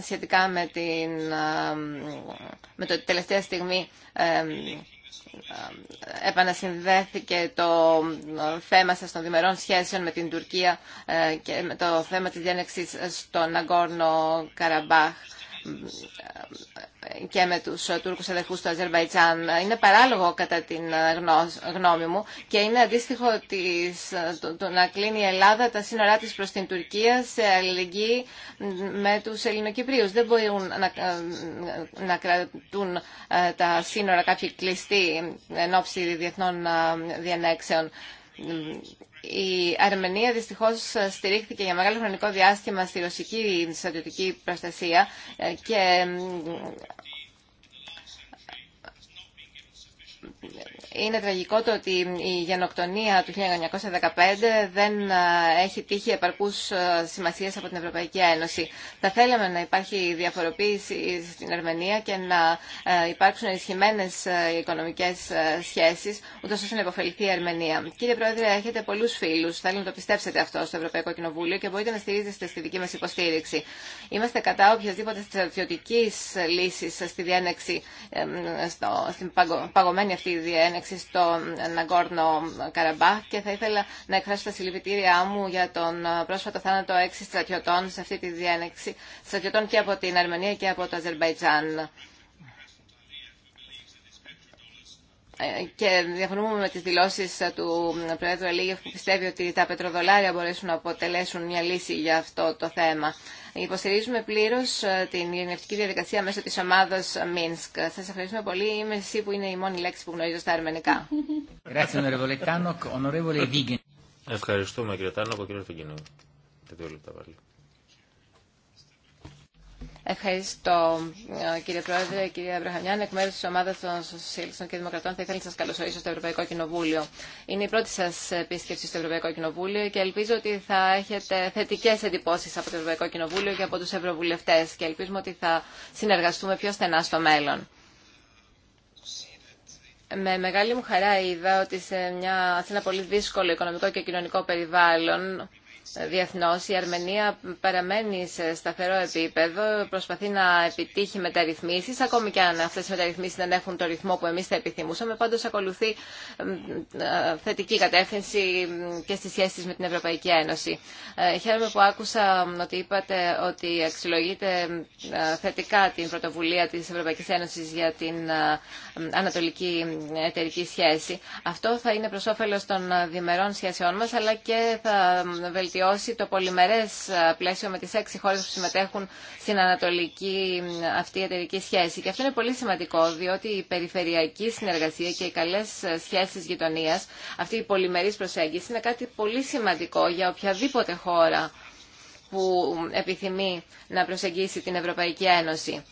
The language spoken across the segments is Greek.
σχετικά με, την, με το τελευταία στιγμή επανασυνδέθηκε το θέμα σας των διμερών σχέσεων με την Τουρκία ε, και με το θέμα της διένεξης στον Αγκόρνο Καραμπάχ και με τους Τούρκους αδερφούς του Αζερβαϊτζάν. Είναι παράλογο κατά την γνώμη μου και είναι αντίστοιχο της, το, να κλείνει η Ελλάδα τα σύνορά της προς την Τουρκία σε αλληλεγγύη με τους Ελληνοκυπρίους. Δεν μπορούν να, να κρατούν ε, τα σύνορα κάποιοι κλειστοί εν ώψη διεθνών ε, διανέξεων η Αρμενία δυστυχώ στηρίχθηκε για μεγάλο χρονικό διάστημα στη ρωσική στρατιωτική προστασία και είναι τραγικό το ότι η γενοκτονία του 1915 δεν ε, έχει τύχει επαρκούς ε, σημασίες από την Ευρωπαϊκή Ένωση. Θα θέλαμε να υπάρχει διαφοροποίηση στην Αρμενία και να ε, υπάρξουν ενισχυμένε οικονομικές σχέσεις, ούτως ώστε να υποφεληθεί η Αρμενία. Κύριε Πρόεδρε, έχετε πολλούς φίλους, θέλω να το πιστέψετε αυτό στο Ευρωπαϊκό Κοινοβούλιο και μπορείτε να στηρίζεστε στη δική μας υποστήριξη. Είμαστε κατά οποιασδήποτε στρατιωτικής λύση στη διένεξη, στην παγωμένη αυτή διένεξη ένταξη στο Ναγκόρνο Καραμπάχ και θα ήθελα να εκφράσω τα συλληπιτήριά μου για τον πρόσφατο θάνατο έξι στρατιωτών σε αυτή τη διένεξη, στρατιωτών και από την Αρμενία και από το Αζερβαϊτζάν. Ε, και διαφωνούμε με τις δηλώσεις ε, του ε, Προέδρου Αλίγεφ που πιστεύει ότι τα πετροδολάρια μπορέσουν να αποτελέσουν μια λύση για αυτό το θέμα. Υποστηρίζουμε πλήρως την γενευτική διαδικασία μέσω της ομάδας Μίνσκ. Σας ευχαριστούμε πολύ. Είμαι εσύ που είναι η μόνη λέξη που γνωρίζω στα αρμενικά. Ευχαριστούμε κύριε Τάνοκ. κύριε Φιγκινού. Τα δύο Ευχαριστώ ε, κύριε Πρόεδρε, κυρία Βραχανιάν. Εκ μέρου τη ομάδα των Σοσιαλιστών και Δημοκρατών θα ήθελα να σα καλωσορίσω στο Ευρωπαϊκό Κοινοβούλιο. Είναι η πρώτη σα επίσκεψη στο Ευρωπαϊκό Κοινοβούλιο και ελπίζω ότι θα έχετε θετικέ εντυπώσει από το Ευρωπαϊκό Κοινοβούλιο και από του Ευρωβουλευτέ και ελπίζουμε ότι θα συνεργαστούμε πιο στενά στο μέλλον. Με μεγάλη μου χαρά είδα ότι σε, μια, σε ένα πολύ δύσκολο οικονομικό και κοινωνικό περιβάλλον Διεθνώ, η Αρμενία παραμένει σε σταθερό επίπεδο, προσπαθεί να επιτύχει μεταρρυθμίσεις, ακόμη και αν αυτέ οι μεταρρυθμίσεις δεν έχουν το ρυθμό που εμεί θα επιθυμούσαμε, Πάντω ακολουθεί θετική κατεύθυνση και στις σχέσεις με την Ευρωπαϊκή Ένωση. Ε, χαίρομαι που άκουσα ότι είπατε ότι αξιολογείτε θετικά την πρωτοβουλία τη Ευρωπαϊκή Ένωση για την ανατολική εταιρική σχέση. Αυτό θα είναι προς όφελος των διμερών σχέσεών μα αλλά και θα βελτιώσει βελτιώσει το πολυμερές ε, πλαίσιο με τις έξι χώρες που συμμετέχουν στην ανατολική αυτή η εταιρική σχέση. Και αυτό είναι πολύ σημαντικό, διότι η περιφερειακή συνεργασία και οι καλές ε, σχέσεις γειτονία, αυτή η πολυμερής προσέγγιση, είναι κάτι πολύ σημαντικό για οποιαδήποτε χώρα που επιθυμεί να προσεγγίσει την Ευρωπαϊκή Ένωση.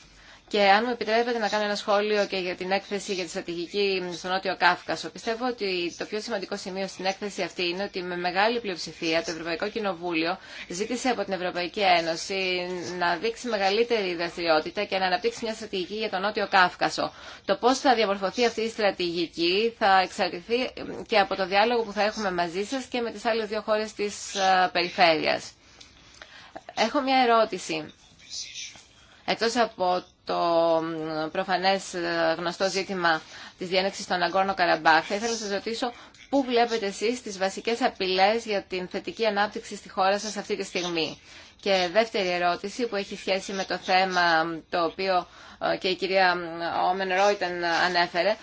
Και αν μου επιτρέπετε να κάνω ένα σχόλιο και για την έκθεση για τη στρατηγική στο Νότιο Κάφκασο. Πιστεύω ότι το πιο σημαντικό σημείο στην έκθεση αυτή είναι ότι με μεγάλη πλειοψηφία το Ευρωπαϊκό Κοινοβούλιο ζήτησε από την Ευρωπαϊκή Ένωση να δείξει μεγαλύτερη δραστηριότητα και να αναπτύξει μια στρατηγική για το Νότιο Κάφκασο. Το πώ θα διαμορφωθεί αυτή η στρατηγική θα εξαρτηθεί και από το διάλογο που θα έχουμε μαζί σα και με τι άλλε δύο χώρε τη ε, περιφέρεια. Έχω μια ερώτηση. Εκτός από το προφανές ε, γνωστό ζήτημα της διένεξης των Αγκόρνο Καραμπάχ, θα ήθελα να σας ρωτήσω πού βλέπετε εσείς τις βασικές απειλές για την θετική ανάπτυξη στη χώρα σας αυτή τη στιγμή. Και δεύτερη ερώτηση που έχει σχέση με το θέμα το οποίο ε, και η κυρία ε, Όμεν Ρόιτεν ανέφερε.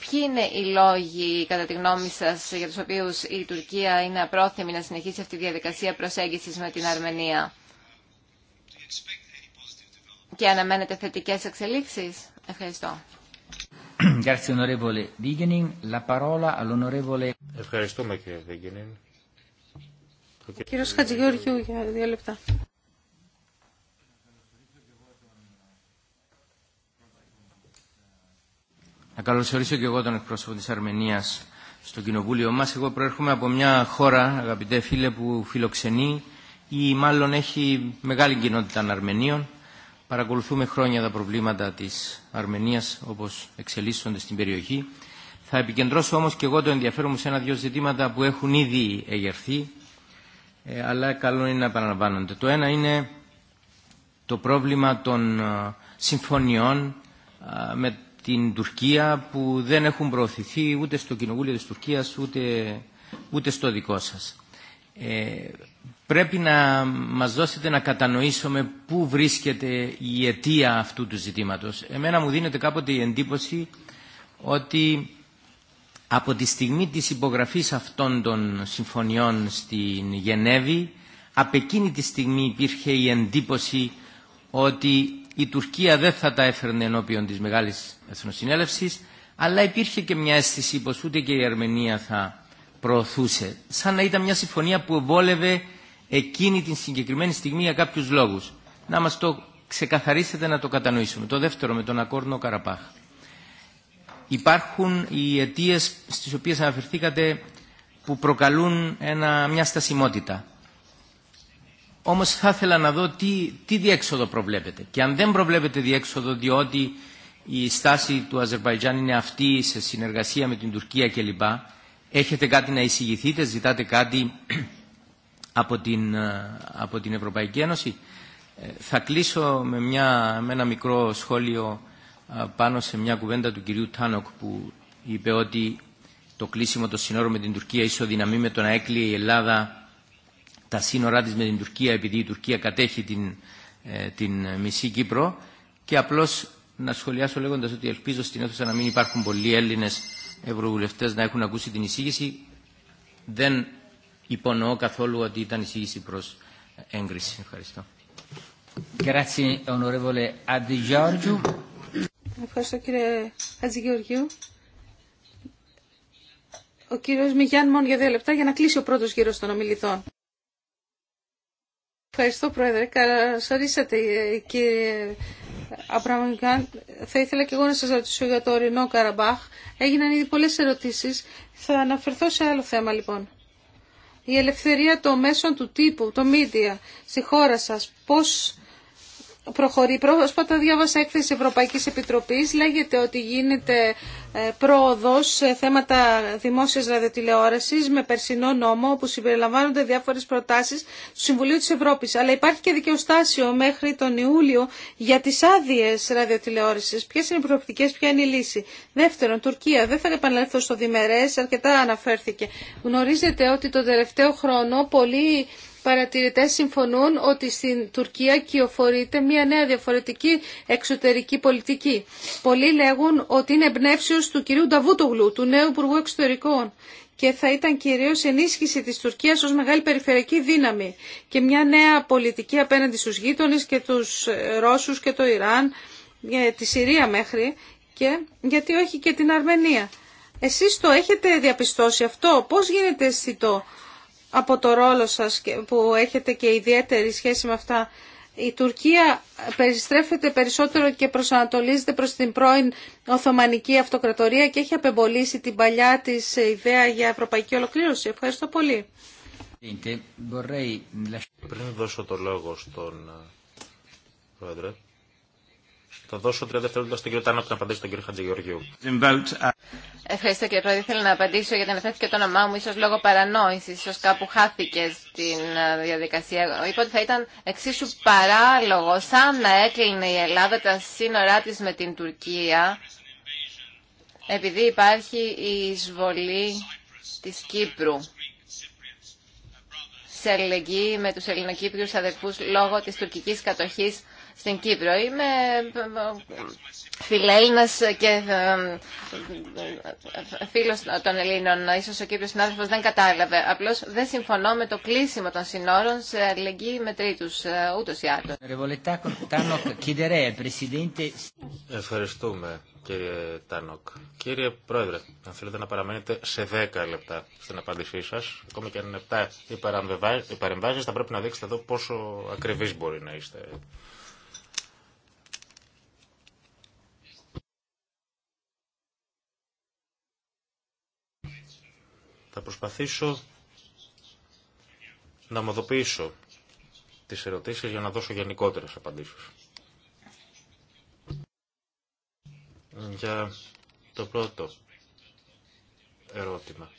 Ποιοι είναι οι λόγοι, κατά τη γνώμη σας, για τους οποίους η Τουρκία είναι απρόθυμη να συνεχίσει αυτή τη διαδικασία προσέγγισης με την Αρμενία και αναμένετε θετικές εξελίξεις. Ευχαριστώ. Ευχαριστούμε κύριε Κύριος Χατζηγεωργιού δύο λεπτά. Να καλωσορίσω και εγώ τον εκπρόσωπο της Αρμενίας στο κοινοβούλιο μας. Εγώ προέρχομαι από μια χώρα, αγαπητέ φίλε, που φιλοξενεί ή μάλλον έχει μεγάλη κοινότητα Αρμενίων παρακολουθούμε χρόνια τα προβλήματα της Αρμενίας όπως εξελίσσονται στην περιοχή. Θα επικεντρώσω όμως και εγώ το ενδιαφέρον μου σε ένα-δυο ζητήματα που έχουν ήδη εγερθεί ε, αλλά καλό είναι να επαναλαμβάνονται. Το ένα είναι το πρόβλημα των ε, συμφωνιών ε, με την Τουρκία που δεν έχουν προωθηθεί ούτε στο Κοινοβούλιο της Τουρκίας ούτε, στο δικό σας. Ε, πρέπει να μας δώσετε να κατανοήσουμε πού βρίσκεται η αιτία αυτού του ζητήματος. Εμένα μου δίνεται κάποτε η εντύπωση ότι από τη στιγμή της υπογραφής αυτών των συμφωνιών στην Γενέβη από εκείνη τη στιγμή υπήρχε η εντύπωση ότι η Τουρκία δεν θα τα έφερνε ενώπιον της Μεγάλης Εθνοσυνέλευσης αλλά υπήρχε και μια αίσθηση πως ούτε και η Αρμενία θα προωθούσε. Σαν να ήταν μια συμφωνία που βόλευε εκείνη την συγκεκριμένη στιγμή για κάποιους λόγους. Να μας το ξεκαθαρίσετε να το κατανοήσουμε. Το δεύτερο με τον Ακόρνο Καραπάχ. Υπάρχουν οι αιτίε στις οποίες αναφερθήκατε που προκαλούν ένα, μια στασιμότητα. Όμως θα ήθελα να δω τι, τι διέξοδο προβλέπετε. Και αν δεν προβλέπετε διέξοδο διότι η στάση του Αζερβαϊτζάν είναι αυτή σε συνεργασία με την Τουρκία κλπ. Έχετε κάτι να εισηγηθείτε, ζητάτε κάτι από την, ε, από την Ευρωπαϊκή Ένωση. Ε, θα κλείσω με, μια, ένα μικρό σχόλιο ε, πάνω σε μια κουβέντα του κυρίου Τάνοκ που είπε ότι το κλείσιμο των σύνορων με την Τουρκία ισοδυναμεί με το να έκλειε η Ελλάδα τα σύνορά της με την Τουρκία επειδή η Τουρκία κατέχει την, την μισή Κύπρο και απλώς να σχολιάσω λέγοντας ότι ελπίζω στην αίθουσα να μην υπάρχουν πολλοί Έλληνες ευρωβουλευτές να έχουν ακούσει την εισήγηση. Δεν υπονοώ καθόλου ότι ήταν εισήγηση προς έγκριση. Ευχαριστώ. Ευχαριστώ κύριε Γεωργίου. Ο κύριος Μιγιάν μόνο για δύο λεπτά για να κλείσει ο πρώτος γύρος των ομιλητών. Ευχαριστώ Πρόεδρε. Καλώς ορίσατε κύριε απραγματικά θα ήθελα και εγώ να σας ρωτήσω για το ορεινό Καραμπάχ. Έγιναν ήδη πολλές ερωτήσεις. Θα αναφερθώ σε άλλο θέμα λοιπόν. Η ελευθερία των μέσων του τύπου, το media, στη χώρα σας, πώς προχωρεί. Πρόσφατα διάβασα έκθεση Ευρωπαϊκής Επιτροπής. Λέγεται ότι γίνεται ε, πρόοδος σε θέματα δημόσιας ραδιοτηλεόρασης με περσινό νόμο όπου συμπεριλαμβάνονται διάφορες προτάσεις του Συμβουλίου της Ευρώπης. Αλλά υπάρχει και δικαιοστάσιο μέχρι τον Ιούλιο για τις άδειε ραδιοτηλεόρασης. Ποιες είναι οι προοπτικές, ποια είναι η λύση. Δεύτερον, Τουρκία. Δεν θα επανέλθω στο διμερές, αρκετά αναφέρθηκε. Γνωρίζετε ότι τον τελευταίο χρόνο πολλοί παρατηρητές συμφωνούν ότι στην Τουρκία κυοφορείται μια νέα διαφορετική εξωτερική πολιτική. Πολλοί λέγουν ότι είναι εμπνεύσεως του κυρίου Νταβούτογλου, του νέου Υπουργού Εξωτερικών και θα ήταν κυρίως ενίσχυση της Τουρκίας ως μεγάλη περιφερειακή δύναμη και μια νέα πολιτική απέναντι στους γείτονες και τους ε, Ρώσους και το Ιράν, ε, τη Συρία μέχρι και γιατί όχι και την Αρμενία. Εσείς το έχετε διαπιστώσει αυτό, πώς γίνεται αισθητό από το ρόλο σας που έχετε και ιδιαίτερη σχέση με αυτά. Η Τουρκία περιστρέφεται περισσότερο και προσανατολίζεται προς την πρώην Οθωμανική Αυτοκρατορία και έχει απεμπολίσει την παλιά της ιδέα για ευρωπαϊκή ολοκλήρωση. Ευχαριστώ πολύ. Πριν δώσω το λόγο στον ε, Πρόεδρε, θα δώσω 30 δευτερόλεπτα στον κύριο Τάνο να απαντήσει στον κύριο Χατζηγεωργίου. Ευχαριστώ κύριε Πρόεδρε. Θέλω να απαντήσω γιατί αναφέρθηκε το όνομά μου, ίσω λόγω παρανόηση, ίσω κάπου χάθηκε στην ε, διαδικασία. Είπα ότι θα ήταν εξίσου παράλογο, σαν να έκλεινε η Ελλάδα τα σύνορά τη με την Τουρκία, επειδή υπάρχει η εισβολή της Κύπρου σε αλληλεγγύη με τους ελληνοκύπριους αδερφούς λόγω της τουρκικής κατοχής στην Κύπρο. Είμαι ε, φιλέλληνας και ε, ε, φίλος των Ελλήνων. Ίσως ο Κύπριος συνάδελφος δεν κατάλαβε. Απλώς δεν συμφωνώ με το κλείσιμο των συνόρων σε αλληλεγγύη με τρίτους, ούτως ή άλλως. Ευχαριστούμε κύριε Τάνοκ. Κύριε Πρόεδρε, αν θέλετε να παραμένετε σε 10 λεπτά στην απάντησή σα, ακόμη και αν είναι 7 οι παρεμβάσει, θα πρέπει να δείξετε εδώ πόσο ακριβεί μπορεί να είστε Θα προσπαθήσω να μοδοποιήσω τις ερωτήσεις για να δώσω γενικότερες απαντήσεις. Για το πρώτο ερώτημα.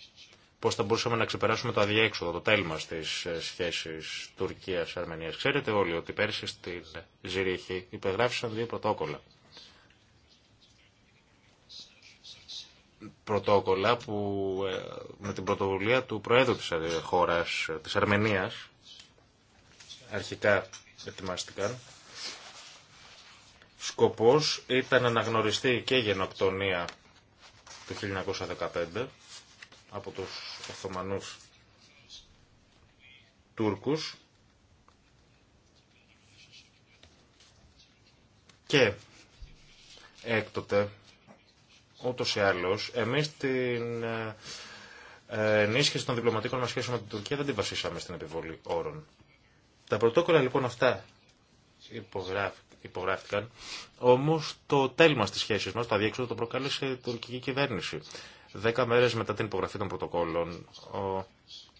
Πώς θα μπορούσαμε να ξεπεράσουμε το αδιέξοδο, το τέλμα στις σχέσεις Τουρκίας-Αρμενίας. Ξέρετε όλοι ότι πέρσι στην Ζηρίχη υπεγράφησαν δύο πρωτόκολλα πρωτόκολλα που ε, με την πρωτοβουλία του Προέδρου της χώρας, ε, της Αρμενίας, αρχικά ετοιμάστηκαν, σκοπός ήταν να αναγνωριστεί και η γενοκτονία του 1915 από τους Οθωμανούς Τούρκους και έκτοτε Ούτως ή άλλως, εμείς την ε, ε, ενίσχυση των διπλωματικών μας σχέσεων με την Τουρκία δεν την βασίσαμε στην επιβολή όρων. Τα πρωτόκολλα λοιπόν αυτά υπογράφηκαν, όμως το τέλμα στις σχέσεις μας, το αδιέξοδο, το προκάλεσε η τουρκική κυβέρνηση. Δέκα μέρες μετά την υπογραφή των πρωτοκόλλων, ο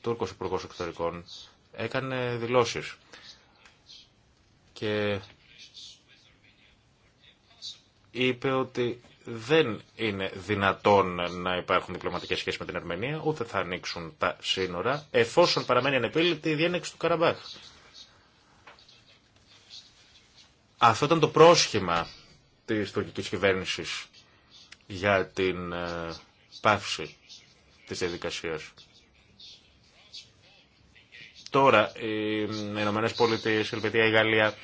Τούρκος Υπουργός Εξωτερικών έκανε δηλώσεις και είπε ότι δεν είναι δυνατόν να υπάρχουν διπλωματικές σχέσεις με την Αρμενία, ούτε θα ανοίξουν τα σύνορα, εφόσον παραμένει ανεπίλητη η διένεξη του Καραμπάχ. Αυτό ήταν το πρόσχημα της τουρκικής κυβέρνησης για την ε, πάυση της διαδικασίας. Τώρα οι Ηνωμένες Πολιτείες, η Ελβετία, η Γαλλία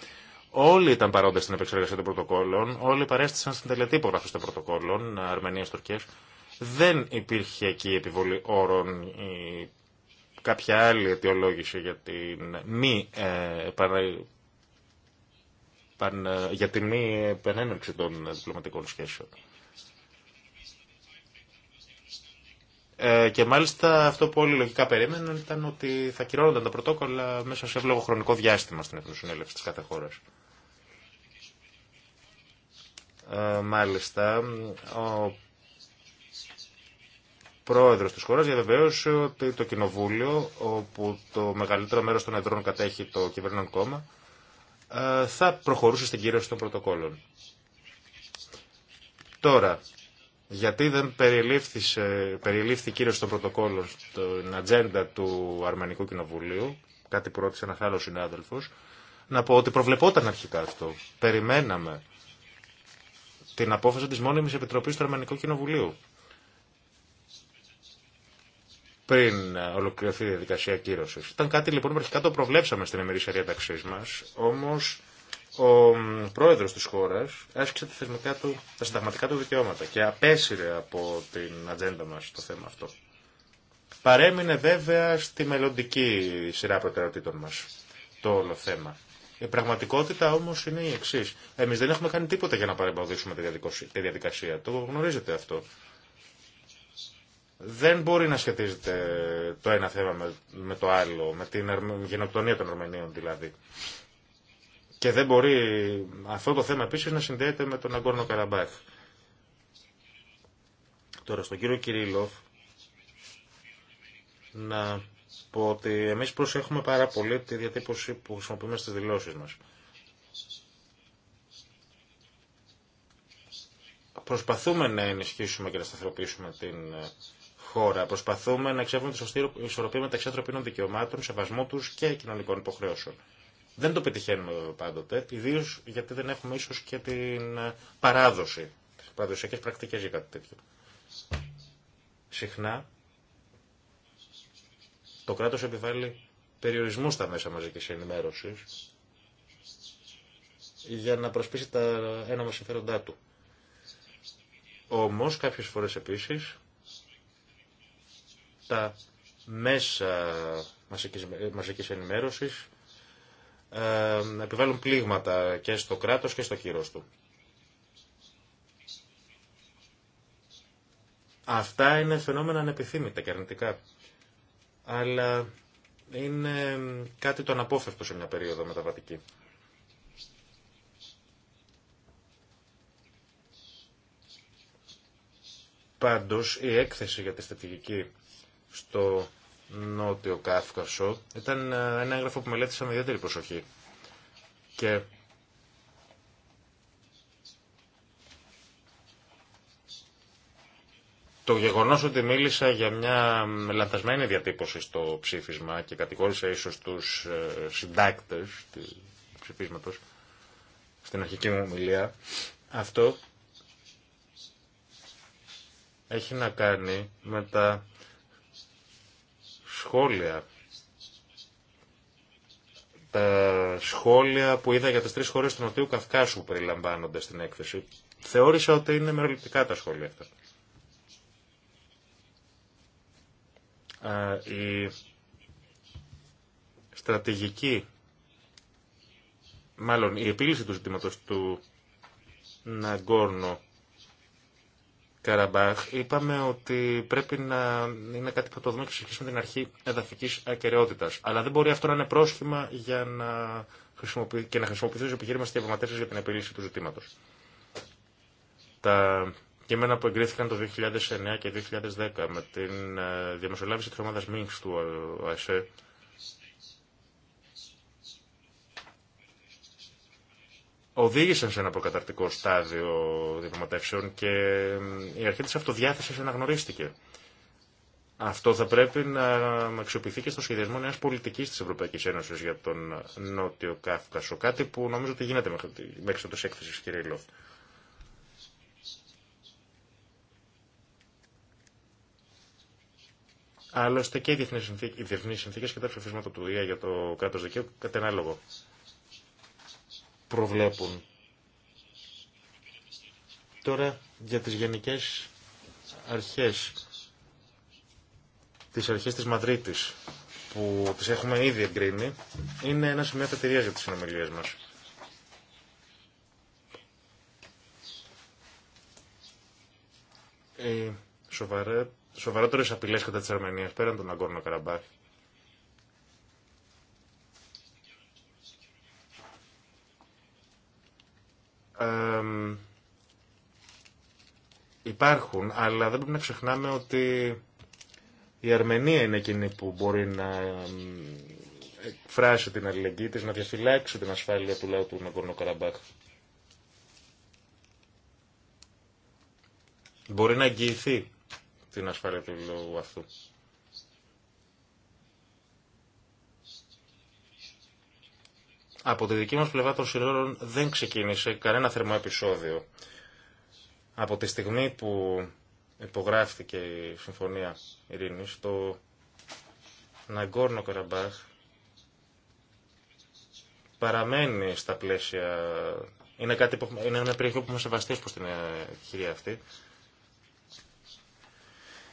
Όλοι ήταν παρόντε στην επεξεργασία των πρωτοκόλων, όλοι παρέστησαν στην τελετή υπογραφή των πρωτοκόλων Αρμενία-Τουρκία. Δεν υπήρχε εκεί επιβολή όρων ή κάποια άλλη αιτιολόγηση για την μη, ε, παρα... Παν... Ε, για τη μη επενέναρξη των διπλωματικών σχέσεων. Ε, και μάλιστα αυτό που όλοι λογικά περίμεναν ήταν ότι θα κυρώνονταν τα πρωτόκολλα μέσα σε ευλογο διάστημα στην Συνέλευση τη κάθε χώρα. Ε, μάλιστα ο πρόεδρος της χώρας διαβεβαίωσε ότι το κοινοβούλιο όπου το μεγαλύτερο μέρος των εδρών κατέχει το κυβερνόν κόμμα ε, θα προχωρούσε στην κύρωση των πρωτοκόλων. Τώρα, γιατί δεν περιλήφθη η κύρωση των πρωτοκόλων στην ατζέντα του Αρμανικού Κοινοβουλίου, κάτι που ρώτησε ένα άλλο συνάδελφο, να πω ότι προβλεπόταν αρχικά αυτό. Περιμέναμε την απόφαση της μόνιμης επιτροπής του Αρμενικού Κοινοβουλίου. Πριν ε, ολοκληρωθεί η διαδικασία κύρωσης. Ήταν κάτι λοιπόν που αρχικά το προβλέψαμε στην ημερήσια διαταξή μα. όμως ο πρόεδρος τη χώρα άσκησε τα, θεσμικά του, τα συνταγματικά του δικαιώματα και απέσυρε από την ατζέντα μας το θέμα αυτό. Παρέμεινε βέβαια στη μελλοντική σειρά προτεραιοτήτων μα το όλο θέμα. Η πραγματικότητα όμω είναι η εξή. Εμεί δεν έχουμε κάνει τίποτα για να παρεμποδίσουμε τη διαδικασία. Το γνωρίζετε αυτό. Δεν μπορεί να σχετίζεται το ένα θέμα με, το άλλο, με την γενοκτονία των Αρμενίων δηλαδή. Και δεν μπορεί αυτό το θέμα επίση να συνδέεται με τον Αγκόρνο Καραμπάχ. Τώρα στον κύριο Κυρίλοφ να πω ότι εμεί προσέχουμε πάρα πολύ τη διατύπωση που χρησιμοποιούμε στι δηλώσεις μας. Προσπαθούμε να ενισχύσουμε και να σταθεροποιήσουμε την ε, χώρα. Προσπαθούμε να εξεύρουμε τη σωστή ισορροπία μεταξύ ανθρωπίνων δικαιωμάτων, σεβασμού του και κοινωνικών υποχρεώσεων. Δεν το πετυχαίνουμε πάντοτε, ιδίω γιατί δεν έχουμε ίσω και την ε, παράδοση, τι παραδοσιακέ πρακτικέ για κάτι τέτοιο. Συχνά το κράτος επιβάλλει περιορισμού στα μέσα μαζικής ενημέρωσης για να προσπίσει τα ένομα συμφέροντά του. Όμως, κάποιες φορές επίσης, τα μέσα μαζικής, μαζικής ενημέρωσης ε, επιβάλλουν πλήγματα και στο κράτος και στο κύρος του. Αυτά είναι φαινόμενα ανεπιθύμητα και αρνητικά αλλά είναι κάτι το αναπόφευκτο σε μια περίοδο μεταβατική. Πάντως, η έκθεση για τη στρατηγική στο Νότιο Κάφκασο ήταν ένα έγγραφο που μελέτησα με ιδιαίτερη προσοχή. Και Το γεγονό ότι μίλησα για μια λανθασμένη διατύπωση στο ψήφισμα και κατηγόρησα ίσω ε, του συντάκτε του ψηφίσματο στην αρχική μου ομιλία, αυτό έχει να κάνει με τα σχόλια. Τα σχόλια που είδα για τις τρεις χώρες του Νοτιού Καυκάσου που περιλαμβάνονται στην έκθεση. Θεώρησα ότι είναι μεροληπτικά τα σχόλια αυτά. Ε, η στρατηγική, μάλλον η επίλυση του ζητήματος του Ναγκόρνο Καραμπάχ, είπαμε ότι πρέπει να είναι κάτι που το δούμε και με την αρχή εδαφικής ακεραιότητας. Αλλά δεν μπορεί αυτό να είναι πρόσχημα για να και να χρησιμοποιηθεί ως επιχείρημα στις για την επίλυση του ζητήματος. Τα κείμενα που εγκρίθηκαν το 2009 και 2010 με την ε, διαμεσολάβηση της ομάδας Μίνξ του ΑΣΕ οδήγησαν σε ένα προκαταρτικό στάδιο διαπραγματεύσεων και η αρχή της αυτοδιάθεσης αναγνωρίστηκε. Αυτό θα πρέπει να αξιοποιηθεί και στο σχεδιασμό νέας πολιτικής της Ευρωπαϊκής Ένωσης για τον Νότιο Κάφκασο. Κάτι που νομίζω ότι γίνεται μέχρι το έκθεση, κύριε Λόφ. Άλλωστε και οι διεθνεί συνθήκε και τα ψηφίσματα του ΙΑ για το κράτο δικαίου, κατά ένα λόγο, προβλέπουν. Τώρα για τι γενικέ αρχέ, τι αρχέ τη Μαδρίτη, που τις έχουμε ήδη εγκρίνει, είναι ένα σημείο αφετηρία για τις συνομιλίες μας. Ε, σοβαρά σοβαρότερες απειλές κατά της Αρμενίας πέραν των Αγκόρνο Καραμπάχ. υπάρχουν, αλλά δεν πρέπει να ξεχνάμε ότι η Αρμενία είναι εκείνη που μπορεί να εκφράσει την αλληλεγγύη της, να διαφυλάξει την ασφάλεια του λαού του Ναγκορνό Καραμπάχ. Μπορεί να εγγυηθεί την ασφάλεια του λόγου αυτού. Από τη δική μας πλευρά των συνόρων δεν ξεκίνησε κανένα θερμό επεισόδιο. Από τη στιγμή που υπογράφτηκε η Συμφωνία Ειρήνης, το Ναγκόρνο Καραμπάχ παραμένει στα πλαίσια... Είναι, κάτι που... είναι ένα περιοχή που έχουμε σεβαστεί προς την κυρία ε, αυτή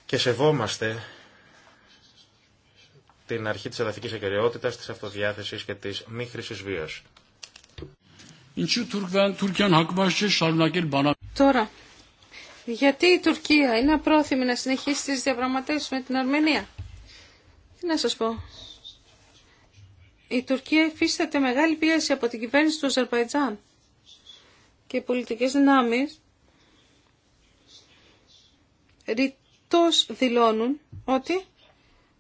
και σεβόμαστε την αρχή της εδαφικής ακεραιότητας, της αυτοδιάθεσης και της μη χρήσης βίας. Τώρα, γιατί η Τουρκία είναι απρόθυμη να συνεχίσει τις διαπραγματεύσεις με την Αρμενία. Τι να σας πω. Η Τουρκία υφίσταται μεγάλη πίεση από την κυβέρνηση του Αζερπαϊτζάν. και οι πολιτικές δυνάμεις αυτός δηλώνουν ότι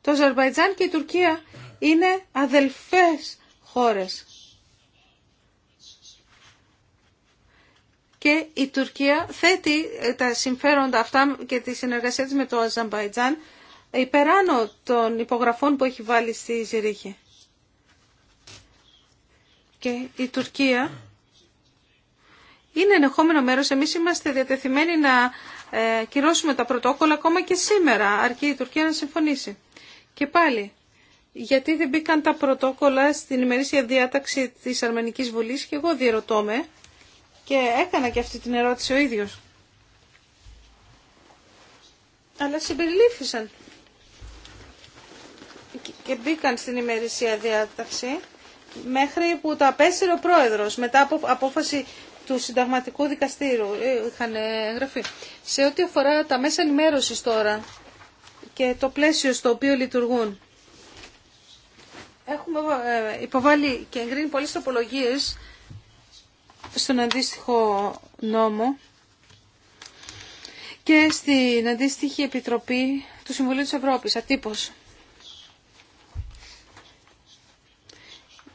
το Αζερβαϊτζάν και η Τουρκία είναι αδελφές χώρες. Και η Τουρκία θέτει ε, τα συμφέροντα αυτά και τη συνεργασία της με το Αζερβαϊτζάν υπεράνω των υπογραφών που έχει βάλει στη Ζηρίχη. Και η Τουρκία είναι ενεχόμενο μέρος. Εμείς είμαστε διατεθειμένοι να ε, κυρώσουμε τα πρωτόκολλα ακόμα και σήμερα, αρκεί η Τουρκία να συμφωνήσει. Και πάλι, γιατί δεν μπήκαν τα πρωτόκολλα στην ημερήσια διάταξη της Αρμενικής Βουλής και εγώ διερωτώ και έκανα και αυτή την ερώτηση ο ίδιος. Αλλά συμπεριλήφθησαν και μπήκαν στην ημερησία διάταξη μέχρι που τα απέσυρε ο πρόεδρος μετά από απόφαση του συνταγματικού δικαστήρου είχαν εγγραφεί. Σε ό,τι αφορά τα μέσα ενημέρωση τώρα και το πλαίσιο στο οποίο λειτουργούν. Έχουμε ε, υποβάλει και εγκρίνει πολλές τοπολογίες στον αντίστοιχο νόμο και στην αντίστοιχη επιτροπή του Συμβουλίου της Ευρώπης, ατύπως.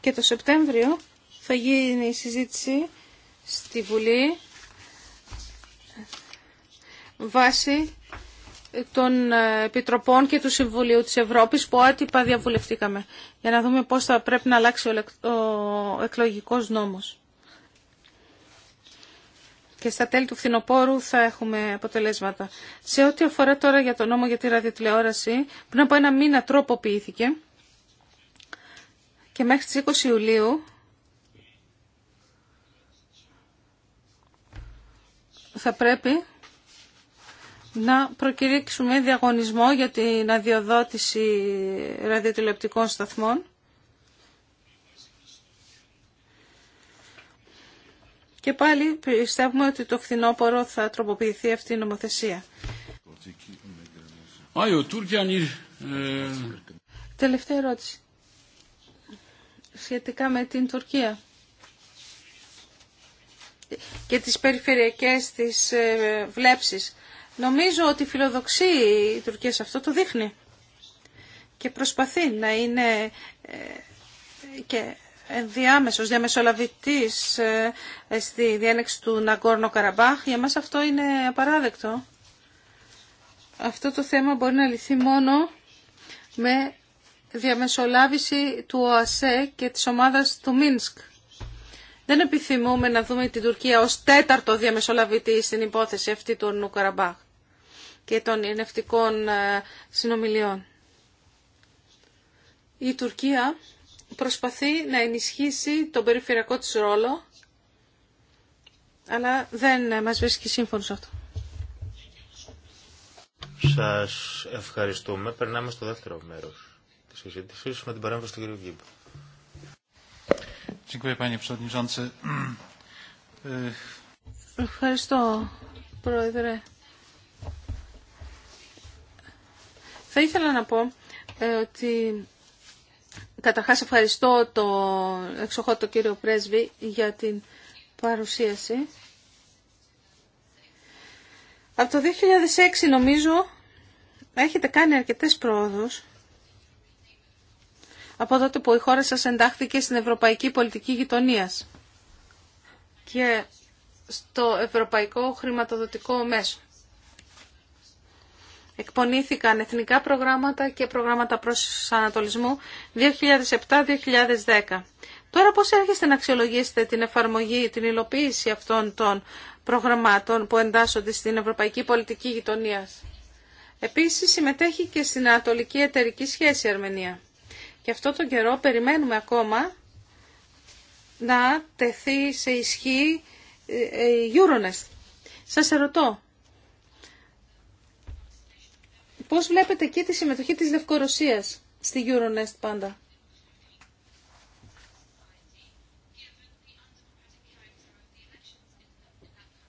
Και το Σεπτέμβριο θα γίνει η συζήτηση στη Βουλή βάσει των ε, Επιτροπών και του Συμβουλίου της Ευρώπης που άτυπα διαβουλευτήκαμε για να δούμε πώς θα πρέπει να αλλάξει ο εκλογικός νόμος. Και στα τέλη του φθινοπόρου θα έχουμε αποτελέσματα. Σε ό,τι αφορά τώρα για το νόμο για τη ραδιοτηλεόραση, πριν από ένα μήνα τροποποιήθηκε και μέχρι τις 20 Ιουλίου θα πρέπει να προκηρύξουμε διαγωνισμό για την αδειοδότηση ραδιοτηλεπτικών σταθμών και πάλι πιστεύουμε ότι το φθινόπωρο θα τροποποιηθεί αυτή η νομοθεσία. Ε, Τελευταία ερώτηση σχετικά με την Τουρκία και τις περιφερειακές της ε, βλέψεις. Νομίζω ότι φιλοδοξεί η Τουρκία σε αυτό, το δείχνει και προσπαθεί να είναι ε, και ενδιάμεσος διαμεσολαβητής ε, στη διένεξη του Ναγκόρνο Καραμπάχ. Για μας αυτό είναι απαράδεκτο. Αυτό το θέμα μπορεί να λυθεί μόνο με διαμεσολάβηση του ΟΑΣΕ και της ομάδας του Μίνσκ. Δεν επιθυμούμε να δούμε την Τουρκία ως τέταρτο διαμεσολαβητή στην υπόθεση αυτή του Ορνού Καραμπάχ και των ενευτικών ε, συνομιλιών. Η Τουρκία προσπαθεί να ενισχύσει τον περιφερειακό της ρόλο, αλλά δεν ε, μας βρίσκει σύμφωνο σε αυτό. Σας ευχαριστούμε. Περνάμε στο δεύτερο μέρος της συζήτησης με την παρέμβαση του κ. Γκίμπου. Ευχαριστώ, Πρόεδρε. Θα ήθελα να πω ε, ότι καταρχάς ευχαριστώ το εξοχό κύριο Πρέσβη για την παρουσίαση. Από το 2006 νομίζω έχετε κάνει αρκετές πρόοδους από τότε που η χώρα σας εντάχθηκε στην ευρωπαϊκή πολιτική γειτονίας και στο ευρωπαϊκό χρηματοδοτικό μέσο. Εκπονήθηκαν εθνικά προγράμματα και προγραμματα ανατολισμου προσανατολισμού 2007-2010. Τώρα πώς έρχεστε να αξιολογήσετε την εφαρμογή, την υλοποίηση αυτών των προγραμμάτων που εντάσσονται στην Ευρωπαϊκή Πολιτική Γειτονίας. Επίσης συμμετέχει και στην Ανατολική Εταιρική Σχέση Αρμενία. Και αυτό τον καιρό περιμένουμε ακόμα να τεθεί σε ισχύ ε, ε, η Euronest. Σας ερωτώ, πώς βλέπετε εκεί τη συμμετοχή της Λευκορωσίας στη Euronest πάντα.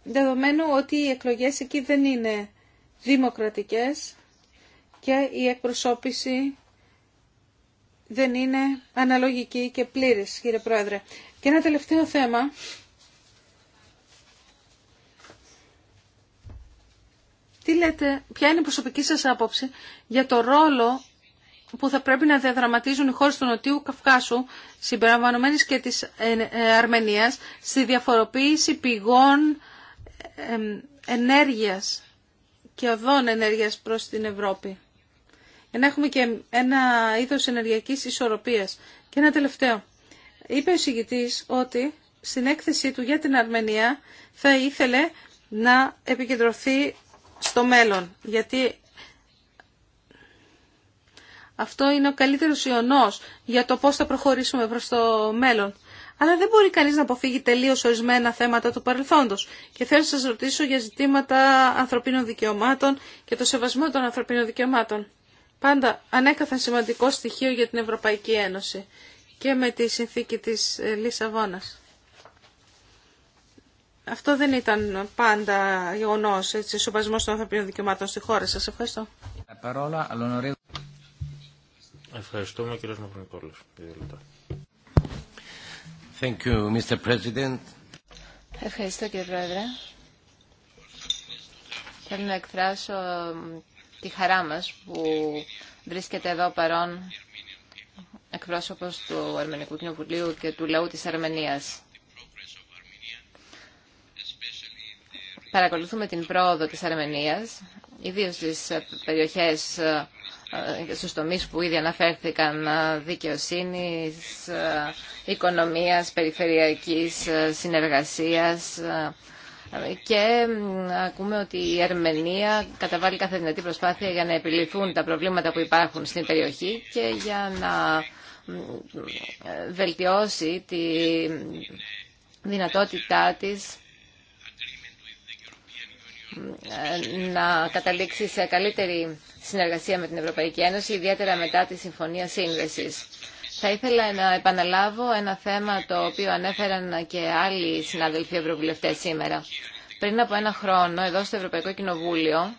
Δεδομένου ότι οι εκλογές εκεί δεν είναι δημοκρατικές και η εκπροσώπηση δεν είναι αναλογική και πλήρης, κύριε Πρόεδρε. Και ένα τελευταίο θέμα. Τι λέτε, ποια είναι η προσωπική σας άποψη για το ρόλο που θα πρέπει να διαδραματίζουν οι χώρες του Νοτιού Καυκάσου, συμπεριλαμβανομένης και της ε, ε, Αρμενίας, στη διαφοροποίηση πηγών ε, ενέργειας και οδών ενέργειας προς την Ευρώπη. Ε, να έχουμε και ένα είδος ενεργειακής ισορροπίας. Και ένα τελευταίο. Είπε ο συγητής ότι στην έκθεσή του για την Αρμενία θα ήθελε να επικεντρωθεί στο μέλλον, γιατί αυτό είναι ο καλύτερος ιονός για το πώς θα προχωρήσουμε προς το μέλλον. Αλλά δεν μπορεί κανείς να αποφύγει τελείως ορισμένα θέματα του παρελθόντος. Και θέλω να σας ρωτήσω για ζητήματα ανθρωπίνων δικαιωμάτων και το σεβασμό των ανθρωπίνων δικαιωμάτων πάντα ανέκαθεν σημαντικό στοιχείο για την Ευρωπαϊκή Ένωση και με τη συνθήκη της ε, Λισαβόνας. Αυτό δεν ήταν πάντα γεγονό, έτσι, σοβασμό των ανθρωπίνων δικαιωμάτων στη χώρα σας. Ευχαριστώ. Ευχαριστούμε, Ευχαριστώ, κύριε Πρόεδρε. Θέλω να εκφράσω τη χαρά μας που βρίσκεται εδώ παρόν εκπρόσωπος του Αρμενικού Κοινοβουλίου και του λαού της Αρμενίας. Παρακολουθούμε την πρόοδο της Αρμενίας, ιδίως στις περιοχές, ε, στους τομείς που ήδη αναφέρθηκαν ε, δικαιοσύνης, ε, οικονομίας, περιφερειακής συνεργασίας, και ακούμε ότι η Αρμενία καταβάλει κάθε δυνατή προσπάθεια για να επιληθούν τα προβλήματα που υπάρχουν στην περιοχή και για να βελτιώσει τη δυνατότητά της να καταλήξει σε καλύτερη συνεργασία με την Ευρωπαϊκή Ένωση, ιδιαίτερα μετά τη Συμφωνία Σύνδεσης. Θα ήθελα να επαναλάβω ένα θέμα το οποίο ανέφεραν και άλλοι συνάδελφοι ευρωβουλευτέ σήμερα. Πριν από ένα χρόνο, εδώ στο Ευρωπαϊκό Κοινοβούλιο,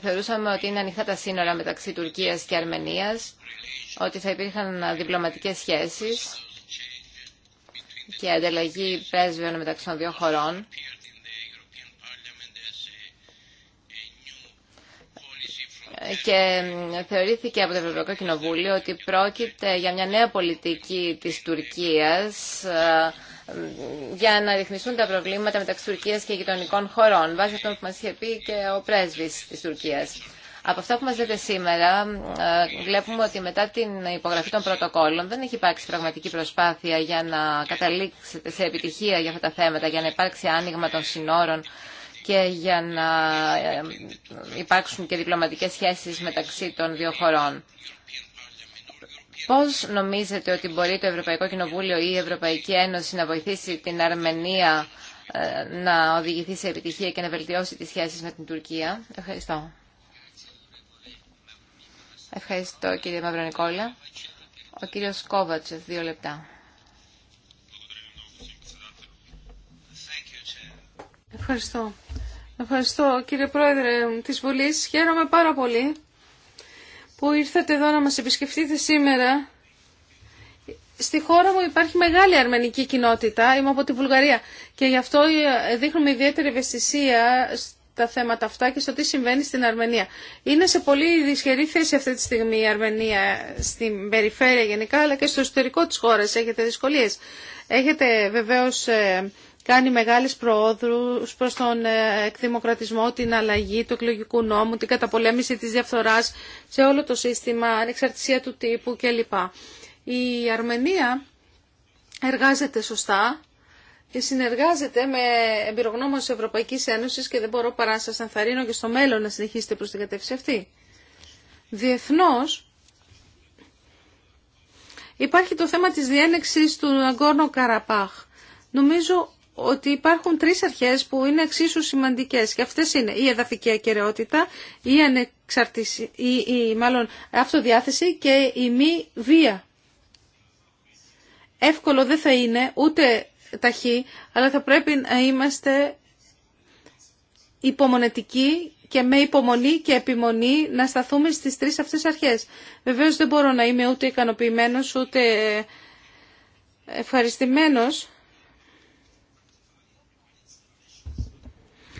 θεωρούσαμε ότι είναι ανοιχτά τα σύνορα μεταξύ Τουρκίας και Αρμενίας, ότι θα υπήρχαν διπλωματικές σχέσεις και ανταλλαγή πρέσβεων μεταξύ των δύο χωρών και θεωρήθηκε από το Ευρωπαϊκό Κοινοβούλιο ότι πρόκειται για μια νέα πολιτική της Τουρκίας ε, για να ρυθμιστούν τα προβλήματα μεταξύ Τουρκίας και γειτονικών χωρών, βάσει αυτό που μας είχε πει και ο πρέσβης της Τουρκίας. Από αυτά που μας λέτε σήμερα, ε, βλέπουμε ότι μετά την υπογραφή των πρωτοκόλων δεν έχει υπάρξει πραγματική προσπάθεια για να καταλήξετε σε επιτυχία για αυτά τα θέματα, για να υπάρξει άνοιγμα των συνόρων και για να ε, υπάρξουν και διπλωματικές σχέσεις μεταξύ των δύο χωρών. Πώς νομίζετε ότι μπορεί το Ευρωπαϊκό Κοινοβούλιο ή η Ευρωπαϊκή Ένωση να βοηθήσει την Αρμενία ε, να οδηγηθεί σε επιτυχία και να βελτιώσει τις σχέσεις με την Τουρκία. Ευχαριστώ. Ευχαριστώ κύριε Μαυρονικόλα. Ο κύριος Κόβατσεφ, δύο λεπτά. Ευχαριστώ Ευχαριστώ κύριε Πρόεδρε της Βουλής. Χαίρομαι πάρα πολύ που ήρθατε εδώ να μας επισκεφτείτε σήμερα. Στη χώρα μου υπάρχει μεγάλη αρμενική κοινότητα, είμαι από τη Βουλγαρία και γι' αυτό ε, δείχνουμε ιδιαίτερη ευαισθησία στα θέματα αυτά και στο τι συμβαίνει στην Αρμενία. Είναι σε πολύ δυσχερή θέση αυτή τη στιγμή η Αρμενία στην περιφέρεια γενικά, αλλά και στο εσωτερικό της χώρας έχετε δυσκολίες. Έχετε βεβαίως ε, κάνει μεγάλες προόδρους προς τον ε, εκδημοκρατισμό, την αλλαγή του εκλογικού νόμου, την καταπολέμηση της διαφθοράς σε όλο το σύστημα, ανεξαρτησία του τύπου κλπ. Η Αρμενία εργάζεται σωστά και συνεργάζεται με εμπειρογνώμα της Ευρωπαϊκής Ένωσης και δεν μπορώ παρά να σας ανθαρρύνω και στο μέλλον να συνεχίσετε προς την κατεύθυνση αυτή. Διεθνώς, υπάρχει το θέμα της διένεξης του Αγκόρνο Καραπάχ. Νομίζω ότι υπάρχουν τρεις αρχές που είναι εξίσου σημαντικές και αυτές είναι η εδαφική ακαιρεότητα, η, ανεξαρτησία, η, η μάλλον, αυτοδιάθεση και η μη βία. Εύκολο δεν θα είναι ούτε ταχύ, αλλά θα πρέπει να είμαστε υπομονετικοί και με υπομονή και επιμονή να σταθούμε στις τρεις αυτές αρχές. Βεβαίως δεν μπορώ να είμαι ούτε ικανοποιημένος ούτε ευχαριστημένος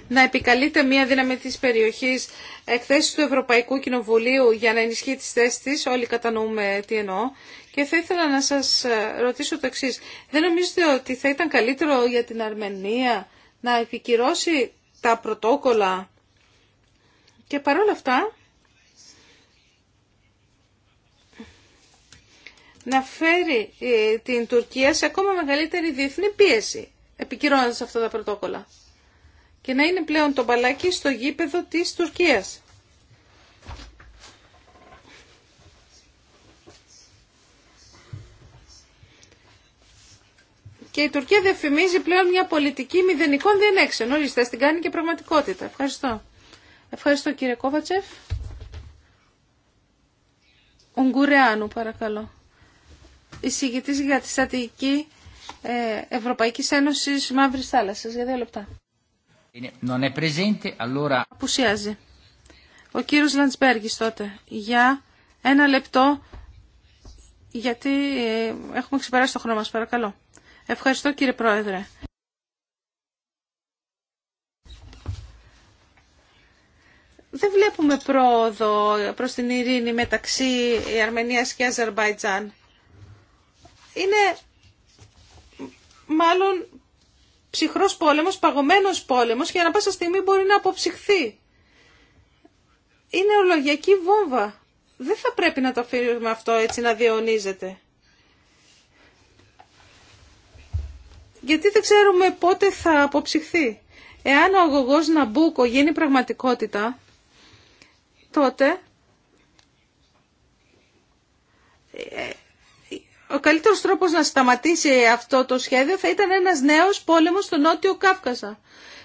να επικαλείται μια δύναμη τη περιοχής εκθέσει του Ευρωπαϊκού Κοινοβουλίου για να ενισχύει τι θέσει τη, όλοι κατανοούμε τι εννοώ. Και θα ήθελα να σας ε, ρωτήσω το εξή. Δεν νομίζετε ότι θα ήταν καλύτερο για την Αρμενία να επικυρώσει τα πρωτόκολλα και παρόλα αυτά να φέρει ε, την Τουρκία σε ακόμα μεγαλύτερη διεθνή πίεση επικυρώνοντας αυτά τα πρωτόκολλα και να είναι πλέον το μπαλάκι στο γήπεδο της Τουρκίας. Και η Τουρκία διαφημίζει πλέον μια πολιτική μηδενικών διενέξεων. Όλοι την κάνει και πραγματικότητα. Ευχαριστώ. Ευχαριστώ κύριε Κόβατσεφ. Ουγγουρεάνου παρακαλώ. Εισηγητής για τη στατική ε, Ευρωπαϊκής Ένωσης Μαύρης Θάλασσας. Για δύο λεπτά. Απουσιάζει. Ο κύριος Λαντσμπέργης τότε. Για ένα λεπτό, γιατί ε, έχουμε ξεπεράσει το χρόνο μας, παρακαλώ. Ευχαριστώ κύριε Πρόεδρε. Δεν βλέπουμε πρόοδο προς την ειρήνη μεταξύ Αρμενίας και Αζερβαϊτζάν. Είναι μάλλον ψυχρός πόλεμος, παγωμένος πόλεμος και ανά πάσα στιγμή μπορεί να αποψυχθεί. Είναι ολογιακή βόμβα. Δεν θα πρέπει να το αφήνουμε αυτό έτσι να διαιωνίζεται. Γιατί δεν ξέρουμε πότε θα αποψυχθεί. Εάν ο αγωγός Ναμπούκο γίνει πραγματικότητα, τότε ε, ο καλύτερος τρόπος να σταματήσει αυτό το σχέδιο θα ήταν ένας νέος πόλεμος στο Νότιο Κάφκασα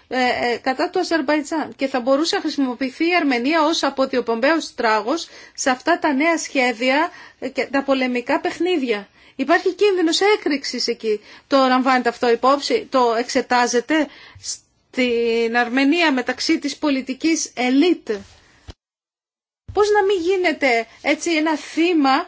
ε, ε, κατά του Αζερμπαϊτζάν και θα μπορούσε να χρησιμοποιηθεί η Αρμενία ως αποδιοπομπαίος τράγος σε αυτά τα νέα σχέδια ε, και τα πολεμικά παιχνίδια. Υπάρχει κίνδυνος έκρηξης εκεί. Το λαμβάνετε αυτό υπόψη, το εξετάζετε στην Αρμενία μεταξύ της πολιτικής ελίτ. Πώς να μην γίνεται έτσι ένα θύμα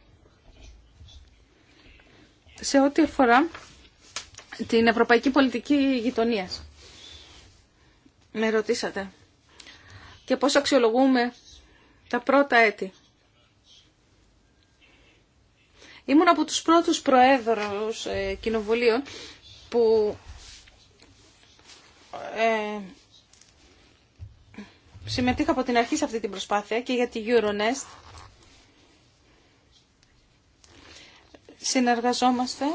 σε ό,τι αφορά την ευρωπαϊκή πολιτική γειτονία. Με ρωτήσατε. Και πώς αξιολογούμε τα πρώτα έτη. Ήμουν από τους πρώτους προέδρους ε, κοινοβουλίων που ε, συμμετείχα από την αρχή σε αυτή την προσπάθεια και για τη Euronest συνεργαζόμαστε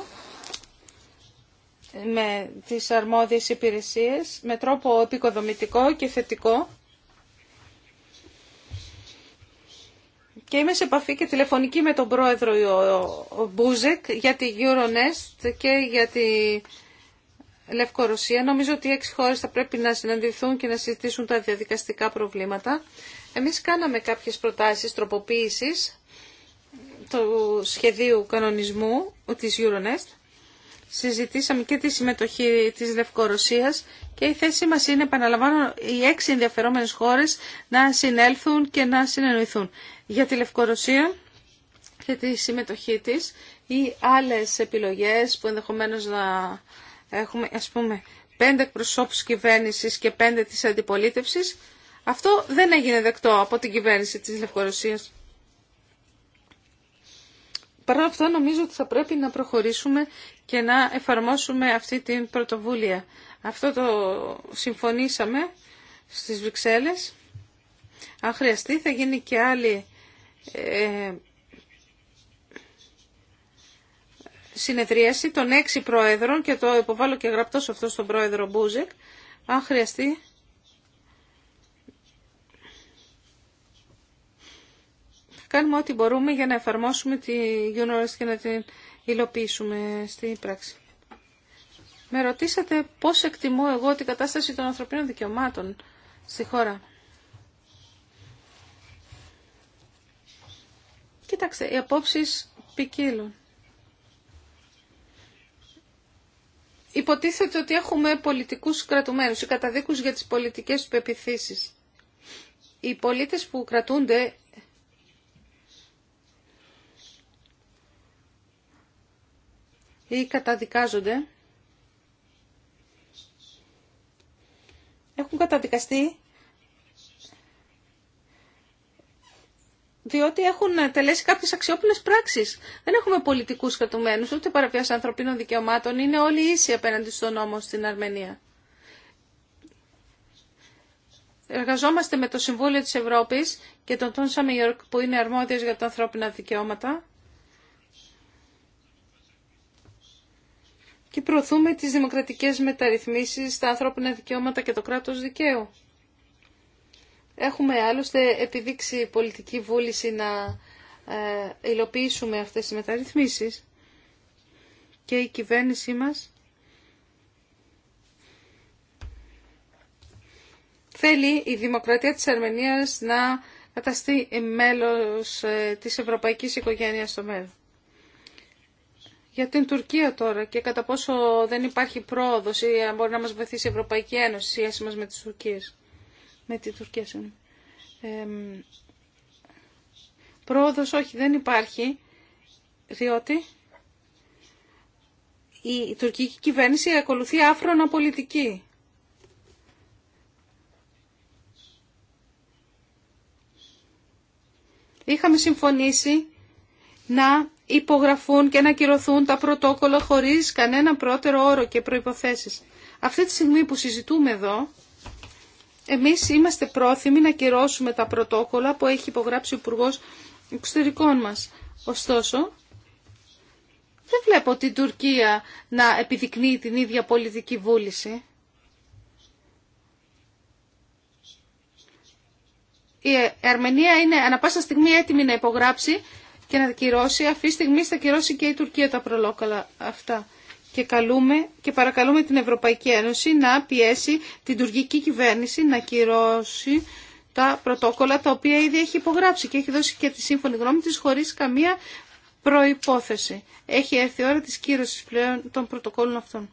με τις αρμόδιες υπηρεσίες με τρόπο επικοδομητικό και θετικό και είμαι σε επαφή και τηλεφωνική με τον πρόεδρο Μπούζεκ για τη Euronest και για τη Λευκορωσία. Νομίζω ότι οι έξι χώρες θα πρέπει να συναντηθούν και να συζητήσουν τα διαδικαστικά προβλήματα. Εμείς κάναμε κάποιες προτάσεις τροποποίησης του σχεδίου κανονισμού της Euronest συζητήσαμε και τη συμμετοχή της Λευκορωσίας και η θέση μας είναι, επαναλαμβάνω, οι έξι ενδιαφερόμενες χώρες να συνέλθουν και να συνεννοηθούν. Για τη Λευκορωσία και τη συμμετοχή της ή άλλες επιλογές που ενδεχομένως να έχουμε, ας πούμε, πέντε εκπροσώπους κυβέρνησης και πέντε της αντιπολίτευσης, αυτό δεν έγινε δεκτό από την κυβέρνηση της Λευκορωσίας. Παρ' αυτό νομίζω ότι θα πρέπει να προχωρήσουμε και να εφαρμόσουμε αυτή την πρωτοβούλια. Αυτό το συμφωνήσαμε στις Βρυξέλλες. Αν χρειαστεί θα γίνει και άλλη ε, συνεδρίαση των έξι πρόεδρων και το υποβάλλω και γραπτό αυτό στον πρόεδρο Μπούζεκ. Αν χρειαστεί κάνουμε ό,τι μπορούμε για να εφαρμόσουμε τη UNORS και να την υλοποιήσουμε στην πράξη. Με ρωτήσατε πώς εκτιμώ εγώ την κατάσταση των ανθρωπίνων δικαιωμάτων στη χώρα. Κοίταξε, οι απόψεις ποικίλουν. Υποτίθεται ότι έχουμε πολιτικούς κρατουμένους ή καταδίκους για τις πολιτικές του Οι πολίτες που κρατούνται ή καταδικάζονται έχουν καταδικαστεί διότι έχουν τελέσει κάποιες αξιόπινες πράξεις. Δεν έχουμε πολιτικούς κρατουμένους, ούτε παραβιάσεις ανθρωπίνων δικαιωμάτων. Είναι όλοι ίσοι απέναντι στον νόμο στην Αρμενία. Εργαζόμαστε με το Συμβούλιο της Ευρώπης και τον Τόν Σαμιόρκ που είναι αρμόδιος για τα ανθρώπινα δικαιώματα και προωθούμε τις δημοκρατικές μεταρρυθμίσεις, στα ανθρώπινα δικαιώματα και το κράτος δικαίου. Έχουμε άλλωστε επιδείξει πολιτική βούληση να ε, υλοποιήσουμε αυτές τις μεταρρυθμίσεις και η κυβέρνησή μας θέλει η δημοκρατία της Αρμενίας να καταστεί μέλος ε, της ευρωπαϊκής οικογένειας στο μέλλον. Για την Τουρκία τώρα και κατά πόσο δεν υπάρχει πρόοδος ή αν μπορεί να μας βοηθήσει η Ευρωπαϊκή Ένωση η σχέση μας με τις Τουρκίες. Με την Τουρκία, ε, Πρόοδος όχι, δεν υπάρχει, διότι η τουρκική κυβέρνηση ακολουθεί άφρονα πολιτική. Είχαμε συμφωνήσει να υπογραφούν και να ακυρωθούν τα πρωτόκολλα χωρίς κανένα πρώτερο όρο και προϋποθέσεις. Αυτή τη στιγμή που συζητούμε εδώ, εμείς είμαστε πρόθυμοι να κυρώσουμε τα πρωτόκολλα που έχει υπογράψει ο υπουργό Εξωτερικών μας. Ωστόσο, δεν βλέπω την Τουρκία να επιδεικνύει την ίδια πολιτική βούληση. Η Αρμενία είναι ανα πάσα στιγμή έτοιμη να υπογράψει και να κυρώσει. Αυτή τη στιγμή θα κυρώσει και η Τουρκία τα προλόκαλα αυτά. Και, καλούμε, και παρακαλούμε την Ευρωπαϊκή Ένωση να πιέσει την τουρκική κυβέρνηση να κυρώσει τα πρωτόκολλα τα οποία ήδη έχει υπογράψει και έχει δώσει και τη σύμφωνη γνώμη της χωρίς καμία προϋπόθεση. Έχει έρθει η ώρα της κύρωσης πλέον των πρωτοκόλων αυτών.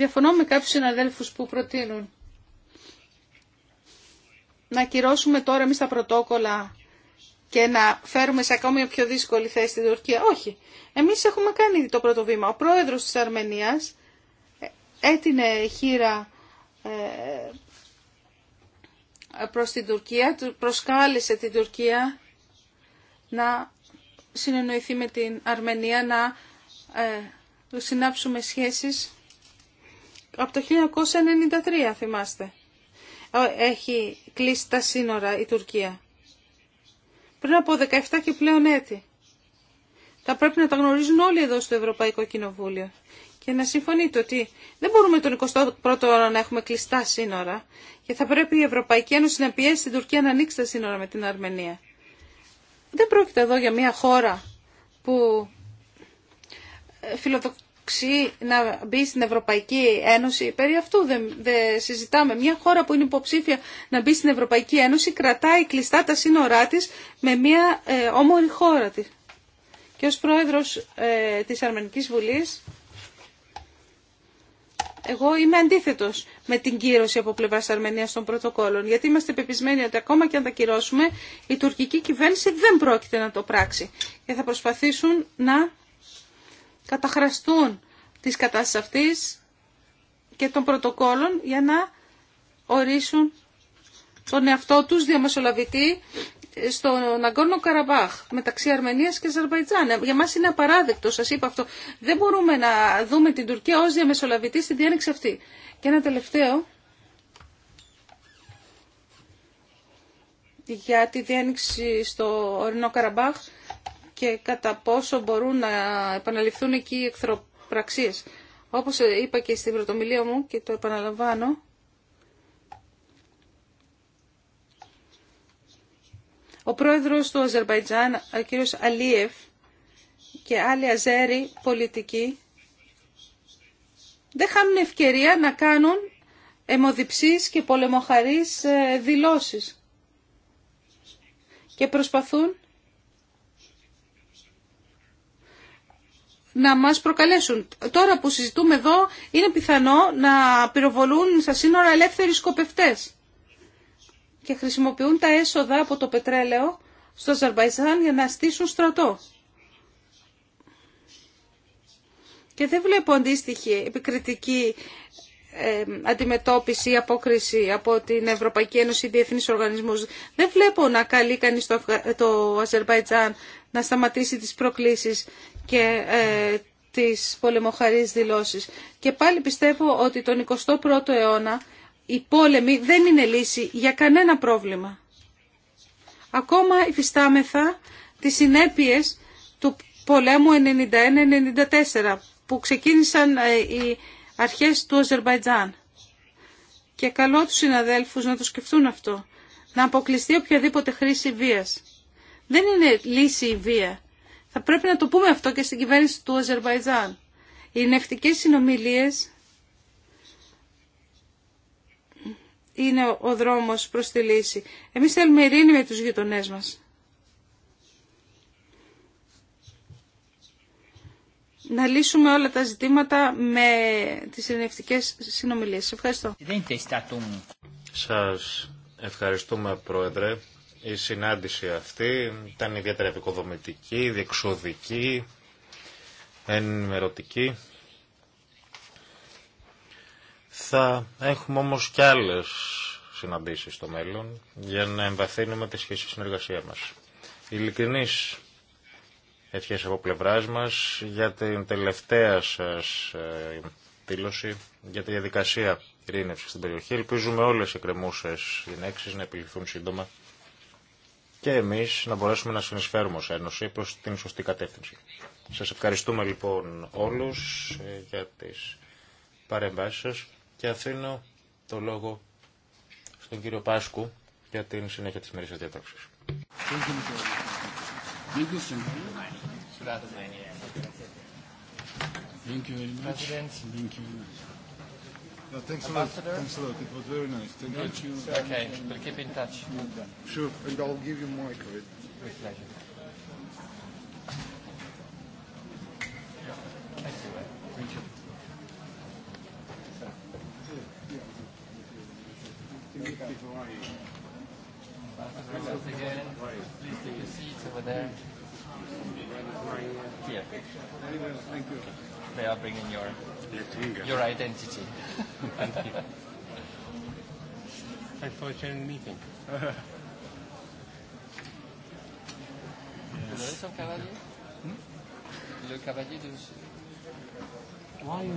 Διαφωνώ με κάποιους συναδέλφους που προτείνουν να κυρώσουμε τώρα εμείς τα πρωτόκολλα και να φέρουμε σε ακόμη πιο δύσκολη θέση την Τουρκία. Όχι. Εμείς έχουμε κάνει το πρώτο βήμα. Ο πρόεδρος της Αρμενίας ε, έτεινε χείρα ε, προς την Τουρκία, προσκάλεσε την Τουρκία να συνεννοηθεί με την Αρμενία, να ε, συνάψουμε σχέσεις από το 1993 θυμάστε. Έχει κλείσει τα σύνορα η Τουρκία. Πριν από 17 και πλέον έτη. Θα πρέπει να τα γνωρίζουν όλοι εδώ στο Ευρωπαϊκό Κοινοβούλιο. Και να συμφωνείτε ότι δεν μπορούμε τον 21ο αιώνα να έχουμε κλειστά σύνορα και θα πρέπει η Ευρωπαϊκή Ένωση να πιέσει την Τουρκία να ανοίξει τα σύνορα με την Αρμενία. Δεν πρόκειται εδώ για μια χώρα που ε, φιλοδοξεί να μπει στην Ευρωπαϊκή Ένωση. Περί αυτού δεν, συζητάμε. Μια χώρα που είναι υποψήφια να μπει στην Ευρωπαϊκή Ένωση κρατάει κλειστά τα σύνορά της με μια ε, χώρα της. Και ως πρόεδρος ε, της Αρμενικής Βουλής εγώ είμαι αντίθετος με την κύρωση από πλευρά Αρμενία των πρωτοκόλων, γιατί είμαστε πεπισμένοι ότι ακόμα και αν τα κυρώσουμε, η τουρκική κυβέρνηση δεν πρόκειται να το πράξει. Και θα προσπαθήσουν να καταχραστούν τις κατάστασης αυτής και των πρωτοκόλων για να ορίσουν τον εαυτό τους διαμεσολαβητή στο Ναγκόρνο Καραμπάχ μεταξύ Αρμενίας και Αζερβαϊτζάν. Ε, για μας είναι απαράδεκτο, σας είπα αυτό. Δεν μπορούμε να δούμε την Τουρκία ως διαμεσολαβητή στην διάνοιξη αυτή. Και ένα τελευταίο για τη διάνοιξη στο Ορεινό Καραμπάχ και κατά πόσο μπορούν να επαναληφθούν εκεί οι εχθροπραξίες. Όπως είπα και στην πρωτομιλία μου και το επαναλαμβάνω, ο πρόεδρος του Αζερβαϊτζάν, ο κύριος Αλίεφ και άλλοι αζέρι πολιτικοί δεν χάνουν ευκαιρία να κάνουν αιμοδιψείς και πολεμοχαρείς ε, δηλώσεις και προσπαθούν να μας προκαλέσουν. Τώρα που συζητούμε εδώ είναι πιθανό να πυροβολούν στα σύνορα ελεύθεροι σκοπευτές και χρησιμοποιούν τα έσοδα από το πετρέλαιο στο Αζερβαϊτζάν για να στήσουν στρατό. Και δεν βλέπω αντίστοιχη επικριτική αντιμετώπιση ή απόκριση από την Ευρωπαϊκή Ένωση ή διεθνείς οργανισμούς. Δεν βλέπω να καλεί κανείς το, το να σταματήσει τις προκλήσεις και ε, τις πολεμοχαρείς δηλώσεις. Και πάλι πιστεύω ότι τον 21ο αιώνα η πόλεμη δεν είναι λύση για κανένα πρόβλημα. Ακόμα υφιστάμεθα τις συνέπειες του πολέμου 91-94 που ξεκίνησαν ε, οι αρχές του Αζερβαϊτζάν. Και καλώ τους συναδέλφους να το σκεφτούν αυτό. Να αποκλειστεί οποιαδήποτε χρήση βίας. Δεν είναι λύση η βία. Θα πρέπει να το πούμε αυτό και στην κυβέρνηση του Αζερβαϊτζάν. Οι νευτικές συνομιλίες είναι ο δρόμος προς τη λύση. Εμείς θέλουμε ειρήνη με τους γειτονές μας. να λύσουμε όλα τα ζητήματα με τις ειρηνευτικές συνομιλίες. Ευχαριστώ. Σας ευχαριστούμε, Πρόεδρε. Η συνάντηση αυτή ήταν ιδιαίτερα επικοδομητική, διεξοδική, ενημερωτική. Θα έχουμε όμως και άλλες συναντήσεις στο μέλλον για να εμβαθύνουμε τη σχέση συνεργασία μας. Ειλικρινής ευχές από πλευράς μας για την τελευταία σας ε, δήλωση για τη διαδικασία ειρήνευσης στην περιοχή. Ελπίζουμε όλες οι κρεμούσες γυναίξεις να επιληθούν σύντομα και εμείς να μπορέσουμε να συνεισφέρουμε ω Ένωση προς την σωστή κατεύθυνση. Σας ευχαριστούμε λοιπόν όλους ε, για τις παρεμβάσει σα και αφήνω το λόγο στον κύριο Πάσκου για την συνέχεια της μερικής διατάξης. Thank you thanks a lot. Thanks a lot. It was very nice. Thank you. Okay, we'll keep in touch. Sure, and I'll give you my credit. With pleasure. Thank you. Thank you. Please take your seats over there. They are bringing your your identity. Thank you. Thanks for the meeting. Dolores Le cavalier? Le cavalier de... Why you?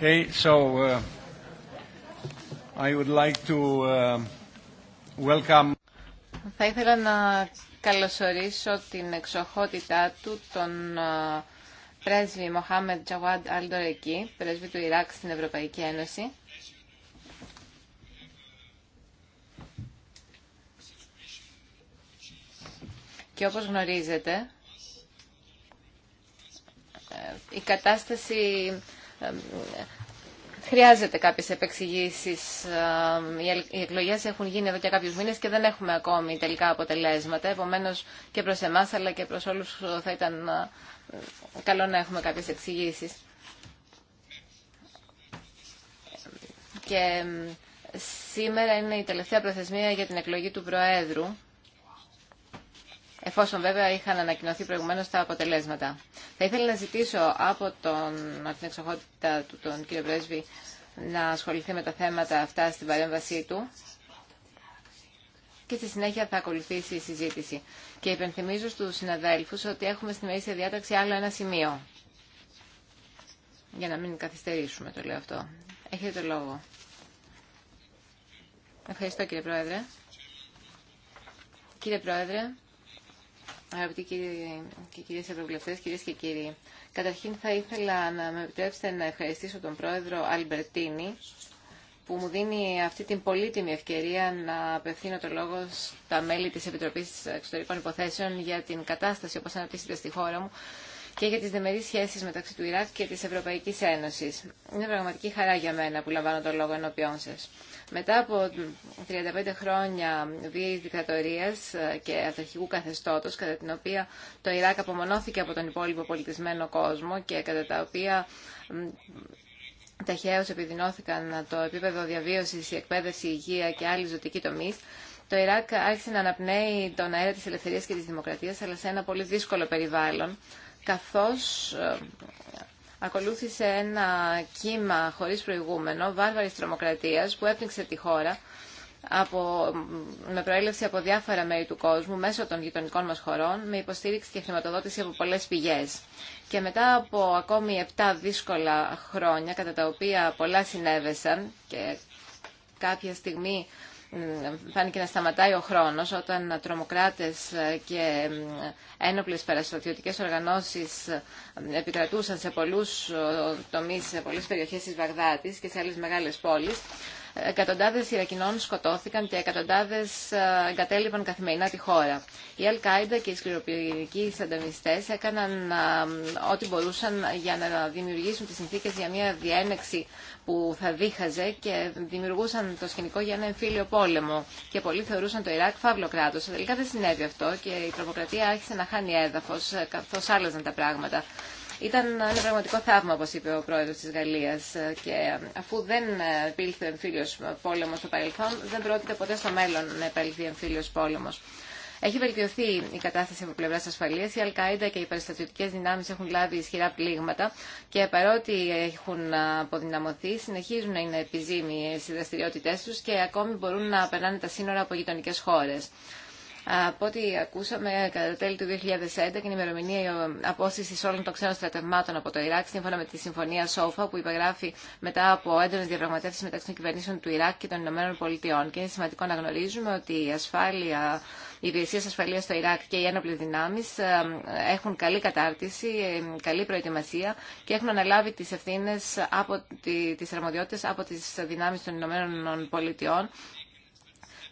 Uh, uh, Θα ήθελα να καλωσορίσω την εξοχότητά του τον πρέσβη Μοχάμετ Τζαουάντ Αλντορεκή, πρέσβη του Ιράκ στην Ευρωπαϊκή Ένωση. Και όπως γνωρίζετε, ε, η κατάσταση Χρειάζεται κάποιες επεξηγήσεις. Οι εκλογές έχουν γίνει εδώ και κάποιους μήνες και δεν έχουμε ακόμη τελικά αποτελέσματα. Επομένως και προς εμάς αλλά και προς όλους θα ήταν ε, καλό να έχουμε κάποιες εξηγήσεις. Και σήμερα είναι η τελευταία προθεσμία για την εκλογή του Προέδρου εφόσον βέβαια είχαν ανακοινωθεί προηγουμένω τα αποτελέσματα. Θα ήθελα να ζητήσω από, τον, από την εξοχότητα του τον κύριο Πρέσβη να ασχοληθεί με τα θέματα αυτά στην παρέμβασή του και στη συνέχεια θα ακολουθήσει η συζήτηση. Και υπενθυμίζω στους συναδέλφους ότι έχουμε στη μερίσια διάταξη άλλο ένα σημείο. Για να μην καθυστερήσουμε το λέω αυτό. Έχετε το λόγο. Ευχαριστώ κύριε Πρόεδρε. Κύριε Πρόεδρε, Αγαπητοί κύριοι και κυρίες Ευρωβουλευτές, κυρίες και κύριοι, καταρχήν θα ήθελα να με επιτρέψετε να ευχαριστήσω τον πρόεδρο Αλμπερτίνη που μου δίνει αυτή την πολύτιμη ευκαιρία να απευθύνω το λόγο στα μέλη της Επιτροπής Εξωτερικών Υποθέσεων για την κατάσταση όπως αναπτύσσεται στη χώρα μου και για τις δεμερείς σχέσεις μεταξύ του Ιράκ και της Ευρωπαϊκής Ένωσης. Είναι πραγματική χαρά για μένα που λαμβάνω το λόγο ενώπιόν σας. Μετά από 35 χρόνια βίαιης δικτατορίας και αυταρχικού καθεστώτος, κατά την οποία το Ιράκ απομονώθηκε από τον υπόλοιπο πολιτισμένο κόσμο και κατά τα οποία ταχαίως επιδεινώθηκαν το επίπεδο διαβίωσης, η εκπαίδευση, η υγεία και άλλοι ζωτικοί τομείς, το Ιράκ άρχισε να αναπνέει τον αέρα της ελευθερίας και της δημοκρατίας, αλλά σε ένα πολύ δύσκολο περιβάλλον, καθώς ε, ακολούθησε ένα κύμα χωρίς προηγούμενο βάρβαρης τρομοκρατίας που έπνιξε τη χώρα από, με προέλευση από διάφορα μέρη του κόσμου μέσω των γειτονικών μας χωρών με υποστήριξη και χρηματοδότηση από πολλές πηγές. Και μετά από ακόμη 7 δύσκολα χρόνια κατά τα οποία πολλά συνέβησαν και κάποια στιγμή φάνηκε να σταματάει ο χρόνος όταν τρομοκράτες και ένοπλες παραστατιωτικές οργανώσεις επικρατούσαν σε πολλούς ε, τομείς, σε πολλές περιοχές της Βαγδάτης και σε άλλες μεγάλες πόλεις εκατοντάδες Ιρακινών σκοτώθηκαν και εκατοντάδες ε, εγκατέλειπαν καθημερινά τη χώρα. Οι Αλ-Κάιντα και οι σκληροπυρηνικοί ανταμιστές έκαναν ε, ό,τι μπορούσαν για να δημιουργήσουν τις συνθήκες για μια διένεξη που θα δίχαζε και δημιουργούσαν το σκηνικό για ένα εμφύλιο πόλεμο. Και πολλοί θεωρούσαν το Ιράκ φαύλο κράτο. Τελικά δεν συνέβη αυτό και η τρομοκρατία άρχισε να χάνει έδαφο ε, καθώ άλλαζαν τα πράγματα. Ήταν ένα πραγματικό θαύμα, όπω είπε ο πρόεδρο τη Γαλλία. και αφού δεν επήλθε εμφύλιο πόλεμο στο παρελθόν, δεν πρόκειται ποτέ στο μέλλον να επέλθει εμφύλιο πόλεμο. Έχει βελτιωθεί η κατάσταση από πλευρά ασφαλεία. Η Αλκαίδα και οι περιστατιωτικέ δυνάμει έχουν λάβει ισχυρά πλήγματα και παρότι έχουν αποδυναμωθεί, συνεχίζουν να είναι επιζήμιε οι δραστηριότητέ του και ακόμη μπορούν να περνάνε τα σύνορα από γειτονικέ χώρε. Από ό,τι ακούσαμε κατά τέλη του 2011 η ημερομηνία απόσυση όλων των ξένων στρατευμάτων από το Ιράκ σύμφωνα με τη συμφωνία Σόφα που υπεγράφει μετά από έντονε διαπραγματεύσει μεταξύ των κυβερνήσεων του Ιράκ και των Ηνωμένων Πολιτειών. Και είναι σημαντικό να γνωρίζουμε ότι η ασφάλεια, οι υπηρεσίε ασφαλεία στο Ιράκ και οι ένοπλε δυνάμει ε, έχουν καλή κατάρτιση, ε, καλή προετοιμασία και έχουν αναλάβει τι ευθύνε, τι αρμοδιότητε από τι δυνάμει των Ηνωμένων Πολιτειών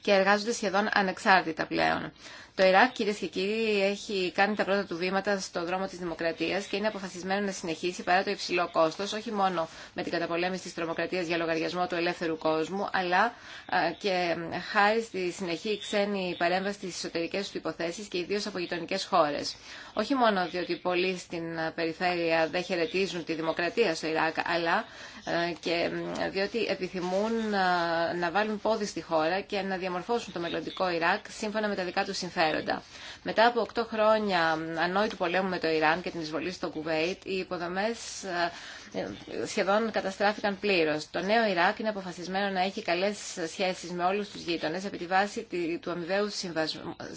και εργάζονται σχεδόν ανεξάρτητα πλέον. Το Ιράκ, κυρίε και κύριοι, έχει κάνει τα πρώτα του βήματα στο δρόμο τη δημοκρατία και είναι αποφασισμένο να συνεχίσει παρά το υψηλό κόστο, όχι μόνο με την καταπολέμηση τη τρομοκρατία για λογαριασμό του ελεύθερου κόσμου, αλλά και χάρη στη συνεχή ξένη παρέμβαση στι εσωτερικέ του υποθέσει και ιδίω από γειτονικέ χώρε. Όχι μόνο διότι πολλοί στην περιφέρεια δεν χαιρετίζουν τη δημοκρατία στο Ιράκ, αλλά ε, και διότι επιθυμούν να βάλουν πόδι στη χώρα και να διαμορφώσουν το μελλοντικό Ιράκ σύμφωνα με τα δικά του συμφέροντα. Μετά από 8 χρόνια ανόητου πολέμου με το Ιράν και την εισβολή στο Κουβέιτ, οι υποδομέ ε, σχεδόν καταστράφηκαν πλήρως. Το νέο Ιράκ είναι αποφασισμένο να έχει καλέ σχέσεις με όλους τους γείτονε επί τη βάση του αμοιβαίου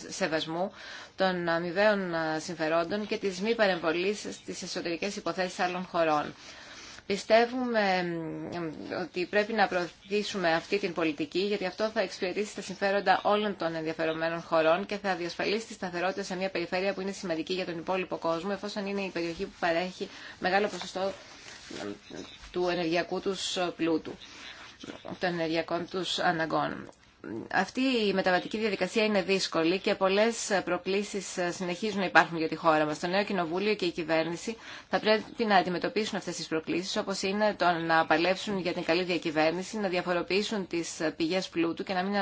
σεβασμού, των αμοιβαίων ε, συμφερόντων και τη μη παρεμβολή στις εσωτερικέ υποθέσει άλλων χωρών. Πιστεύουμε ότι πρέπει να προωθήσουμε αυτή την πολιτική, γιατί αυτό θα εξυπηρετήσει τα συμφέροντα όλων των ενδιαφερομένων χωρών και θα διασφαλίσει τη σταθερότητα σε μια περιφέρεια που είναι σημαντική για τον υπόλοιπο κόσμο, εφόσον είναι η περιοχή που παρέχει μεγάλο ποσοστό του ενεργειακού τους πλούτου των ενεργειακών τους αναγκών αυτή η μεταβατική διαδικασία είναι δύσκολη και πολλέ προκλήσεις συνεχίζουν να υπάρχουν για τη χώρα μας. Το νέο κοινοβούλιο και η κυβέρνηση θα πρέπει να αντιμετωπίσουν αυτές τις προκλήσεις, όπως είναι το να παλέψουν για την καλή διακυβέρνηση, να διαφοροποιήσουν τις πηγές πλούτου και να μην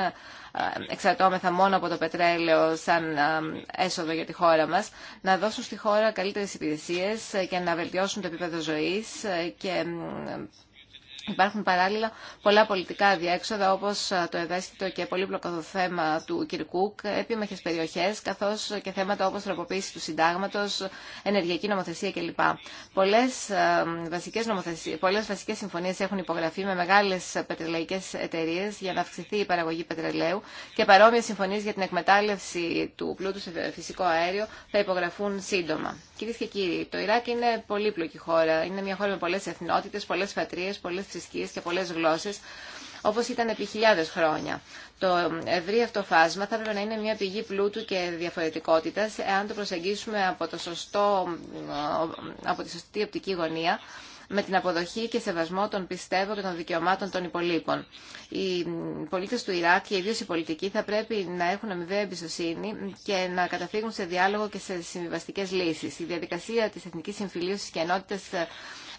εξαρτώμεθα μόνο από το πετρέλαιο σαν έσοδο για τη χώρα μα, να δώσουν στη χώρα καλύτερε υπηρεσίε και να βελτιώσουν το επίπεδο ζωή. και Υπάρχουν παράλληλα πολλά πολιτικά διέξοδα όπως ε, το ευαίσθητο και πολύπλοκο θέμα του Κυρκούκ, επίμεχες περιοχές, καθώς και θέματα όπως τροποποίηση του συντάγματος, ενεργειακή νομοθεσία κλπ. Πολλές ε, βασικές, νομοθεσίες, συμφωνίες έχουν υπογραφεί με μεγάλες πετρελαϊκές εταιρείε για να αυξηθεί η παραγωγή πετρελαίου και παρόμοιε συμφωνίες για την εκμετάλλευση του πλούτου σε φυσικό αέριο θα υπογραφούν σύντομα. Κυρίε και κύριοι, το Ιράκ είναι πολύπλοκη χώρα. Είναι μια χώρα με πολλέ εθνότητε, πολλέ πατρίε, θρησκείες και πολλές γλώσσες, όπως ήταν επί χιλιάδες χρόνια. Το ευρύ αυτό φάσμα θα έπρεπε να είναι μια πηγή πλούτου και διαφορετικότητας, εάν το προσεγγίσουμε από, το σωστό, από τη σωστή οπτική γωνία, με την αποδοχή και σεβασμό των πιστεύω και των δικαιωμάτων των υπολείπων. Οι πολίτες του Ιράκ και ιδίως οι πολιτικοί θα πρέπει να έχουν αμοιβαία εμπιστοσύνη και να καταφύγουν σε διάλογο και σε συμβιβαστικές λύσεις. Η διαδικασία της Εθνικής Συμφιλίωσης και Ενότητας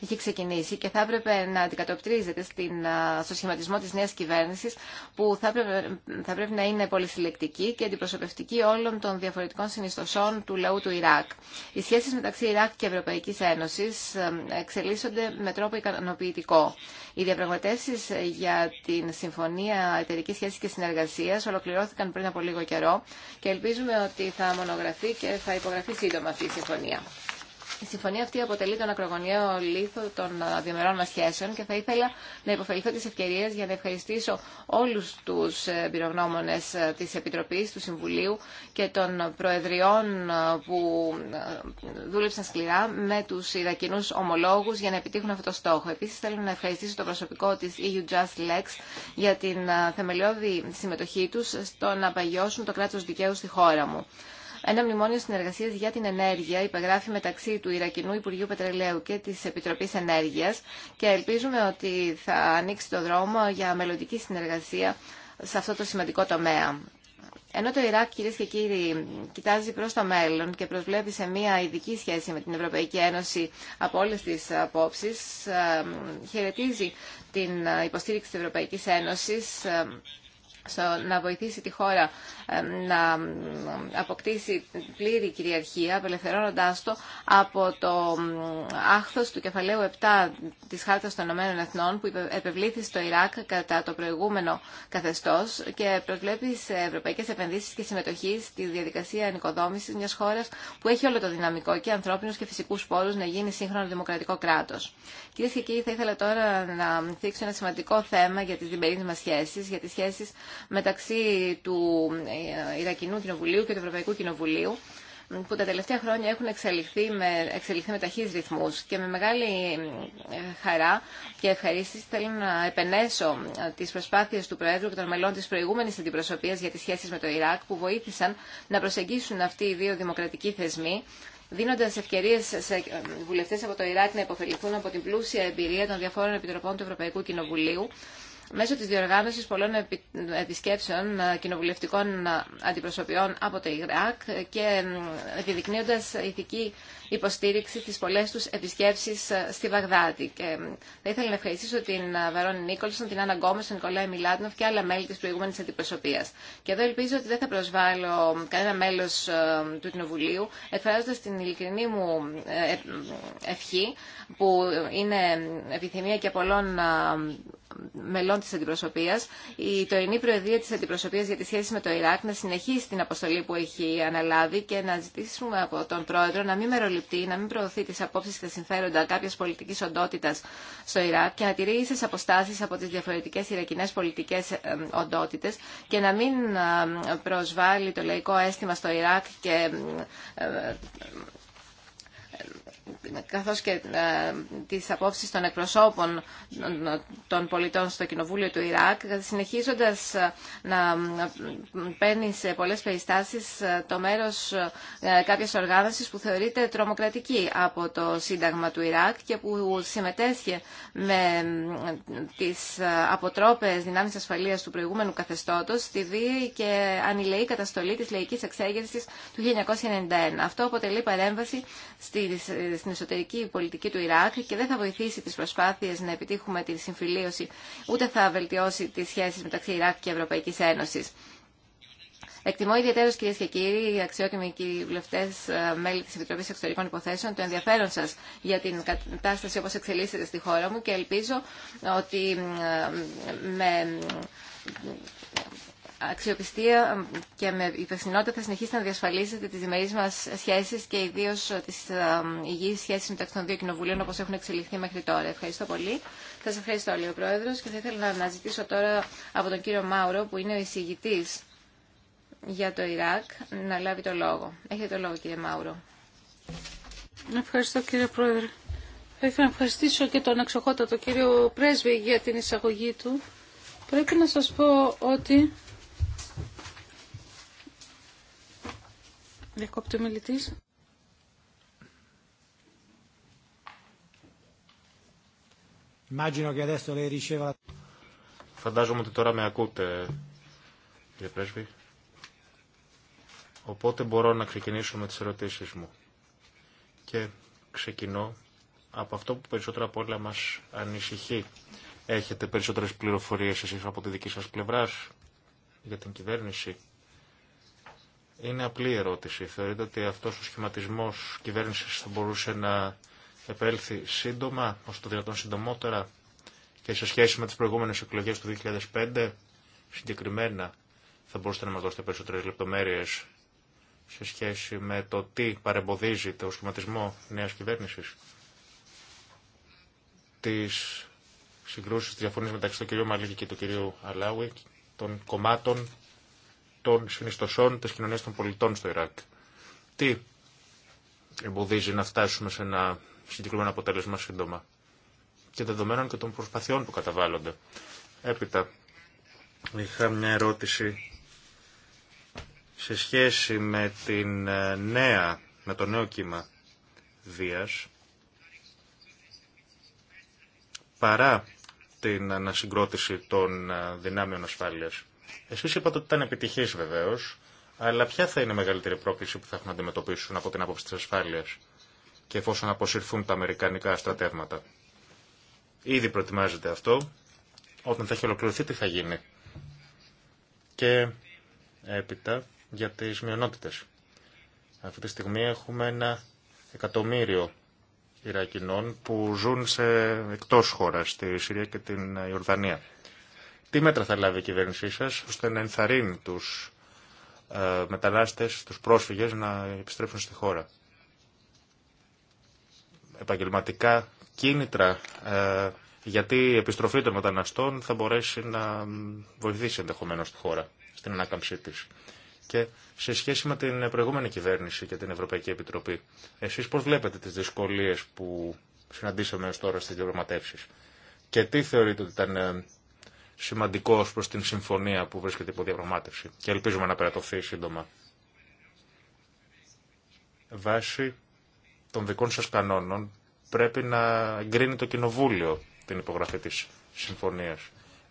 είχε ξεκινήσει και θα έπρεπε να αντικατοπτρίζεται στο σχηματισμό της νέας κυβέρνησης που θα, έπρεπε, θα πρέπει να είναι πολυσυλλεκτική και αντιπροσωπευτική όλων των διαφορετικών συνιστοσών του λαού του Ιράκ. Οι σχέσεις μεταξύ Ιράκ και Ευρωπαϊκής Ένωσης ε, εξελίσσονται με τρόπο ικανοποιητικό. Οι διαπραγματεύσει ε, για την Συμφωνία Εταιρική Σχέση και Συνεργασία ολοκληρώθηκαν πριν από λίγο καιρό και ελπίζουμε ότι θα μονογραφεί και θα υπογραφεί σύντομα αυτή η συμφωνία. Η συμφωνία αυτή αποτελεί τον ακρογωνιαίο λίθο των διαμερών μας σχέσεων και θα ήθελα να υποφεληθώ τις ευκαιρίες για να ευχαριστήσω όλους τους εμπειρογνώμονες της Επιτροπής, του Συμβουλίου και των Προεδριών που δούλεψαν σκληρά με τους Ιρακινούς ομολόγους για να επιτύχουν αυτό το στόχο. Επίσης θέλω να ευχαριστήσω το προσωπικό της EU Just Lex για την θεμελιώδη συμμετοχή τους στο να παγιώσουν το κράτος δικαίου στη χώρα μου. Ένα μνημόνιο συνεργασία για την ενέργεια υπεγράφει μεταξύ του Ιρακινού Υπουργείου Πετρελαίου και τη Επιτροπή Ενέργεια και ελπίζουμε ότι θα ανοίξει το δρόμο για μελλοντική συνεργασία σε αυτό το σημαντικό τομέα. Ενώ το Ιράκ, κυρίε και κύριοι, κοιτάζει προ το μέλλον και προσβλέπει σε μια ειδική σχέση με την Ευρωπαϊκή Ένωση από όλε τι απόψει, ε, χαιρετίζει την ε, υποστήριξη τη Ευρωπαϊκή Ένωση ε, να βοηθήσει τη χώρα να αποκτήσει πλήρη κυριαρχία, απελευθερώνοντάς το από το άχθος του κεφαλαίου 7 της Χάρτας των Ηνωμένων Εθνών που επευλήθη στο Ιράκ κατά το προηγούμενο καθεστώς και προσβλέπει σε ευρωπαϊκές επενδύσεις και συμμετοχή στη διαδικασία ενοικοδόμησης μιας χώρας που έχει όλο το δυναμικό και ανθρώπινους και φυσικούς πόρους να γίνει σύγχρονο δημοκρατικό κράτος. Κυρίε και κύριοι, θα ήθελα τώρα να θίξω ένα σημαντικό θέμα για τις διμερείς σχέσεις, για τις σχέσεις μεταξύ του ε, Ιρακινού Κοινοβουλίου και του Ευρωπαϊκού Κοινοβουλίου που τα τελευταία χρόνια έχουν εξελιχθεί με, εξελιχθεί με ταχύς ρυθμούς και με μεγάλη ε, χαρά και ευχαρίστηση θέλω να επενέσω ε, τις προσπάθειες του Προέδρου και των μελών της προηγούμενης αντιπροσωπείας για τις σχέσεις με το Ιράκ που βοήθησαν να προσεγγίσουν αυτοί οι δύο δημοκρατικοί θεσμοί δίνοντα ευκαιρίε σε βουλευτέ από το Ιράκ να υποφεληθούν από την πλούσια εμπειρία των διαφόρων επιτροπών του Ευρωπαϊκού Κοινοβουλίου Μέσω της διοργάνωσης πολλών επισκέψεων ε, κοινοβουλευτικών ε, αντιπροσωπιών από το Ιράκ και επιδεικνύοντας ηθική υποστήριξη της πολλές τους επισκέψεις ε, στη Βαγδάτη. Και θα ήθελα να ευχαριστήσω την Βαρόνι Νίκολσον, την Άννα Γκόμες, τον Νικολάη Μιλάτνοφ και άλλα μέλη της προηγούμενης αντιπροσωπείας. Και εδώ ελπίζω ότι δεν θα προσβάλλω κανένα μέλος του Κοινοβουλίου, εκφράζοντας την ειλικρινή μου ευχή, που είναι επιθυμία και πολλών μελών της αντιπροσωπείας, η τωρινή προεδρία της αντιπροσωπείας για τη σχέση με το Ιράκ να συνεχίσει την αποστολή που έχει αναλάβει και να ζητήσουμε από τον πρόεδρο να μην μεροληπτεί, να μην προωθεί τις απόψεις και τα συμφέροντα κάποιας πολιτικής οντότητας στο Ιράκ και να τηρεί ίσες αποστάσεις από τις διαφορετικές Ιρακινές πολιτικές ε, οντότητες και να μην ε, προσβάλλει το λαϊκό αίσθημα στο Ιράκ και ε, καθώς και ε, τις απόψεις των εκπροσώπων των πολιτών στο Κοινοβούλιο του Ιράκ, συνεχίζοντας ε, να ε, παίρνει σε πολλές περιστάσεις το μέρος κάποιες οργάνωσης που θεωρείται τρομοκρατική από το Σύνταγμα του Ιράκ και που συμμετέσχε με τις αποτρόπες δυνάμεις ασφαλείας του προηγούμενου καθεστώτος στη δίαιη και ανηλεή καταστολή της λαϊκής εξέγερσης του 1991. Αυτό αποτελεί παρέμβαση στην εσωτερική πολιτική του Ιράκ και δεν θα βοηθήσει τις προσπάθειες να επιτύχουμε τη συμφιλίωση, ούτε θα βελτιώσει τις σχέσεις μεταξύ Ιράκ και Ευρωπαϊκής Ένωσης. Εκτιμώ ιδιαίτερω, κυρίε και κύριοι, αξιότιμοι κύριοι βουλευτέ, ε, μέλη τη Επιτροπή Εξωτερικών Υποθέσεων, το ενδιαφέρον σα για την κατάσταση όπω εξελίσσεται στη χώρα μου και ελπίζω ότι ε, με αξιοπιστία και με υπευθυνότητα θα συνεχίσετε να διασφαλίσετε τις διμερείς μας σχέσεις και ιδίως τις ε, υγιείς σχέσεις μεταξύ των δύο κοινοβουλίων όπως έχουν εξελιχθεί μέχρι τώρα. Ευχαριστώ πολύ. Θα σας ευχαριστώ όλοι ο Πρόεδρος και θα ήθελα να αναζητήσω τώρα από τον κύριο Μάουρο που είναι ο εισηγητής για το Ιράκ να λάβει το λόγο. Έχετε το λόγο κύριε Μάουρο. Ευχαριστώ κύριε Πρόεδρε. Θα ήθελα να ευχαριστήσω και τον εξοχότατο κύριο Πρέσβη για την εισαγωγή του. Πρέπει να σας πω ότι Διακόπτει ο μιλητής. Φαντάζομαι ότι τώρα με ακούτε, κύριε Πρέσβη. Οπότε μπορώ να ξεκινήσω με τις ερωτήσεις μου. Και ξεκινώ από αυτό που περισσότερα από όλα μας ανησυχεί. Έχετε περισσότερες πληροφορίες εσείς από τη δική σας πλευρά για την κυβέρνηση είναι απλή ερώτηση. Θεωρείτε ότι αυτός ο σχηματισμός κυβέρνησης θα μπορούσε να επέλθει σύντομα, ως το δυνατόν συντομότερα και σε σχέση με τις προηγούμενες εκλογές του 2005 συγκεκριμένα θα μπορούσατε να μας δώσετε περισσότερες λεπτομέρειες σε σχέση με το τι παρεμποδίζει το σχηματισμό νέας κυβέρνησης τις συγκρούσεις, τις διαφωνίες μεταξύ του κ. Μαλίκη και του κ. Αλάουι των κομμάτων των συνιστοσών της κοινωνίας των πολιτών στο Ιράκ. Τι εμποδίζει να φτάσουμε σε ένα συγκεκριμένο αποτέλεσμα σύντομα και δεδομένων και των προσπαθειών που καταβάλλονται. Έπειτα, είχα μια ερώτηση σε σχέση με, την ε, νέα, με το νέο κύμα βίας παρά την ανασυγκρότηση των ε, δυνάμεων ασφάλειας. Εσεί είπατε ότι ήταν επιτυχής βεβαίω, αλλά ποια θα είναι η μεγαλύτερη πρόκληση που θα έχουν να αντιμετωπίσουν από την άποψη τη ασφάλεια και εφόσον αποσυρθούν τα αμερικανικά στρατεύματα. Ήδη προετοιμάζεται αυτό. Όταν θα έχει ολοκληρωθεί, τι θα γίνει. Και έπειτα για τι μειονότητες. Αυτή τη στιγμή έχουμε ένα εκατομμύριο Ιρακινών που ζουν σε εκτός χώρας, στη Συρία και την Ιορδανία. Τι μέτρα θα λάβει η κυβέρνησή σα, ώστε να ενθαρρύνει τους ε, μετανάστε, τους πρόσφυγες να επιστρέψουν στη χώρα. Επαγγελματικά κίνητρα, ε, γιατί η επιστροφή των μεταναστών θα μπορέσει να βοηθήσει ενδεχομένω τη χώρα στην ανάκαμψή τη. Και σε σχέση με την προηγούμενη κυβέρνηση και την Ευρωπαϊκή Επιτροπή, Εσεί πώ βλέπετε τι δυσκολίε που συναντήσαμε ω τώρα στι διαπραγματεύσει. και τι θεωρείτε ότι ήταν ε, σημαντικό προ προς την συμφωνία που βρίσκεται υπό διαπραγμάτευση και ελπίζουμε να περατωθεί σύντομα. Βάσει των δικών σα κανόνων πρέπει να εγκρίνει το Κοινοβούλιο την υπογραφή τη συμφωνία.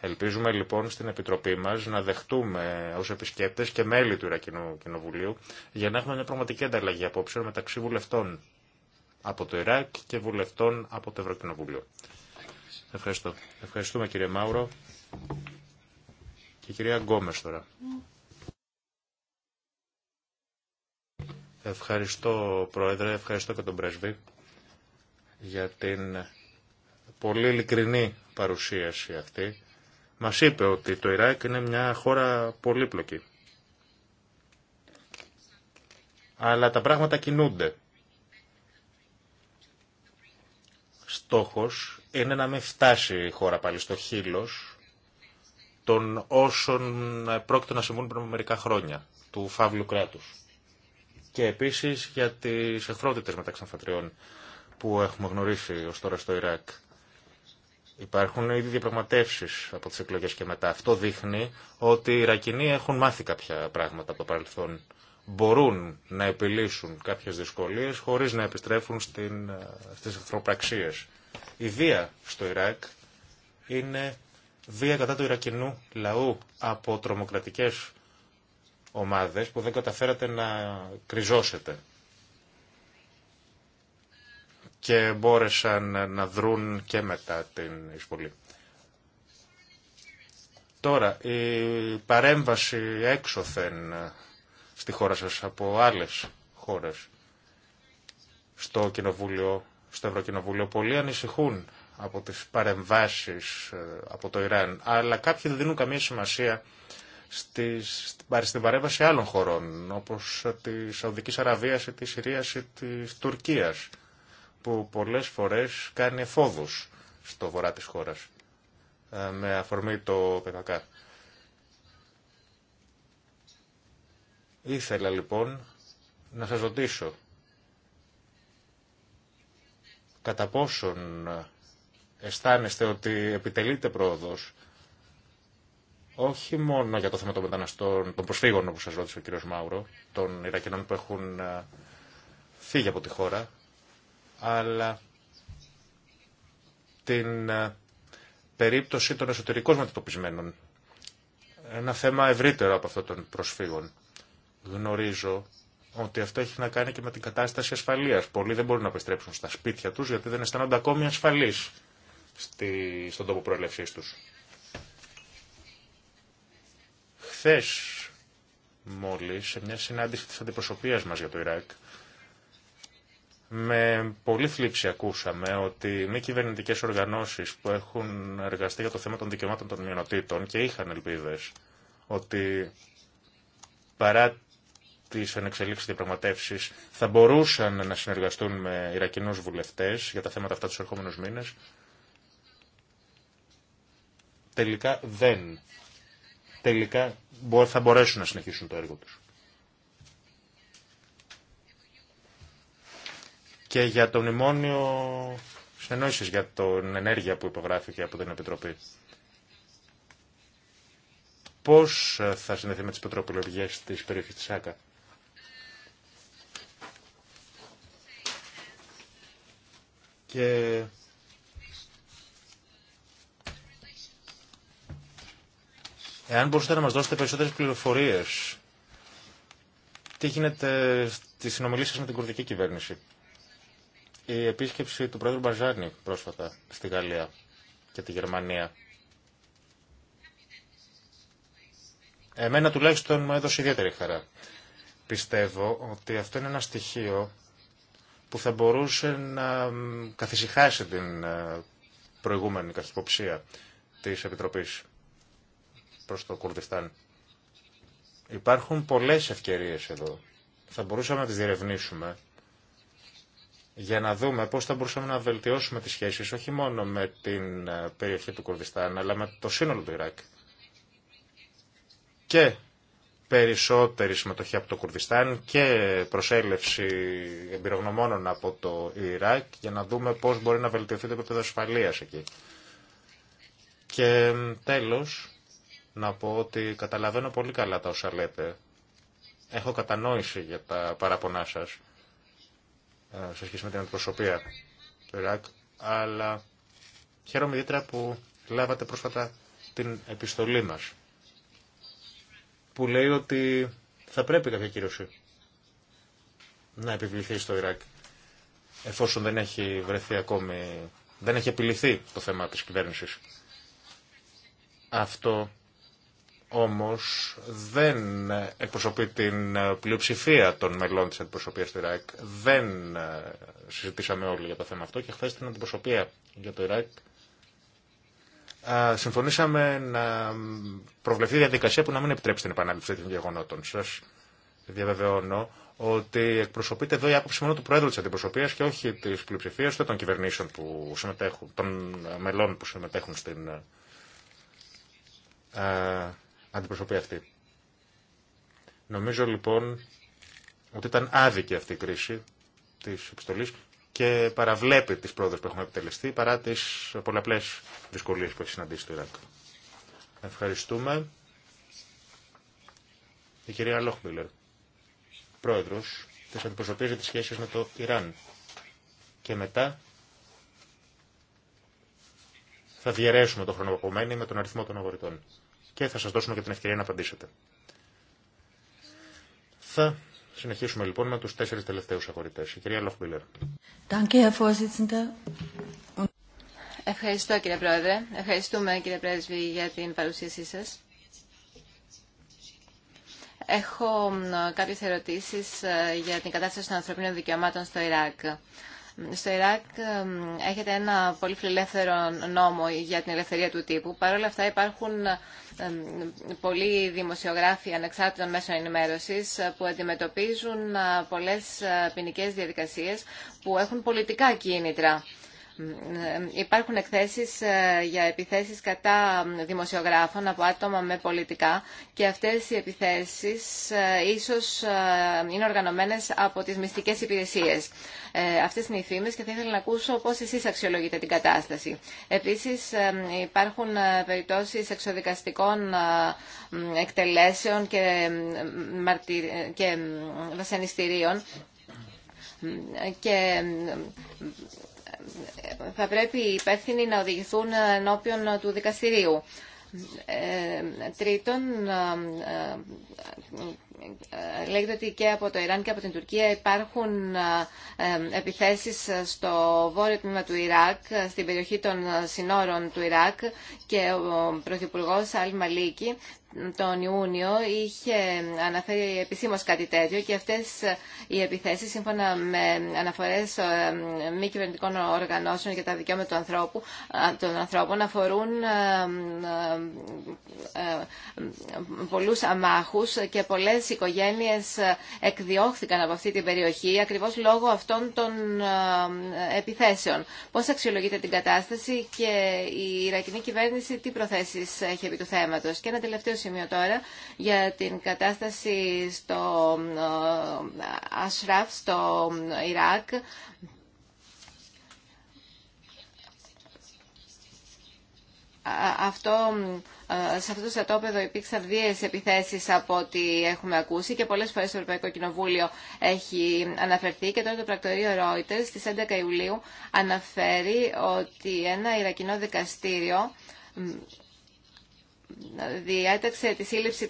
Ελπίζουμε λοιπόν στην Επιτροπή μα να δεχτούμε ω επισκέπτε και μέλη του Ιρακινού Κοινοβουλίου για να έχουμε μια πραγματική ανταλλαγή απόψεων μεταξύ βουλευτών από το Ιράκ και βουλευτών από το Ευρωκοινοβούλιο. Ευχαριστώ. Ευχαριστούμε κύριε Μάουρο. Και η κυρία Γκόμες τώρα. Ευχαριστώ Πρόεδρε, ευχαριστώ και τον Πρέσβη για την πολύ ειλικρινή παρουσίαση αυτή. Μας είπε ότι το Ιράκ είναι μια χώρα πολύπλοκη. Αλλά τα πράγματα κινούνται. Στόχος είναι να μην φτάσει η χώρα πάλι στο χείλος των όσων πρόκειται να συμβούν πριν μερικά χρόνια του φαύλου κράτου. Και επίσης για τι εχθρότητες μεταξύ των φατριών που έχουμε γνωρίσει ω τώρα στο Ιράκ. Υπάρχουν ήδη διαπραγματεύσει από τι εκλογέ και μετά. Αυτό δείχνει ότι οι Ιρακινοί έχουν μάθει κάποια πράγματα από το παρελθόν. Μπορούν να επιλύσουν κάποιε δυσκολίε χωρί να επιστρέφουν ε, στι εχθροπραξίε. Η βία στο Ιράκ είναι βία κατά του Ιρακινού λαού από τρομοκρατικές ομάδες που δεν καταφέρατε να κρυζώσετε και μπόρεσαν να δρουν και μετά την εισβολή. Τώρα, η παρέμβαση έξωθεν στη χώρα σας από άλλες χώρες στο Κοινοβούλιο, στο Ευρωκοινοβούλιο, πολλοί ανησυχούν από τις παρεμβάσεις ε, από το Ιράν, αλλά κάποιοι δεν δίνουν καμία σημασία στην παρέμβαση άλλων χωρών, όπως της Σαουδικής Αραβίας ή της Συρίας ή της Τουρκίας, που πολλές φορές κάνει εφόδους στο βορρά της χώρας, ε, με αφορμή το ΠΚΚ. Ήθελα λοιπόν να σας ρωτήσω κατά πόσον αισθάνεστε ότι επιτελείται πρόοδος όχι μόνο για το θέμα των μεταναστών, των προσφύγων όπως σας ρώτησε ο κύριος Μάουρο, των Ιρακινών που έχουν ε, φύγει από τη χώρα, αλλά την ε, περίπτωση των εσωτερικών μετατοπισμένων. Ένα θέμα ευρύτερο από αυτό των προσφύγων. Γνωρίζω ότι αυτό έχει να κάνει και με την κατάσταση ασφαλείας. Πολλοί δεν μπορούν να επιστρέψουν στα σπίτια τους γιατί δεν αισθάνονται ακόμη ασφαλείς στον τόπο προελευσής τους. Χθες μόλις σε μια συνάντηση της αντιπροσωπείας μας για το Ιράκ με πολύ θλίψη ακούσαμε ότι μη κυβερνητικέ οργανώσεις που έχουν εργαστεί για το θέμα των δικαιωμάτων των μειονοτήτων και είχαν ελπίδες ότι παρά τις ανεξελίξεις διαπραγματεύσεις θα μπορούσαν να συνεργαστούν με Ιρακινούς βουλευτές για τα θέματα αυτά τους ερχόμενους μήνες τελικά δεν. Τελικά θα μπορέσουν να συνεχίσουν το έργο τους. Και για το μνημόνιο συνεννόησες για την ενέργεια που υπογράφηκε από την Επιτροπή. Πώς θα συνδεθεί με τις πετροπολογίες της περιοχής της ΑΚΑ. Και Εάν μπορούσατε να μας δώσετε περισσότερες πληροφορίες, τι γίνεται στις συνομιλίε σας με την κουρδική κυβέρνηση. Η επίσκεψη του πρόεδρου Μπαζάνη πρόσφατα στη Γαλλία και τη Γερμανία. Εμένα τουλάχιστον μου έδωσε ιδιαίτερη χαρά. Πιστεύω ότι αυτό είναι ένα στοιχείο που θα μπορούσε να καθησυχάσει την ε, προηγούμενη καθυποψία της Επιτροπής προς το Κουρδιστάν. Υπάρχουν πολλές ευκαιρίες εδώ. Θα μπορούσαμε να τις διερευνήσουμε για να δούμε πώς θα μπορούσαμε να βελτιώσουμε τις σχέσεις όχι μόνο με την ε, περιοχή του Κουρδιστάν αλλά με το σύνολο του Ιράκ. Και περισσότερη συμμετοχή από το Κουρδιστάν και προσέλευση εμπειρογνωμόνων από το Ιράκ για να δούμε πώς μπορεί να βελτιωθεί το επίπεδο ασφαλείας εκεί. Και τέλος, να πω ότι καταλαβαίνω πολύ καλά τα όσα λέτε. Έχω κατανόηση για τα παραπονά σας ε, σε σχέση με την αντιπροσωπεία του Ιράκ, αλλά χαίρομαι ιδιαίτερα που λάβατε πρόσφατα την επιστολή μας που λέει ότι θα πρέπει κάποια κύρωση να επιβληθεί στο Ιράκ εφόσον δεν έχει βρεθεί ακόμη, δεν έχει επιληθεί το θέμα της κυβέρνησης. Αυτό όμως δεν εκπροσωπεί την ε, πλειοψηφία των μελών της αντιπροσωπείας του Ιράκ. Δεν ε, συζητήσαμε όλοι για το θέμα αυτό και χθε την αντιπροσωπεία για το Ιράκ ε, συμφωνήσαμε να προβλεφθεί διαδικασία που να μην επιτρέψει την επανάληψη των γεγονότων. Σα διαβεβαιώνω ότι εκπροσωπείται εδώ η άποψη μόνο του Πρόεδρου τη Αντιπροσωπεία και όχι τη πλειοψηφία ούτε των κυβερνήσεων που συμμετέχουν, των μελών που συμμετέχουν στην αντιπροσωπεία αυτή. Νομίζω λοιπόν ότι ήταν άδικη αυτή η κρίση τη επιστολή και παραβλέπει τις πρόοδε που έχουν επιτελεστεί παρά τις πολλαπλέ δυσκολίε που έχει συναντήσει το Ιράκ. Ευχαριστούμε. Η κυρία λοχμπιλερ πρόεδρος τη αντιπροσωπεύει για τι σχέσεις με το Ιράν. Και μετά θα διαιρέσουμε το χρόνο με τον αριθμό των αγορητών και θα σας δώσουμε και την ευκαιρία να απαντήσετε. Θα συνεχίσουμε λοιπόν με τους τέσσερις τελευταίους αγορητές. Η κυρία Λοχμπίλερ. Ευχαριστώ κύριε Πρόεδρε. Ευχαριστούμε κύριε Πρέσβη για την παρουσίασή σας. Έχω κάποιες ερωτήσεις ε, για την κατάσταση των ανθρωπίνων δικαιωμάτων στο Ιράκ. Στο Ιράκ ε, έχετε ένα πολύ φιλελεύθερο νόμο για την ελευθερία του τύπου. Παρ' όλα αυτά υπάρχουν ε, πολλοί δημοσιογράφοι ανεξάρτητων μέσων ενημέρωσης ε, που αντιμετωπίζουν πολλές ποινικέ διαδικασίες που έχουν πολιτικά κίνητρα. Ε, υπάρχουν εκθέσεις ε, για επιθέσεις κατά δημοσιογράφων από άτομα με πολιτικά και αυτές οι επιθέσεις ε, ίσως είναι οργανωμένες από τις μυστικές υπηρεσίες. Αυτές είναι οι φήμες και θα ήθελα να ακούσω πώς εσείς αξιολογείτε την κατάσταση. Επίσης υπάρχουν περιπτώσεις εξοδικαστικών εκτελέσεων και, και βασανιστήριων και θα πρέπει οι υπεύθυνοι να οδηγηθούν ενώπιον του δικαστηρίου. Ε, τρίτον, ε, ε, λέγεται ότι και από το Ιράν και από την Τουρκία υπάρχουν ε, ε, επιθέσεις στο βόρειο τμήμα του Ιράκ, στην περιοχή των συνόρων του Ιράκ και ο Πρωθυπουργός Αλ Μαλίκη τον Ιούνιο είχε αναφέρει επισήμως κάτι τέτοιο και αυτές οι επιθέσεις σύμφωνα με αναφορές ε, μη κυβερνητικών οργανώσεων για τα δικαιώματα του ανθρώπου, των ανθρώπων αφορούν πολλούς αμάχους και πολλές οι οικογένειες ε, εκδιώχθηκαν από αυτή την περιοχή ακριβώς λόγω αυτών των ε, επιθέσεων. Πώς αξιολογείται την κατάσταση και η Ιρακινή κυβέρνηση τι προθέσεις έχει επί του θέματος. Και ένα τελευταίο σημείο τώρα για την κατάσταση στο Ασράφ, ε, στο Ιράκ αυτό, ε, σε αυτό το στρατόπεδο υπήρξαν δύο επιθέσεις από ό,τι έχουμε ακούσει και πολλές φορές το Ευρωπαϊκό Κοινοβούλιο έχει αναφερθεί και τώρα το πρακτορείο Reuters στις 11 Ιουλίου αναφέρει ότι ένα Ιρακινό δικαστήριο διέταξε τη σύλληψη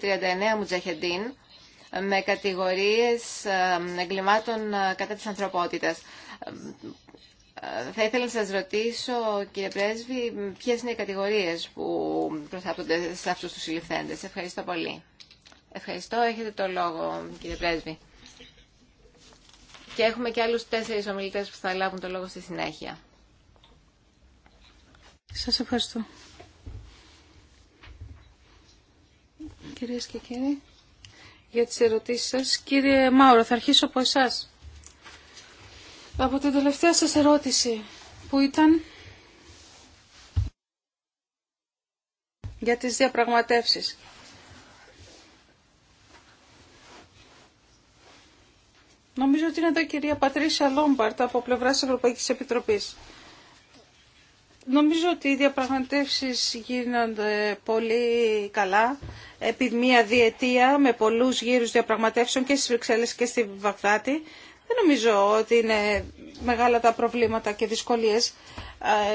39 Μουτζαχεντίν με κατηγορίες ε, εγκλημάτων ε, κατά της ανθρωπότητας. Ε, θα ήθελα να σας ρωτήσω, κύριε Πρέσβη, ποιες είναι οι κατηγορίες που προσθέτονται σε αυτούς τους συλληφθέντες. Ευχαριστώ πολύ. Ευχαριστώ. Έχετε το λόγο, κύριε Πρέσβη. Και έχουμε και άλλους τέσσερις ομιλητές που θα λάβουν το λόγο στη συνέχεια. Σας ευχαριστώ. Κυρίες και κύριοι, για τις ερωτήσεις σας. Κύριε Μάουρο, θα αρχίσω από εσάς από την τελευταία σας ερώτηση που ήταν για τις διαπραγματεύσεις. Νομίζω ότι είναι εδώ η κυρία Πατρίσια Λόμπαρτ από πλευράς ευρωπαϊκής Ευρωπαϊκή Νομίζω ότι οι διαπραγματεύσεις γίνονται πολύ καλά. Επί μία διετία με πολλούς γύρους διαπραγματεύσεων και στις Βρυξέλλες και στη Βαγδάτη. Δεν νομίζω ότι είναι μεγάλα τα προβλήματα και δυσκολίες.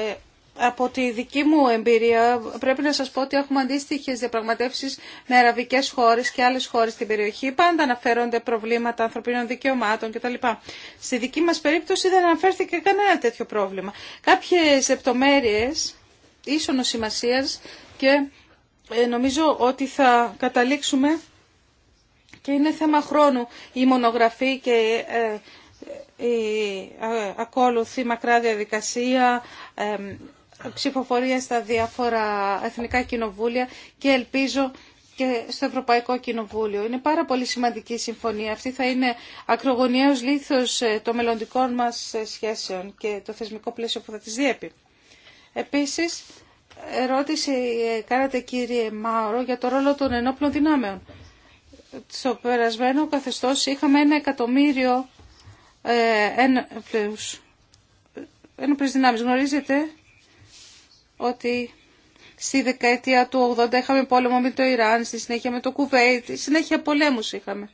Ε, από τη δική μου εμπειρία πρέπει να σας πω ότι έχουμε αντίστοιχες διαπραγματεύσεις με αραβικές χώρες και άλλες χώρες στην περιοχή. Πάντα αναφέρονται προβλήματα ανθρωπίνων δικαιωμάτων κτλ. Στη δική μας περίπτωση δεν αναφέρθηκε κανένα τέτοιο πρόβλημα. Κάποιες λεπτομέρειες ίσονος σημασίας και ε, νομίζω ότι θα καταλήξουμε και είναι θέμα χρόνου η μονογραφή και ε, ε, η ε, ακόλουθη μακρά διαδικασία ψηφοφορία στα διάφορα εθνικά κοινοβούλια και ελπίζω και στο Ευρωπαϊκό Κοινοβούλιο. Είναι πάρα πολύ σημαντική η συμφωνία. Αυτή θα είναι ακρογωνιαίος λήθος των μελλοντικών μας σχέσεων και το θεσμικό πλαίσιο που θα τις διέπει. Επίσης, ερώτηση κάνατε κύριε Μάωρο για το ρόλο των ενόπλων δυνάμεων στο περασμένο καθεστώς είχαμε ένα εκατομμύριο ε, ένοπλες δυνάμεις. Γνωρίζετε ότι στη δεκαετία του 80 είχαμε πόλεμο με το Ιράν, στη συνέχεια με το Κουβέιτ, στη συνέχεια πολέμους είχαμε.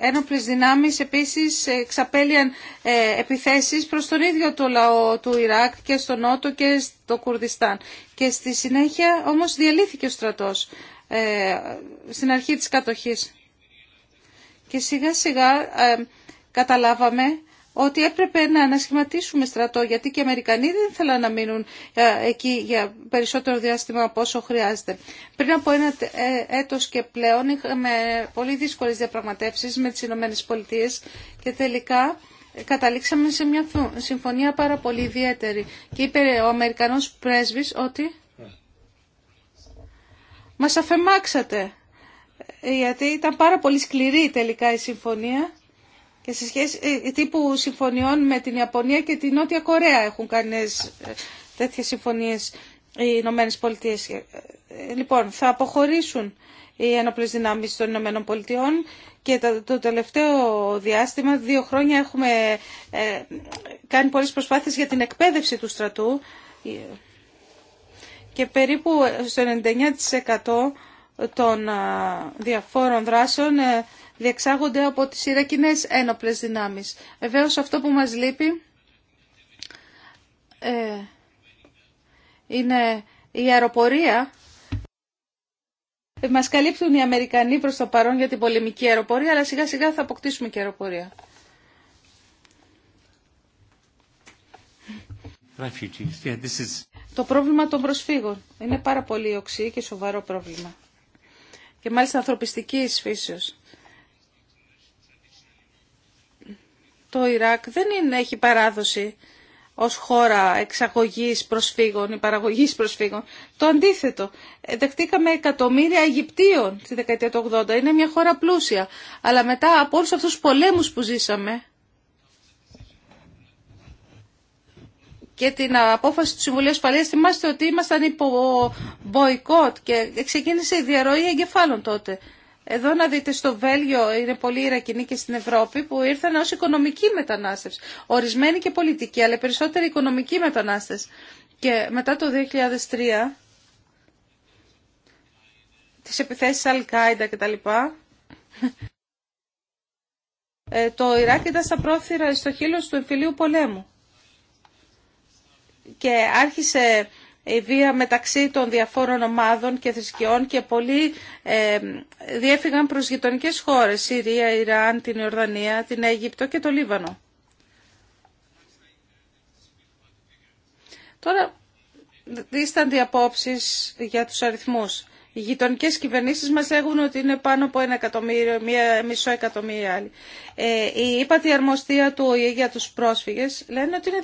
ένοπλες δυνάμεις επίσης εξαπέλυαν ε, επιθέσεις προς τον ίδιο το λαό του Ιράκ και στο Νότο και στο Κουρδιστάν. Και στη συνέχεια όμως διαλύθηκε ο στρατός ε, στην αρχή της κατοχής. Και σιγά σιγά ε, καταλάβαμε ότι έπρεπε να ανασχηματίσουμε στρατό, γιατί και οι Αμερικανοί δεν ήθελαν να μείνουν ε, εκεί για περισσότερο διάστημα από όσο χρειάζεται. Πριν από ένα ε, έτος και πλέον είχαμε πολύ δύσκολες διαπραγματεύσεις με τις Ηνωμένες Πολιτείες και τελικά ε, καταλήξαμε σε μια συμφωνία πάρα πολύ ιδιαίτερη. Και είπε ο Αμερικανός πρέσβης ότι μας αφεμάξατε, γιατί ήταν πάρα πολύ σκληρή τελικά η συμφωνία και σε σχέση ε, τύπου συμφωνιών με την Ιαπωνία και την Νότια Κορέα έχουν κάνει ε, τέτοιες συμφωνίες οι Ηνωμένε Πολιτείε. Ε, λοιπόν, θα αποχωρήσουν οι ένοπλες δυνάμεις των Ηνωμένων Πολιτειών και το τελευταίο διάστημα, δύο χρόνια, έχουμε κάνει πολλές προσπάθειες για την εκπαίδευση του στρατού και περίπου στο 99% των διαφόρων δράσεων διεξάγονται από τις Ιρακινές ένοπλες δυνάμεις. Βεβαίω αυτό που μας λείπει ε, είναι η αεροπορία. Ε, μας καλύπτουν οι Αμερικανοί προς το παρόν για την πολεμική αεροπορία, αλλά σιγά σιγά θα αποκτήσουμε και αεροπορία. Το πρόβλημα των προσφύγων είναι πάρα πολύ οξύ και σοβαρό πρόβλημα. Και μάλιστα ανθρωπιστική φύσεως. το Ιράκ δεν έχει παράδοση ως χώρα εξαγωγής προσφύγων ή παραγωγής προσφύγων. Το αντίθετο. Ε, δεχτήκαμε εκατομμύρια Αιγυπτίων στη δεκαετία του 80. Είναι μια χώρα πλούσια. Αλλά μετά από όλους αυτούς τους πολέμους που ζήσαμε και την απόφαση του Συμβουλίου Ασφαλείας θυμάστε ότι ήμασταν υπό μποϊκότ και ξεκίνησε η διαρροή εγκεφάλων τότε. Εδώ να δείτε στο Βέλγιο είναι πολύ Ιρακινοί και στην Ευρώπη που ήρθαν ως οικονομικοί μετανάστες. Ορισμένοι και πολιτικοί, αλλά περισσότεροι οικονομικοί μετανάστες. Και μετά το 2003, τις επιθεσεις Αλ τα κτλ. Ε, το Ιράκ ήταν στα πρόθυρα στο χείλος του εμφυλίου πολέμου. Και άρχισε η βία μεταξύ των διαφόρων ομάδων και θρησκειών και πολλοί ε, διέφυγαν προς γειτονικές χώρες, Συρία, Ιράν, την Ιορδανία, την Αίγυπτο και το Λίβανο. Τώρα δίστανται απόψεις για τους αριθμούς. Οι γειτονικέ κυβερνήσει μα λέγουν ότι είναι πάνω από ένα εκατομμύριο, μία μισό εκατομμύριο άλλοι. Ε, η ύπατη αρμοστία του για του πρόσφυγε λένε ότι είναι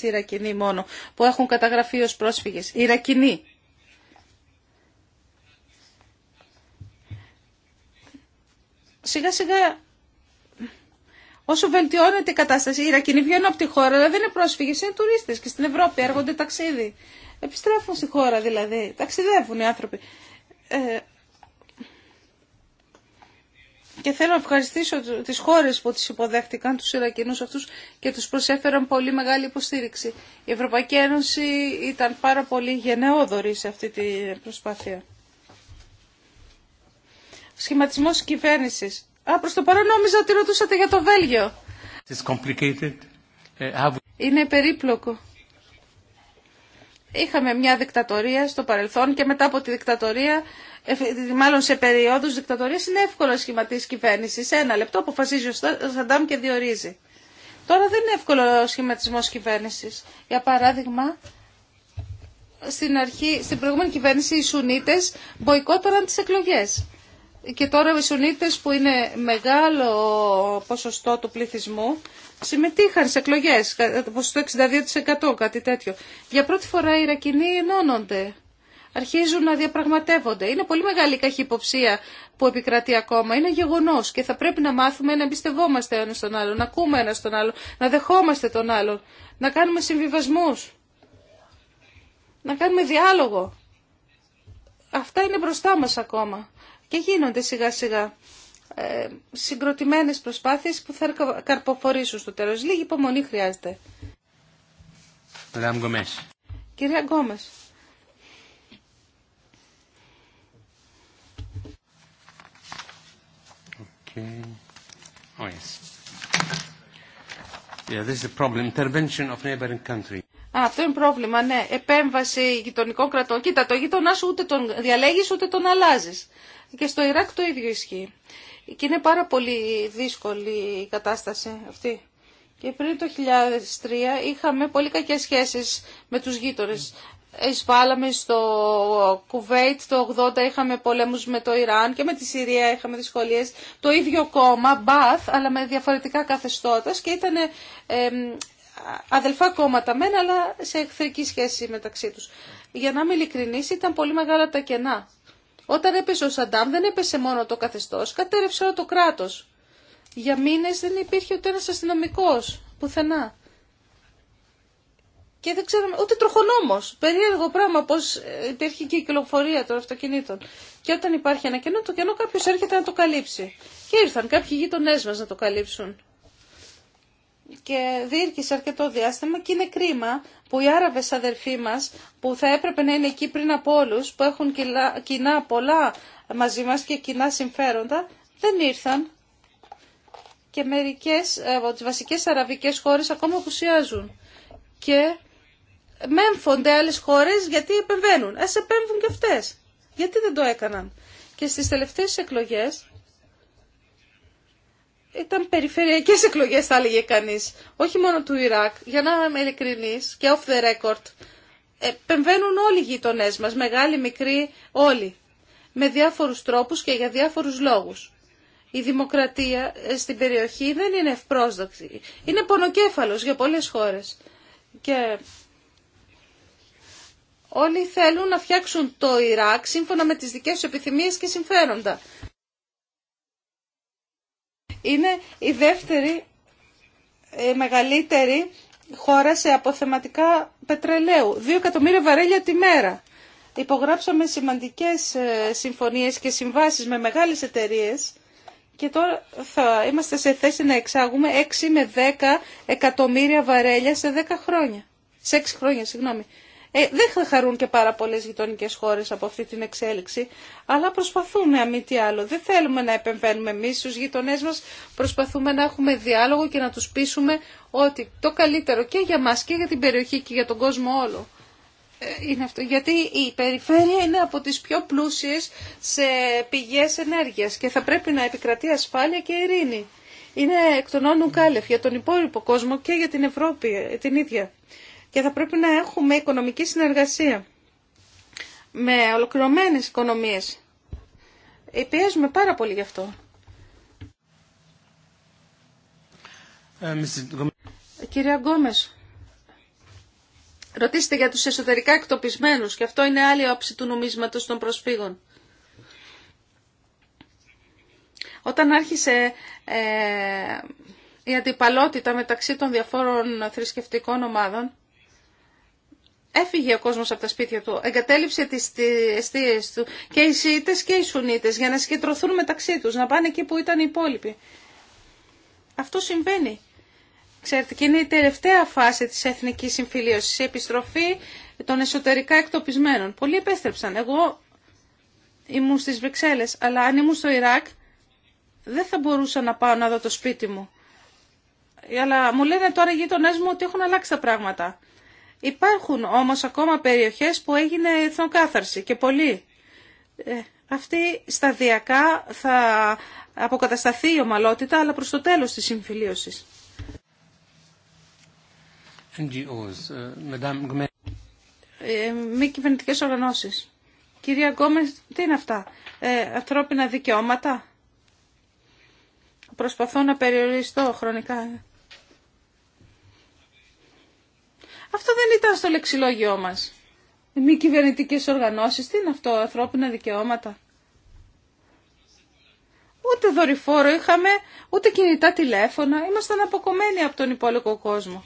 220.000 Ιρακινοί μόνο που έχουν καταγραφεί ω πρόσφυγε. Ιρακινοί. Σιγά σιγά Όσο βελτιώνεται η κατάσταση, οι Ιρακινοί βγαίνουν από τη χώρα, αλλά δεν είναι πρόσφυγες, είναι τουρίστες και στην Ευρώπη έρχονται ταξίδι. Επιστρέφουν στη χώρα δηλαδή, ταξιδεύουν οι άνθρωποι. Ε, και θέλω να ευχαριστήσω τις χώρες που τις υποδέχτηκαν, τους Ιρακινού αυτούς και τους προσέφεραν πολύ μεγάλη υποστήριξη. Η Ευρωπαϊκή Ένωση ήταν πάρα πολύ γενναιόδορη σε αυτή την προσπάθεια. σχηματισμό κυβέρνηση. Α, προς το παρόν νόμιζα ότι ρωτούσατε για το Βέλγιο. Ε, είναι περίπλοκο. Είχαμε μια δικτατορία στο παρελθόν και μετά από τη δικτατορία, μάλλον σε περιόδους δικτατορίας, είναι εύκολο σχηματίσει κυβέρνηση. Σε ένα λεπτό αποφασίζει ο Σαντάμ και διορίζει. Τώρα δεν είναι εύκολο ο σχηματισμός κυβέρνησης. Για παράδειγμα, στην, αρχή, στην προηγούμενη κυβέρνηση οι Σουνίτες μποϊκόταραν τις εκλογές. Και τώρα οι Σουνίτες που είναι μεγάλο ποσοστό του πληθυσμού συμμετείχαν σε εκλογέ, το ποσοστό 62% κάτι τέτοιο. Για πρώτη φορά οι Ιρακινοί ενώνονται, αρχίζουν να διαπραγματεύονται. Είναι πολύ μεγάλη η καχυποψία που επικρατεί ακόμα. Είναι γεγονός και θα πρέπει να μάθουμε να εμπιστευόμαστε ένα τον άλλο, να ακούμε ένα τον άλλο, να δεχόμαστε τον άλλο, να κάνουμε συμβιβασμούς, να κάνουμε διάλογο. Αυτά είναι μπροστά μας ακόμα και γίνονται σιγά σιγά ε, συγκροτημένες προσπάθειες που θα καρποφορήσουν στο τέλος. Λίγη υπομονή χρειάζεται. Κυρία Γκόμες. Okay. Oh, yes. Yeah, this is the problem. Intervention of neighboring country αυτό είναι πρόβλημα, ναι. Επέμβαση γειτονικών κρατών. Κοίτα, το γείτονά σου ούτε τον διαλέγεις ούτε τον αλλάζεις. Και στο Ιράκ το ίδιο ισχύει. Και είναι πάρα πολύ δύσκολη η κατάσταση αυτή. Και πριν το 2003 είχαμε πολύ κακές σχέσεις με τους γείτονες. Εισβάλαμε στο Κουβέιτ το 80, είχαμε πολέμους με το Ιράν και με τη Συρία είχαμε δυσκολίες. Το ίδιο κόμμα, Μπαθ, αλλά με διαφορετικά καθεστώτα και ήταν αδελφά κόμματα μεν, αλλά σε εχθρική σχέση μεταξύ τους. Για να είμαι ειλικρινής, ήταν πολύ μεγάλα τα κενά. Όταν έπεσε ο Σαντάμ δεν έπεσε μόνο το καθεστώς, κατέρευσε όλο το κράτος. Για μήνες δεν υπήρχε ούτε ένας αστυνομικός, πουθενά. Και δεν ξέρουμε, ούτε τροχονόμος. Περίεργο πράγμα πώς ε, υπήρχε και η κυκλοφορία των αυτοκινήτων. Και όταν υπάρχει ένα κενό, το κενό κάποιο έρχεται να το καλύψει. Και ήρθαν κάποιοι γείτονέ μα να το καλύψουν και διήρκησε αρκετό διάστημα και είναι κρίμα που οι Άραβες αδερφοί μας που θα έπρεπε να είναι εκεί πριν από όλους που έχουν κοινά πολλά μαζί μας και κοινά συμφέροντα δεν ήρθαν και μερικές ε, από τις βασικές αραβικές χώρες ακόμα απουσιάζουν και μέμφονται άλλες χώρες γιατί επεμβαίνουν. Ας επέμβουν και αυτές. Γιατί δεν το έκαναν. Και στις τελευταίες εκλογές ήταν περιφερειακές εκλογές θα έλεγε κανείς, όχι μόνο του Ιράκ, για να είμαι ειλικρινής και off the record. Επεμβαίνουν όλοι οι γειτονέ μας, μεγάλοι, μικροί, όλοι, με διάφορους τρόπους και για διάφορους λόγους. Η δημοκρατία ε, στην περιοχή δεν είναι ευπρόσδοξη. Είναι πονοκέφαλος για πολλές χώρες. Και όλοι θέλουν να φτιάξουν το Ιράκ σύμφωνα με τις δικές τους επιθυμίες και συμφέροντα είναι η δεύτερη μεγαλύτερη χώρα σε αποθεματικά πετρελαίου. Δύο εκατομμύρια βαρέλια τη μέρα. Υπογράψαμε σημαντικές ε, συμφωνίες και συμβάσεις με μεγάλες εταιρείες και τώρα θα είμαστε σε θέση να εξάγουμε 6 με 10 εκατομμύρια βαρέλια σε 10 χρόνια. Σε 6 χρόνια, συγγνώμη. Ε, δεν θα χαρούν και πάρα πολλέ γειτονικέ χώρε από αυτή την εξέλιξη, αλλά προσπαθούμε αν τι άλλο. Δεν θέλουμε να επεμβαίνουμε εμεί στου γειτονέ μα, προσπαθούμε να έχουμε διάλογο και να του πείσουμε ότι το καλύτερο και για μα και για την περιοχή και για τον κόσμο όλο. Ε, είναι αυτό. Γιατί η περιφέρεια είναι από τις πιο πλούσιες σε πηγές ενέργειας και θα πρέπει να επικρατεί ασφάλεια και ειρήνη. Είναι εκ των όνων κάλεφ για τον υπόλοιπο κόσμο και για την Ευρώπη ε, την ίδια και θα πρέπει να έχουμε οικονομική συνεργασία με ολοκληρωμένες οικονομίες. Πιέζουμε πάρα πολύ γι' αυτό. Ε, Κυρία Γκόμες, ρωτήστε για τους εσωτερικά εκτοπισμένους και αυτό είναι άλλη όψη του νομίσματος των προσφύγων. Όταν άρχισε ε, η αντιπαλότητα μεταξύ των διαφόρων θρησκευτικών ομάδων, Έφυγε ο κόσμος από τα σπίτια του, εγκατέλειψε τις αιστείες του και οι Σιήτες και οι Σουνίτες για να συγκεντρωθούν μεταξύ τους, να πάνε εκεί που ήταν οι υπόλοιποι. Αυτό συμβαίνει. Ξέρετε, και είναι η τελευταία φάση της εθνικής συμφιλίωσης, η επιστροφή των εσωτερικά εκτοπισμένων. Πολλοί επέστρεψαν. Εγώ ήμουν στις Βρυξέλλες, αλλά αν ήμουν στο Ιράκ δεν θα μπορούσα να πάω να δω το σπίτι μου. Αλλά μου λένε τώρα οι γείτονέ μου ότι έχουν αλλάξει τα πράγματα. Υπάρχουν όμως ακόμα περιοχές που έγινε εθνοκάθαρση και πολύ. Ε, αυτή σταδιακά θα αποκατασταθεί η ομαλότητα, αλλά προς το τέλος της συμφιλίωσης. NGOs, uh, ε, ε, μη κυβερνητικέ οργανώσεις. Κυρία Γκόμες, τι είναι αυτά, ε, ανθρώπινα δικαιώματα. Προσπαθώ να περιοριστώ χρονικά. Αυτό δεν ήταν στο λεξιλόγιό μας. Οι μη κυβερνητικέ οργανώσεις, τι είναι αυτό, ανθρώπινα δικαιώματα. Ούτε δορυφόρο είχαμε, ούτε κινητά τηλέφωνα, ήμασταν αποκομμένοι από τον υπόλοιπο κόσμο.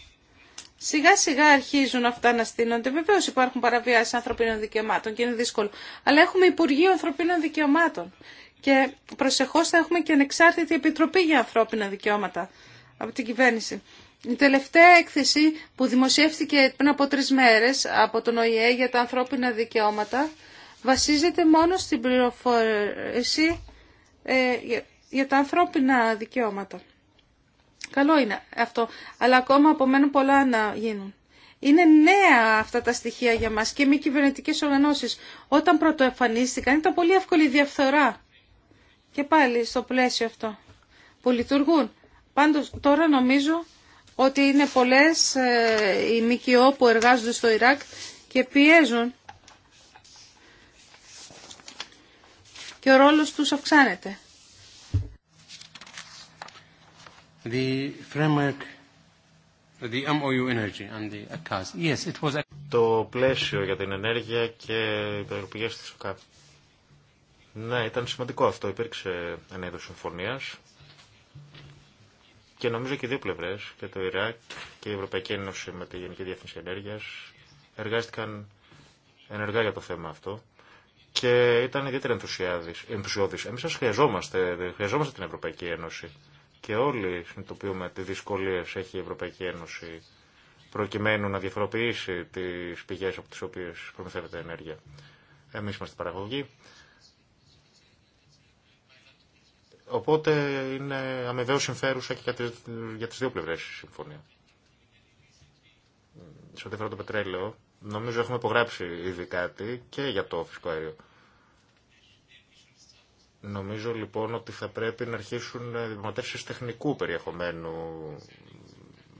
Σιγά σιγά αρχίζουν αυτά να στείνονται. Βεβαίω υπάρχουν παραβιάσει ανθρωπίνων δικαιωμάτων και είναι δύσκολο. Αλλά έχουμε Υπουργείο Ανθρωπίνων Δικαιωμάτων. Και προσεχώ θα έχουμε και ανεξάρτητη επιτροπή για ανθρώπινα δικαιώματα από την κυβέρνηση. Η τελευταία έκθεση που δημοσιεύτηκε πριν από τρεις μέρες από τον ΟΗΕ για τα ανθρώπινα δικαιώματα βασίζεται μόνο στην πληροφόρηση ε, για τα ανθρώπινα δικαιώματα. Καλό είναι αυτό, αλλά ακόμα απομένουν πολλά να γίνουν. Είναι νέα αυτά τα στοιχεία για μας και μη κυβερνητικέ οργανώσεις. Όταν πρωτοεφανίστηκαν ήταν πολύ εύκολη διαφθορά. Και πάλι στο πλαίσιο αυτό που λειτουργούν. Πάντως τώρα νομίζω ότι είναι πολλές ε, οι ΜΚΟ που εργάζονται στο Ιράκ και πιέζουν και ο ρόλος τους αυξάνεται. The framework, the MOU energy and the ACAS. Yes, it was... Το πλαίσιο για την ενέργεια και τα ευρωπηγές της ΟΚΑΠ. Ναι, ήταν σημαντικό αυτό. Υπήρξε ένα είδος συμφωνίας και νομίζω και οι δύο πλευρέ, και το Ιράκ και η Ευρωπαϊκή Ένωση με τη Γενική Διεθνή Ενέργεια, εργάστηκαν ενεργά για το θέμα αυτό και ήταν ιδιαίτερα ενθουσιώδης. Εμεί σα χρειαζόμαστε, χρειαζόμαστε την Ευρωπαϊκή Ένωση και όλοι συνειδητοποιούμε τι δυσκολίε έχει η Ευρωπαϊκή Ένωση προκειμένου να διαφοροποιήσει τι πηγέ από τι οποίε προμηθεύεται ενέργεια. Εμείς είμαστε παραγωγοί Οπότε είναι αμοιβαίως συμφέρουσα και για τις δύο πλευρές η συμφωνία. Σε ό,τι αφορά το πετρέλαιο, νομίζω έχουμε υπογράψει ήδη κάτι και για το φυσικό αέριο. Νομίζω λοιπόν ότι θα πρέπει να αρχίσουν δημοτεύσεις τεχνικού περιεχομένου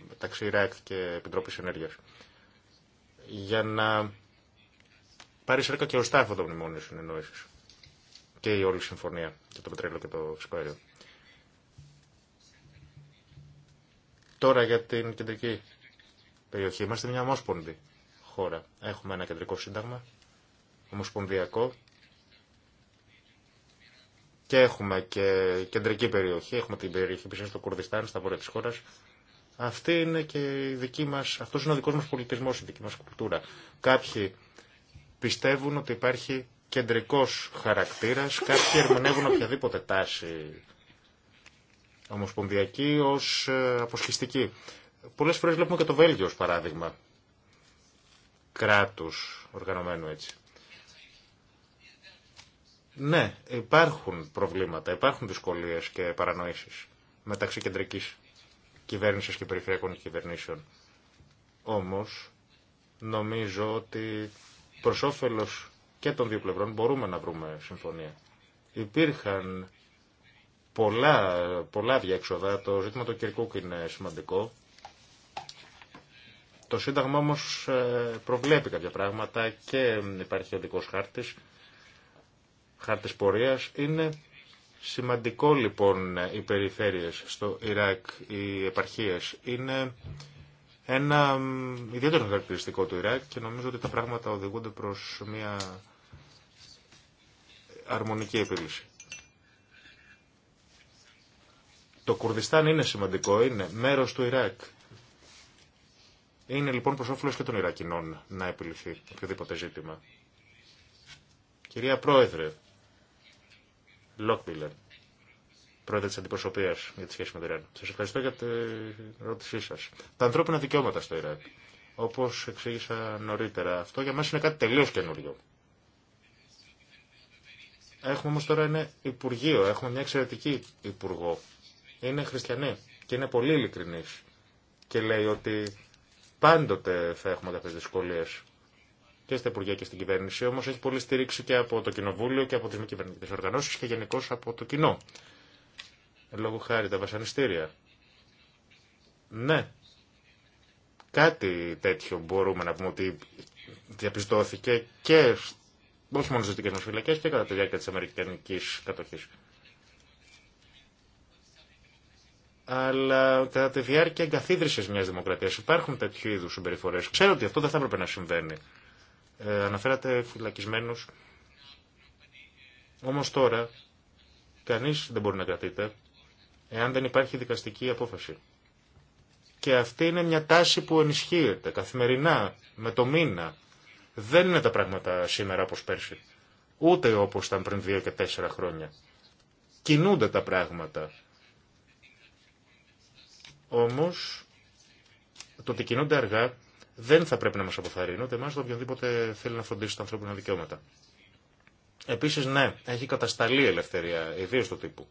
μεταξύ ΡΑΚ και Επιτροπής Ενέργειας. Για να πάρει σέρκα και ο αυτό το μνημόνιο συνεννόησης και η όλη συμφωνία για το πετρέλαιο και το φυσικό Τώρα για την κεντρική περιοχή. Είμαστε μια ομόσπονδη χώρα. Έχουμε ένα κεντρικό σύνταγμα, ομοσπονδιακό, και έχουμε και κεντρική περιοχή, έχουμε την περιοχή πίσω στο Κουρδιστάν, στα βόρεια της χώρας. Αυτή είναι και η μας, αυτός είναι ο δικός μας πολιτισμός, η δική μας κουλτούρα. Κάποιοι πιστεύουν ότι υπάρχει κεντρικός χαρακτήρας. Κάποιοι ερμηνεύουν οποιαδήποτε τάση ομοσπονδιακή ως ε, αποσχιστική. Πολλές φορές βλέπουμε και το Βέλγιο ως παράδειγμα κράτους οργανωμένου έτσι. Ναι, υπάρχουν προβλήματα, υπάρχουν δυσκολίες και παρανοήσεις μεταξύ κεντρικής κυβέρνησης και περιφερειακών κυβερνήσεων. Όμως, νομίζω ότι προς όφελος και των δύο πλευρών μπορούμε να βρούμε συμφωνία. Υπήρχαν πολλά, πολλά διέξοδα, το ζήτημα του Κυρκούκ είναι σημαντικό. Το Σύνταγμα όμω ε, προβλέπει κάποια πράγματα και υπάρχει οδικός χάρτης, χάρτης πορείας. Είναι σημαντικό λοιπόν οι περιφέρειες στο Ιράκ, οι επαρχίες. Είναι ένα ιδιαίτερο χαρακτηριστικό του Ιράκ και νομίζω ότι τα πράγματα οδηγούνται προς μια αρμονική επίλυση. Το Κουρδιστάν είναι σημαντικό, είναι μέρος του Ιράκ. Είναι λοιπόν προς όφελος και των Ιρακινών να επιληθεί οποιοδήποτε ζήτημα. Κυρία Πρόεδρε, Λόκπιλερ πρόεδρε τη αντιπροσωπεία για τη σχέση με το Ιράν. Σα ευχαριστώ για την ερώτησή σα. Τα ανθρώπινα δικαιώματα στο Ιράν. Όπω εξήγησα νωρίτερα, αυτό για μα είναι κάτι τελείω καινούριο. Έχουμε όμω τώρα ένα Υπουργείο, έχουμε μια εξαιρετική Υπουργό. Είναι χριστιανή και είναι πολύ ειλικρινή. Και λέει ότι πάντοτε θα έχουμε κάποιε δυσκολίε και στα Υπουργεία και στην κυβέρνηση. Όμω έχει πολύ στήριξη και από το Κοινοβούλιο και από τι μη κυβερνητικέ οργανώσει και γενικώ από το κοινό λόγω χάρη τα βασανιστήρια. Ναι, κάτι τέτοιο μπορούμε να πούμε ότι διαπιστώθηκε και όχι μόνο στις δυτικές μας φυλακές και κατά τη διάρκεια της αμερικανικής κατοχής. Αλλά κατά τη διάρκεια εγκαθίδρυσης μιας δημοκρατίας υπάρχουν τέτοιου είδους συμπεριφορές. Ξέρω ότι αυτό δεν θα έπρεπε να συμβαίνει. Ε, αναφέρατε φυλακισμένους. Όμως τώρα κανείς δεν μπορεί να κρατείται εάν δεν υπάρχει δικαστική απόφαση. Και αυτή είναι μια τάση που ενισχύεται καθημερινά, με το μήνα. Δεν είναι τα πράγματα σήμερα όπως πέρσι. Ούτε όπως ήταν πριν δύο και τέσσερα χρόνια. Κινούνται τα πράγματα. Όμως, το ότι κινούνται αργά δεν θα πρέπει να μας αποθαρρύνει ούτε εμάς οποιονδήποτε θέλει να φροντίσει τα ανθρώπινα δικαιώματα. Επίσης, ναι, έχει κατασταλεί η ελευθερία, ιδίω του τύπου.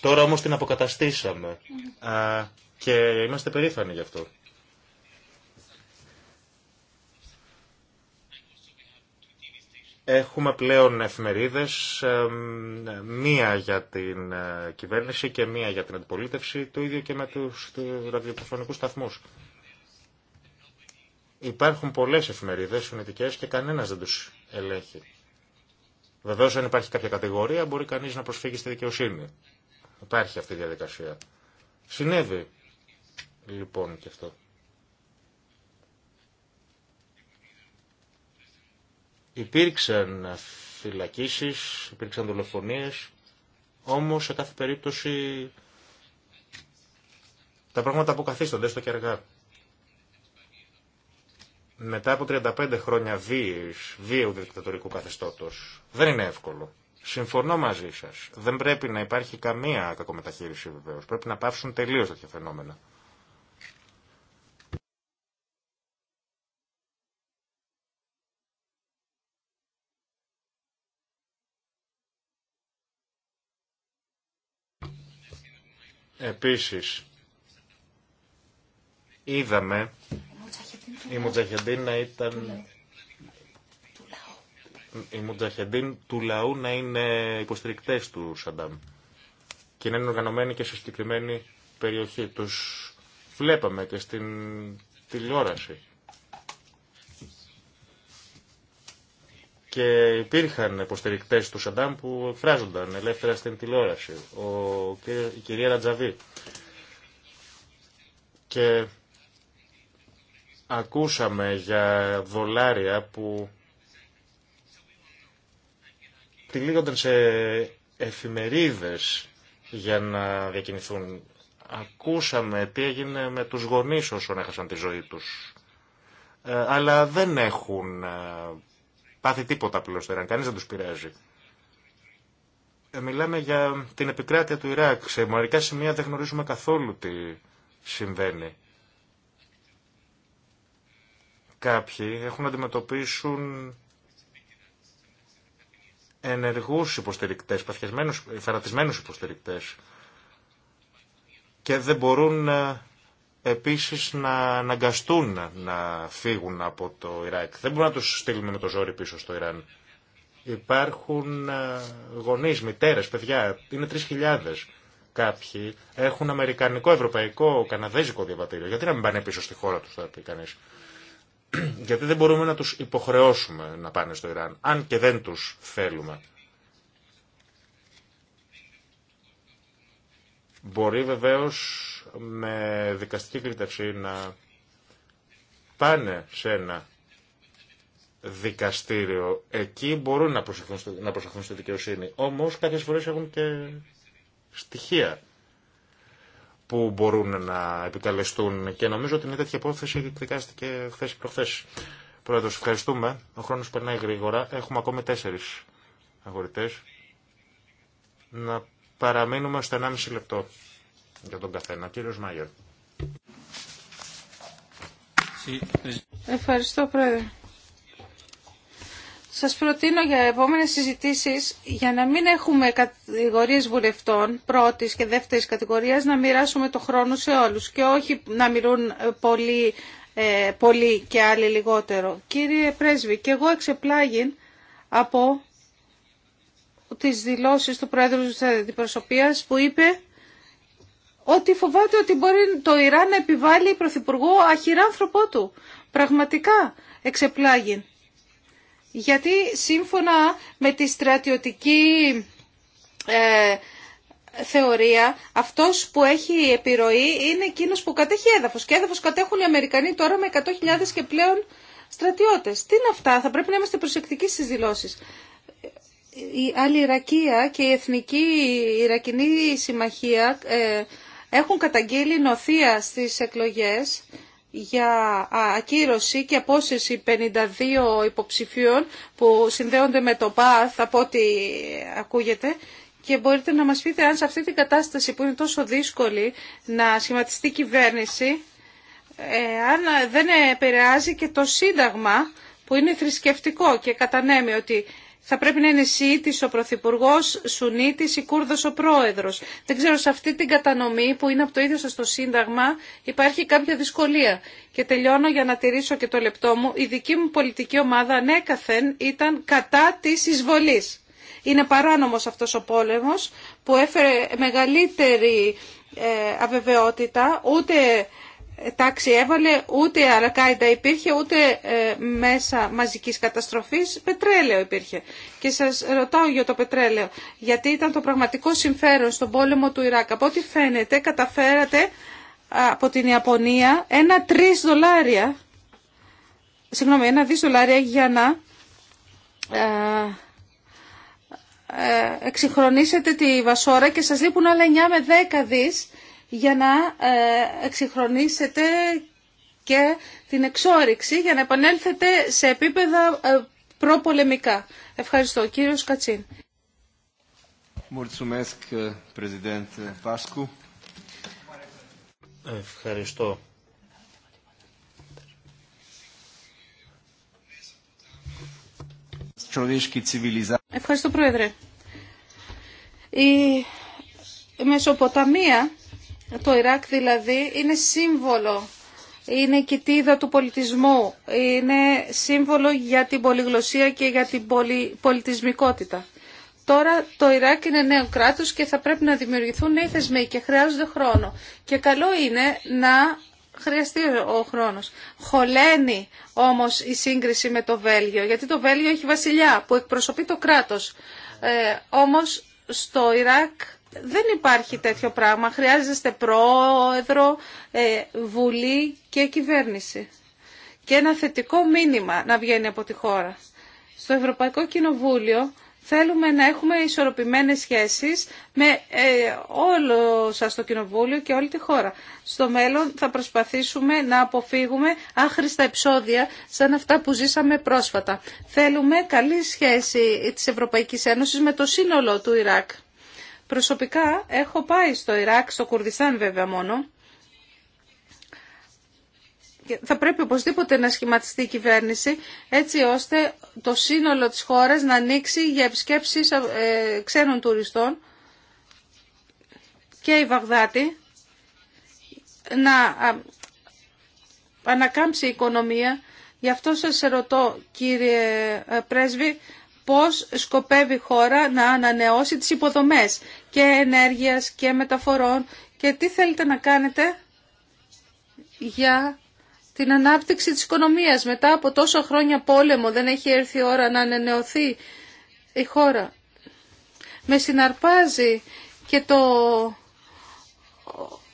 Τώρα όμως την αποκαταστήσαμε Α, και είμαστε περήφανοι γι' αυτό. Έχουμε πλέον εφημερίδες, μία για την ε, κυβέρνηση και μία για την αντιπολίτευση, το ίδιο και με τους ραδιοφωνικούς σταθμούς. Υπάρχουν πολλές εφημερίδες φωνητικές και κανένας δεν τους ελέγχει. Βεβαίως αν υπάρχει κάποια κατηγορία μπορεί κανείς να προσφύγει στη δικαιοσύνη. Υπάρχει αυτή η διαδικασία. Συνέβη λοιπόν και αυτό. Υπήρξαν φυλακίσεις, υπήρξαν δολοφονίες, όμως σε κάθε περίπτωση τα πράγματα αποκαθίστονται, έστω και αργά. Μετά από 35 χρόνια βίαιου δικτατορικού καθεστώτος, δεν είναι εύκολο Συμφωνώ μαζί σα. Δεν πρέπει να υπάρχει καμία κακομεταχείριση βεβαίω. Πρέπει να πάψουν τελείω τέτοια φαινόμενα. Επίσης, είδαμε η Μουτζαχεντίνα ήταν οι Μουτζαχεντίν του λαού να είναι υποστηρικτέ του Σαντάμ και να είναι οργανωμένοι και σε συγκεκριμένη περιοχή. Τους βλέπαμε και στην τηλεόραση. Και υπήρχαν υποστηρικτέ του Σαντάμ που φράζονταν ελεύθερα στην τηλεόραση. Ο, η κυρία Και ακούσαμε για δολάρια που τυλίγονταν σε εφημερίδες για να διακινηθούν. Ακούσαμε τι έγινε με τους γονείς όσων έχασαν τη ζωή τους. Ε, αλλά δεν έχουν ε, πάθει τίποτα πλέον Κανείς δεν τους πειράζει. Ε, μιλάμε για την επικράτεια του Ιράκ. Σε μερικά σημεία δεν γνωρίζουμε καθόλου τι συμβαίνει. Κάποιοι έχουν να αντιμετωπίσουν ενεργούς υποστηρικτές, παθιασμένους, φαρατισμένους υποστηρικτές και δεν μπορούν ε, επίσης να αναγκαστούν να φύγουν από το Ιράκ. Δεν μπορούμε να τους στείλουμε με το ζόρι πίσω στο Ιράν. Υπάρχουν ε, γονείς, μητέρες, παιδιά, είναι 3.000 κάποιοι έχουν αμερικανικό, ευρωπαϊκό, καναδέζικο διαβατήριο. Γιατί να μην πάνε πίσω στη χώρα του, θα πει κανεί. γιατί δεν μπορούμε να τους υποχρεώσουμε να πάνε στο Ιράν, αν και δεν τους θέλουμε. Μπορεί βεβαίως με δικαστική κλήταξη να πάνε σε ένα δικαστήριο. Εκεί μπορούν να προσεχθούν, να προσεχθούν στη δικαιοσύνη. Όμως κάποιες φορές έχουν και στοιχεία που μπορούν να επιτελεστούν και νομίζω ότι μια τέτοια υπόθεση εκδικάστηκε χθε ή προχθέ. Πρόεδρο, ευχαριστούμε. Ο χρόνο περνάει γρήγορα. Έχουμε ακόμη τέσσερι αγορητέ. Να παραμείνουμε στο 1,5 λεπτό για τον καθένα. Κύριο Μάγερ. Ευχαριστώ, Πρόεδρε. Σας προτείνω για επόμενες συζητήσεις, για να μην έχουμε κατηγορίες βουλευτών πρώτης και δεύτερης κατηγορίας, να μοιράσουμε το χρόνο σε όλους και όχι να μοιρούν ε, πολύ ε, και άλλοι λιγότερο. Κύριε Πρέσβη, και εγώ εξεπλάγην από τις δηλώσεις του Πρόεδρου της Αντιπροσωπείας που είπε ότι φοβάται ότι μπορεί το Ιράν να επιβάλλει πρωθυπουργό αχυράνθρωπό του. Πραγματικά εξεπλάγει. Γιατί σύμφωνα με τη στρατιωτική ε, θεωρία, αυτός που έχει επιρροή είναι εκείνος που κατέχει έδαφος. Και έδαφος κατέχουν οι Αμερικανοί τώρα με 100.000 και πλέον στρατιώτες. Τι είναι αυτά, θα πρέπει να είμαστε προσεκτικοί στις δηλώσεις. Η Αλληρακία και η Εθνική Ιρακινή Συμμαχία ε, έχουν καταγγείλει νοθεία στις εκλογές για ακύρωση και απόσυρση 52 υποψηφίων που συνδέονται με το ΠΑΘ από ό,τι ακούγεται και μπορείτε να μας πείτε αν σε αυτή την κατάσταση που είναι τόσο δύσκολη να σχηματιστεί κυβέρνηση ε, αν δεν επηρεάζει και το Σύνταγμα που είναι θρησκευτικό και κατανέμει ότι θα πρέπει να είναι Σίτη ο Πρωθυπουργό Σουνίτη, ή κούρδο ο Πρόεδρο. Δεν ξέρω σε αυτή την κατανομή που είναι από το ίδιο σα το Σύνταγμα υπάρχει κάποια δυσκολία. Και τελειώνω για να τηρήσω και το λεπτό μου. Η δική μου πολιτική ομάδα ανέκαθεν ήταν κατά τη εισβολή. Είναι παράνομο αυτό ο πόλεμο που έφερε μεγαλύτερη ε, αβεβαιότητα ούτε τάξη έβαλε, ούτε αρακάιντα υπήρχε, ούτε ε, μέσα μαζικής καταστροφής, πετρέλαιο υπήρχε. Και σας ρωτάω για το πετρέλαιο, γιατί ήταν το πραγματικό συμφέρον στον πόλεμο του Ιράκ. Από ό,τι φαίνεται, καταφέρατε από την Ιαπωνία ένα τρεις δολάρια, συγγνώμη, ένα δολάρια για να... Ε, ε, εξυγχρονίσετε τη βασόρα και σας λείπουν άλλα 9 με 10 δις για να ε, εξυγχρονίσετε και την εξόριξη για να επανέλθετε σε επίπεδα ε, προπολεμικά. Ευχαριστώ. Κύριος Κατσίν. Ε, Ευχαριστώ. Ευχαριστώ, Πρόεδρε. Η Μεσοποταμία το Ιράκ δηλαδή είναι σύμβολο, είναι κοιτίδα του πολιτισμού, είναι σύμβολο για την πολυγλωσία και για την πολυ... πολιτισμικότητα. Τώρα το Ιράκ είναι νέο κράτος και θα πρέπει να δημιουργηθούν νέοι θεσμοί και χρειάζονται χρόνο. Και καλό είναι να χρειαστεί ο χρόνος. Χωλαίνει όμως η σύγκριση με το Βέλγιο, γιατί το Βέλγιο έχει βασιλιά που εκπροσωπεί το κράτος. Ε, όμως στο Ιράκ δεν υπάρχει τέτοιο πράγμα. Χρειάζεστε πρόεδρο, ε, βουλή και κυβέρνηση. Και ένα θετικό μήνυμα να βγαίνει από τη χώρα. Στο Ευρωπαϊκό Κοινοβούλιο θέλουμε να έχουμε ισορροπημένες σχέσεις με ε, όλο σας το Κοινοβούλιο και όλη τη χώρα. Στο μέλλον θα προσπαθήσουμε να αποφύγουμε άχρηστα επεισόδια σαν αυτά που ζήσαμε πρόσφατα. Θέλουμε καλή σχέση της Ευρωπαϊκής Ένωσης με το σύνολο του Ιράκ. Προσωπικά έχω πάει στο Ιράκ, στο Κουρδιστάν βέβαια μόνο. Θα πρέπει οπωσδήποτε να σχηματιστεί η κυβέρνηση έτσι ώστε το σύνολο της χώρας να ανοίξει για επισκέψεις ε, ξένων τουριστών και η Βαγδάτη να ανακάμψει η οικονομία. Γι' αυτό σας ρωτώ κύριε ε, Πρέσβη πώς σκοπεύει η χώρα να ανανεώσει τις υποδομές και ενέργειας και μεταφορών και τι θέλετε να κάνετε για την ανάπτυξη της οικονομίας. Μετά από τόσα χρόνια πόλεμο δεν έχει έρθει η ώρα να ανανεωθεί η χώρα. Με συναρπάζει και το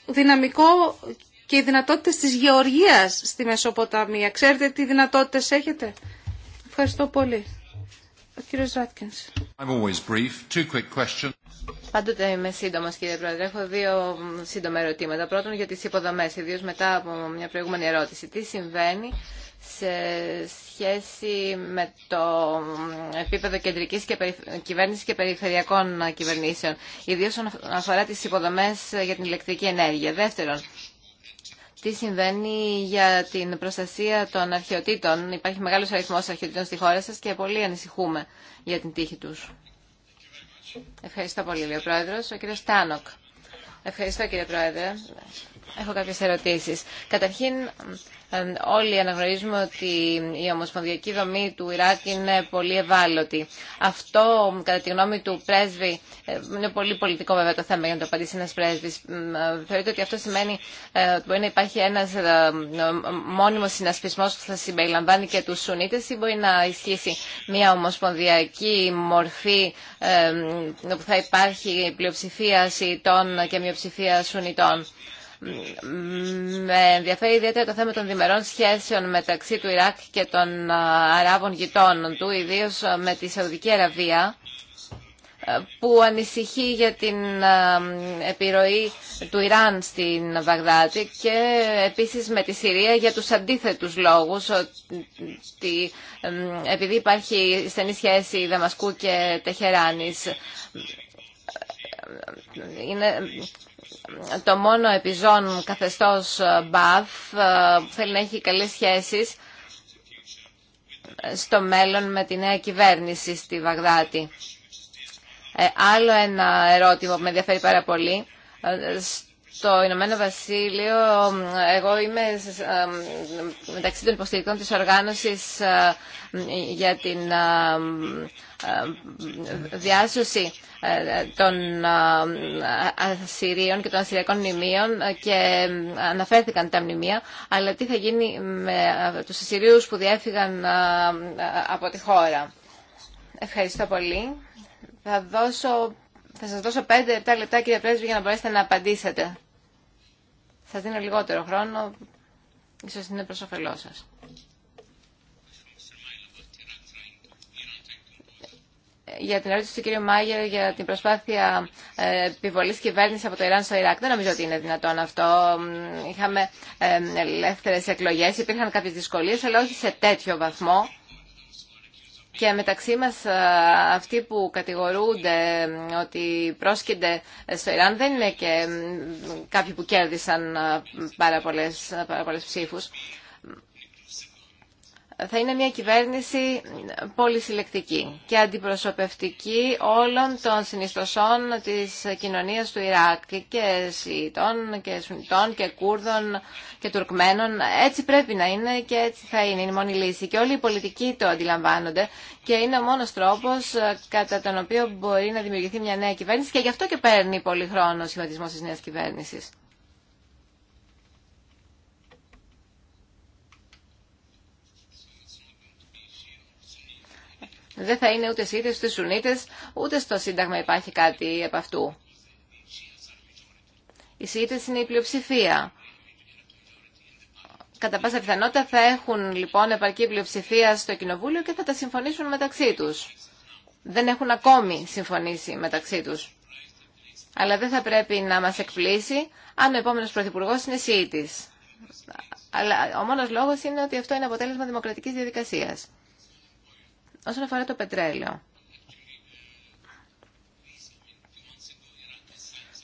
δυναμικό και οι δυνατότητες της γεωργίας στη Μεσοποταμία. Ξέρετε τι δυνατότητες έχετε. Ευχαριστώ πολύ. Ο κύριος Ράτκινς. Πάντοτε είμαι σύντομο, κύριε Πρόεδρε. Έχω δύο σύντομα ερωτήματα. Πρώτον, για τι υποδομέ, ιδίω μετά από μια προηγούμενη ερώτηση. Τι συμβαίνει σε σχέση με το επίπεδο κεντρικής κυβέρνηση κυβέρνησης και περιφερειακών κυβερνήσεων, ιδίως όσον αφορά τις υποδομές για την ηλεκτρική ενέργεια. Δεύτερον, τι συμβαίνει για την προστασία των αρχαιοτήτων. Υπάρχει μεγάλος αριθμός αρχαιοτήτων στη χώρα σας και πολύ ανησυχούμε για την τύχη τους. Ευχαριστώ πολύ, κύριε Πρόεδρος. Ο κύριος Τάνοκ. Ευχαριστώ, κύριε Πρόεδρε έχω κάποιες ερωτήσεις. Καταρχήν, όλοι αναγνωρίζουμε ότι η ομοσπονδιακή δομή του Ιράκ είναι πολύ ευάλωτη. Αυτό, κατά τη γνώμη του πρέσβη, ε, είναι πολύ πολιτικό βέβαια το θέμα για να το απαντήσει ένας πρέσβης. Ε, θεωρείτε ότι αυτό σημαίνει ε, ότι μπορεί να υπάρχει ένας μόνιμος συνασπισμός που θα συμπεριλαμβάνει και τους Σουνίτες ή μπορεί να ισχύσει μια ομοσπονδιακή μορφή που θα υπάρχει πλειοψηφία Σιητών και μειοψηφία Σουνιτών με ενδιαφέρει ιδιαίτερα το θέμα των διμερών σχέσεων μεταξύ του Ιράκ και των Αράβων γειτόνων του, ιδίως με τη Σαουδική Αραβία που ανησυχεί για την επιρροή του Ιράν στην Βαγδάτη και επίσης με τη Συρία για τους αντίθετους λόγους ότι επειδή υπάρχει στενή σχέση Δαμασκού και Τεχεράνης είναι το μόνο επιζών καθεστώς ε, Μπαφ ε, θέλει να έχει καλές σχέσεις ε, στο μέλλον με τη νέα κυβέρνηση στη Βαγδάτη. άλλο ένα ερώτημα που με ενδιαφέρει πάρα πολύ στο Ηνωμένο Βασίλειο εγώ είμαι ε, μεταξύ των υποστηρικτών της οργάνωσης ε, για την ε, διάσωση των ασυρίων και των Ασυριακών μνημείων και αναφέρθηκαν τα μνημεία, αλλά τι θα γίνει με τους ασυρίους που διέφυγαν από τη χώρα. Ευχαριστώ πολύ. Θα δώσω σας δώσω 5 λεπτά, κύριε Πρέσβη, για να μπορέσετε να απαντήσετε. Σας δίνω λιγότερο χρόνο, ίσως είναι προς όφελό σας. για την ερώτηση του κ. Μάγερ για την προσπάθεια ε, επιβολή κυβέρνηση από το Ιράν στο Ιράκ. Δεν νομίζω ότι είναι δυνατόν αυτό. Είχαμε ε, ελεύθερε εκλογέ, υπήρχαν κάποιε δυσκολίε, αλλά όχι σε τέτοιο βαθμό. Και μεταξύ μας ε, αυτοί που κατηγορούνται ότι πρόσκυνται στο Ιράν δεν είναι και κάποιοι που κέρδισαν ε, πάρα πολλές, ψήφου. ψήφους θα είναι μια κυβέρνηση πολυσυλλεκτική και αντιπροσωπευτική όλων των συνιστοσών της κοινωνίας του Ιράκ και Σιητών και Σουνιτών και Κούρδων και Τουρκμένων. Έτσι πρέπει να είναι και έτσι θα είναι, είναι η μόνη λύση. Και όλοι οι πολιτικοί το αντιλαμβάνονται και είναι ο μόνος τρόπος κατά τον οποίο μπορεί να δημιουργηθεί μια νέα κυβέρνηση και γι' αυτό και παίρνει πολύ χρόνο ο σχηματισμός της νέας κυβέρνησης. Δεν θα είναι ούτε ΣΥΙΤΕΣ, ούτε Σουνίτες, ούτε στο Σύνταγμα υπάρχει κάτι από αυτού. Οι σύντες είναι η πλειοψηφία. Κατά πάσα πιθανότητα θα έχουν λοιπόν επαρκή πλειοψηφία στο Κοινοβούλιο και θα τα συμφωνήσουν μεταξύ τους. Δεν έχουν ακόμη συμφωνήσει μεταξύ τους. Αλλά δεν θα πρέπει να μας εκπλήσει αν ο επόμενος Πρωθυπουργό είναι Σίτη. Αλλά ο μόνος λόγος είναι ότι αυτό είναι αποτέλεσμα δημοκρατικής διαδικασίας. Όσον αφορά το πετρέλαιο.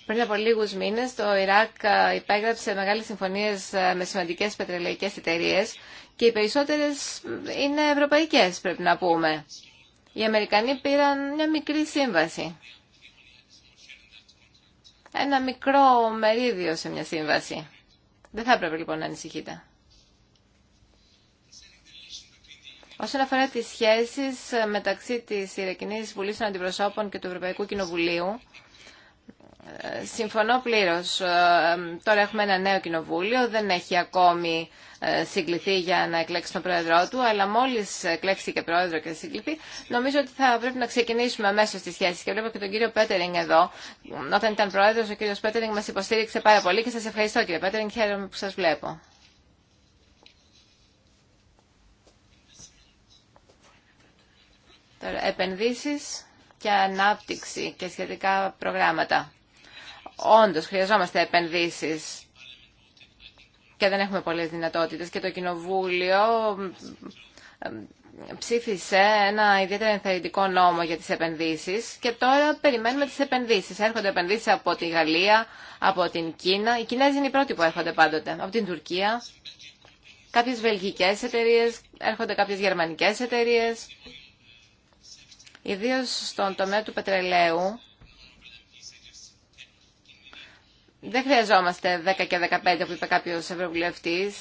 Πριν από λίγου μήνε, το Ιράκ υπέγραψε μεγάλε συμφωνίε ε, με σημαντικέ πετρελαϊκέ εταιρείε και οι περισσότερε είναι ευρωπαϊκέ, πρέπει να πούμε. Οι Αμερικανοί πήραν μια μικρή σύμβαση. Ένα μικρό μερίδιο σε μια σύμβαση. Δεν θα έπρεπε λοιπόν να ανησυχείτε. Όσον αφορά τις σχέσεις ε, μεταξύ της Ιρακινής Βουλής των Αντιπροσώπων και του Ευρωπαϊκού Κοινοβουλίου, ε, συμφωνώ πλήρως. Ε, τώρα έχουμε ένα νέο κοινοβούλιο, δεν έχει ακόμη συγκληθεί για να εκλέξει τον πρόεδρό του, αλλά μόλις εκλέξει και πρόεδρο και συγκληθεί, νομίζω ότι θα πρέπει να ξεκινήσουμε αμέσω τις σχέσεις. Και βλέπω και τον κύριο Πέτερινγκ εδώ. Όταν ήταν πρόεδρος, ο κύριος Πέτερινγκ μας υποστήριξε πάρα πολύ και σας ευχαριστώ κύριε Πέτερινγκ, χαίρομαι που σας βλέπω. Τώρα, επενδύσεις και ανάπτυξη και σχετικά προγράμματα. Όντως, χρειαζόμαστε επενδύσεις και δεν έχουμε πολλές δυνατότητες και το Κοινοβούλιο ψήφισε ένα ιδιαίτερα ενθαρρυντικό νόμο για τις επενδύσεις και τώρα περιμένουμε τις επενδύσεις. Έρχονται επενδύσεις από τη Γαλλία, από την Κίνα. Οι Κινέζοι είναι οι πρώτοι που έρχονται πάντοτε. Από την Τουρκία, κάποιες βελγικές εταιρείες, έρχονται κάποιες γερμανικές εταιρείες. Ιδίως στον τομέα του πετρελαίου, δεν χρειαζόμαστε 10 και 15 που είπε κάποιο ευρωβουλευτή.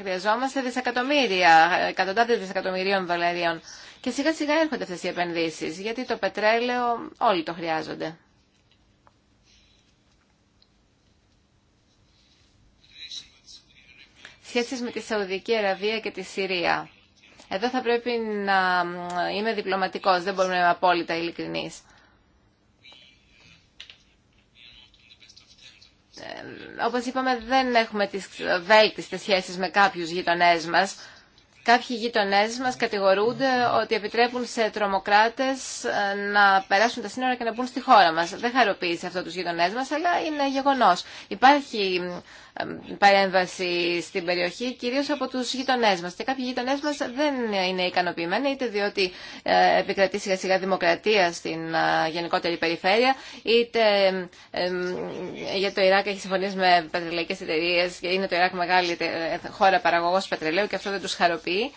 Χρειαζόμαστε δισεκατομμύρια, εκατοντάδε δισεκατομμυρίων δολαρίων. Και σιγά σιγά έρχονται αυτέ οι επενδύσει, γιατί το πετρέλαιο όλοι το χρειάζονται. Σχέσεις με τη Σαουδική Αραβία και τη Συρία. Εδώ θα πρέπει να είμαι διπλωματικός, δεν μπορούμε να είμαι απόλυτα ειλικρινής. Ε, όπως είπαμε, δεν έχουμε τις βέλτιστες σχέσεις με κάποιους γειτονές μας. Κάποιοι γειτονές μας κατηγορούνται ότι επιτρέπουν σε τρομοκράτες ε, να περάσουν τα σύνορα και να μπουν στη χώρα μας. Δεν χαροποίησε αυτό τους γειτονές μας, αλλά είναι γεγονός. Υπάρχει παρέμβαση στην περιοχή, κυρίως από τους γειτονέ μας. Και κάποιοι γειτονέ μας δεν είναι ικανοποιημένοι, είτε διότι ε, επικρατεί σιγά σιγά δημοκρατία στην ε, γενικότερη περιφέρεια, είτε για το Ιράκ έχει συμφωνίες με πετρελαϊκές εταιρείε και είναι το Ιράκ μεγάλη ε, χώρα παραγωγός πετρελαίου και αυτό δεν του χαροποιεί.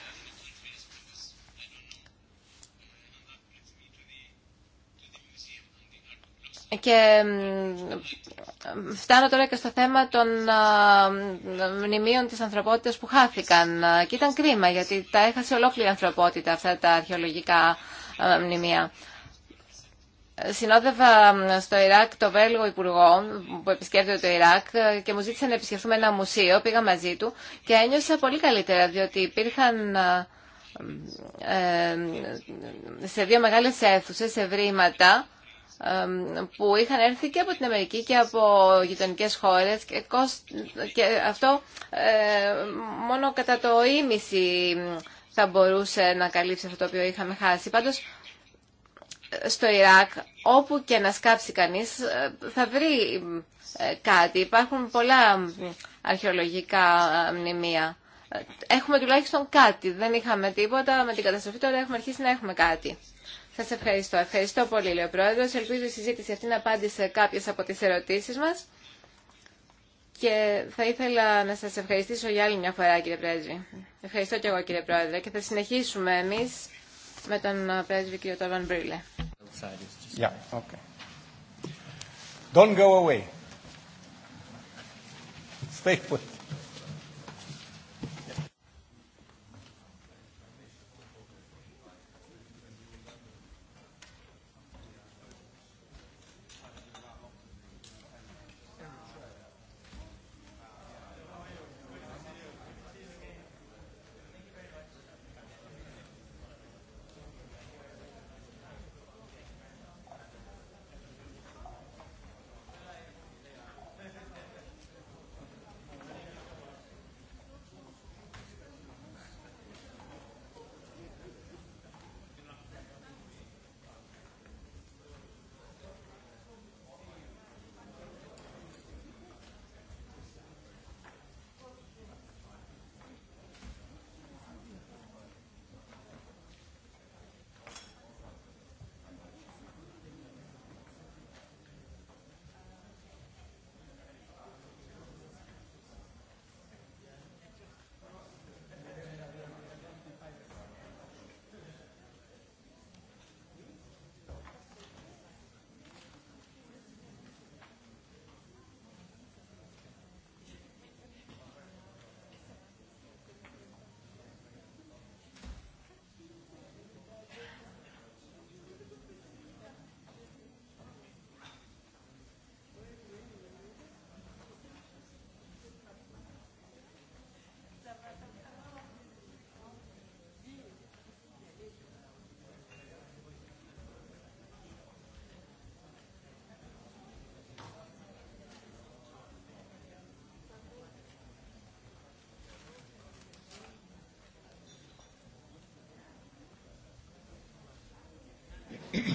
Και φτάνω τώρα και στο θέμα των μνημείων της ανθρωπότητας που χάθηκαν. Και ήταν κρίμα γιατί τα έχασε ολόκληρη η ανθρωπότητα αυτά τα αρχαιολογικά μνημεία. Συνόδευα στο Ιράκ το Βέλγο Υπουργό που επισκέπτεται το Ιράκ και μου ζήτησε να επισκεφθούμε ένα μουσείο. Πήγα μαζί του και ένιωσα πολύ καλύτερα διότι υπήρχαν ε, σε δύο μεγάλες αίθουσες ευρήματα που είχαν έρθει και από την Αμερική και από γειτονικέ χώρες και αυτό ε, μόνο κατά το ίμιση θα μπορούσε να καλύψει αυτό το οποίο είχαμε χάσει. Πάντως, στο Ιράκ, όπου και να σκάψει κανείς, ε, θα βρει ε, κάτι. Υπάρχουν πολλά αρχαιολογικά μνημεία. Έχουμε τουλάχιστον κάτι. Δεν είχαμε τίποτα με την καταστροφή, τώρα έχουμε αρχίσει να έχουμε κάτι. Σας ευχαριστώ. Ευχαριστώ πολύ, λέει ο Πρόεδρος. Ελπίζω η συζήτηση αυτή να απάντησε κάποιες από τις ερωτήσεις μας. Και θα ήθελα να σας ευχαριστήσω για άλλη μια φορά, κύριε Πρέσβη. Ευχαριστώ και εγώ, κύριε Πρόεδρε. Και θα συνεχίσουμε εμείς με τον ε, Πρέσβη, κύριο Τόρβαν Μπρίλε. Yeah, okay. Don't go away. Stay put.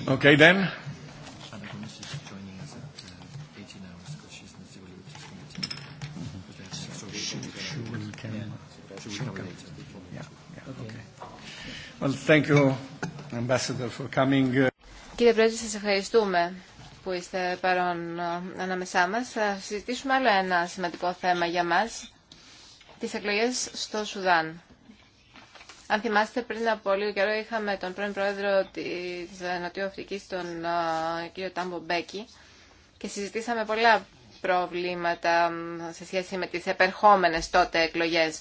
Okay then. Well, thank you, Ambassador, for coming. Κύριε Πρόεδρε, σας ευχαριστούμε που είστε παρόν ε, ανάμεσά μας. Θα συζητήσουμε άλλο ένα σημαντικό θέμα για μας, τις εκλογές στο Σουδάν. Αν θυμάστε πριν από λίγο καιρό είχαμε τον πρώην πρόεδρο της Αφρικής, τον κύριο Τάμπο Μπέκη και συζητήσαμε πολλά προβλήματα σε σχέση με τις επερχόμενες τότε εκλογές.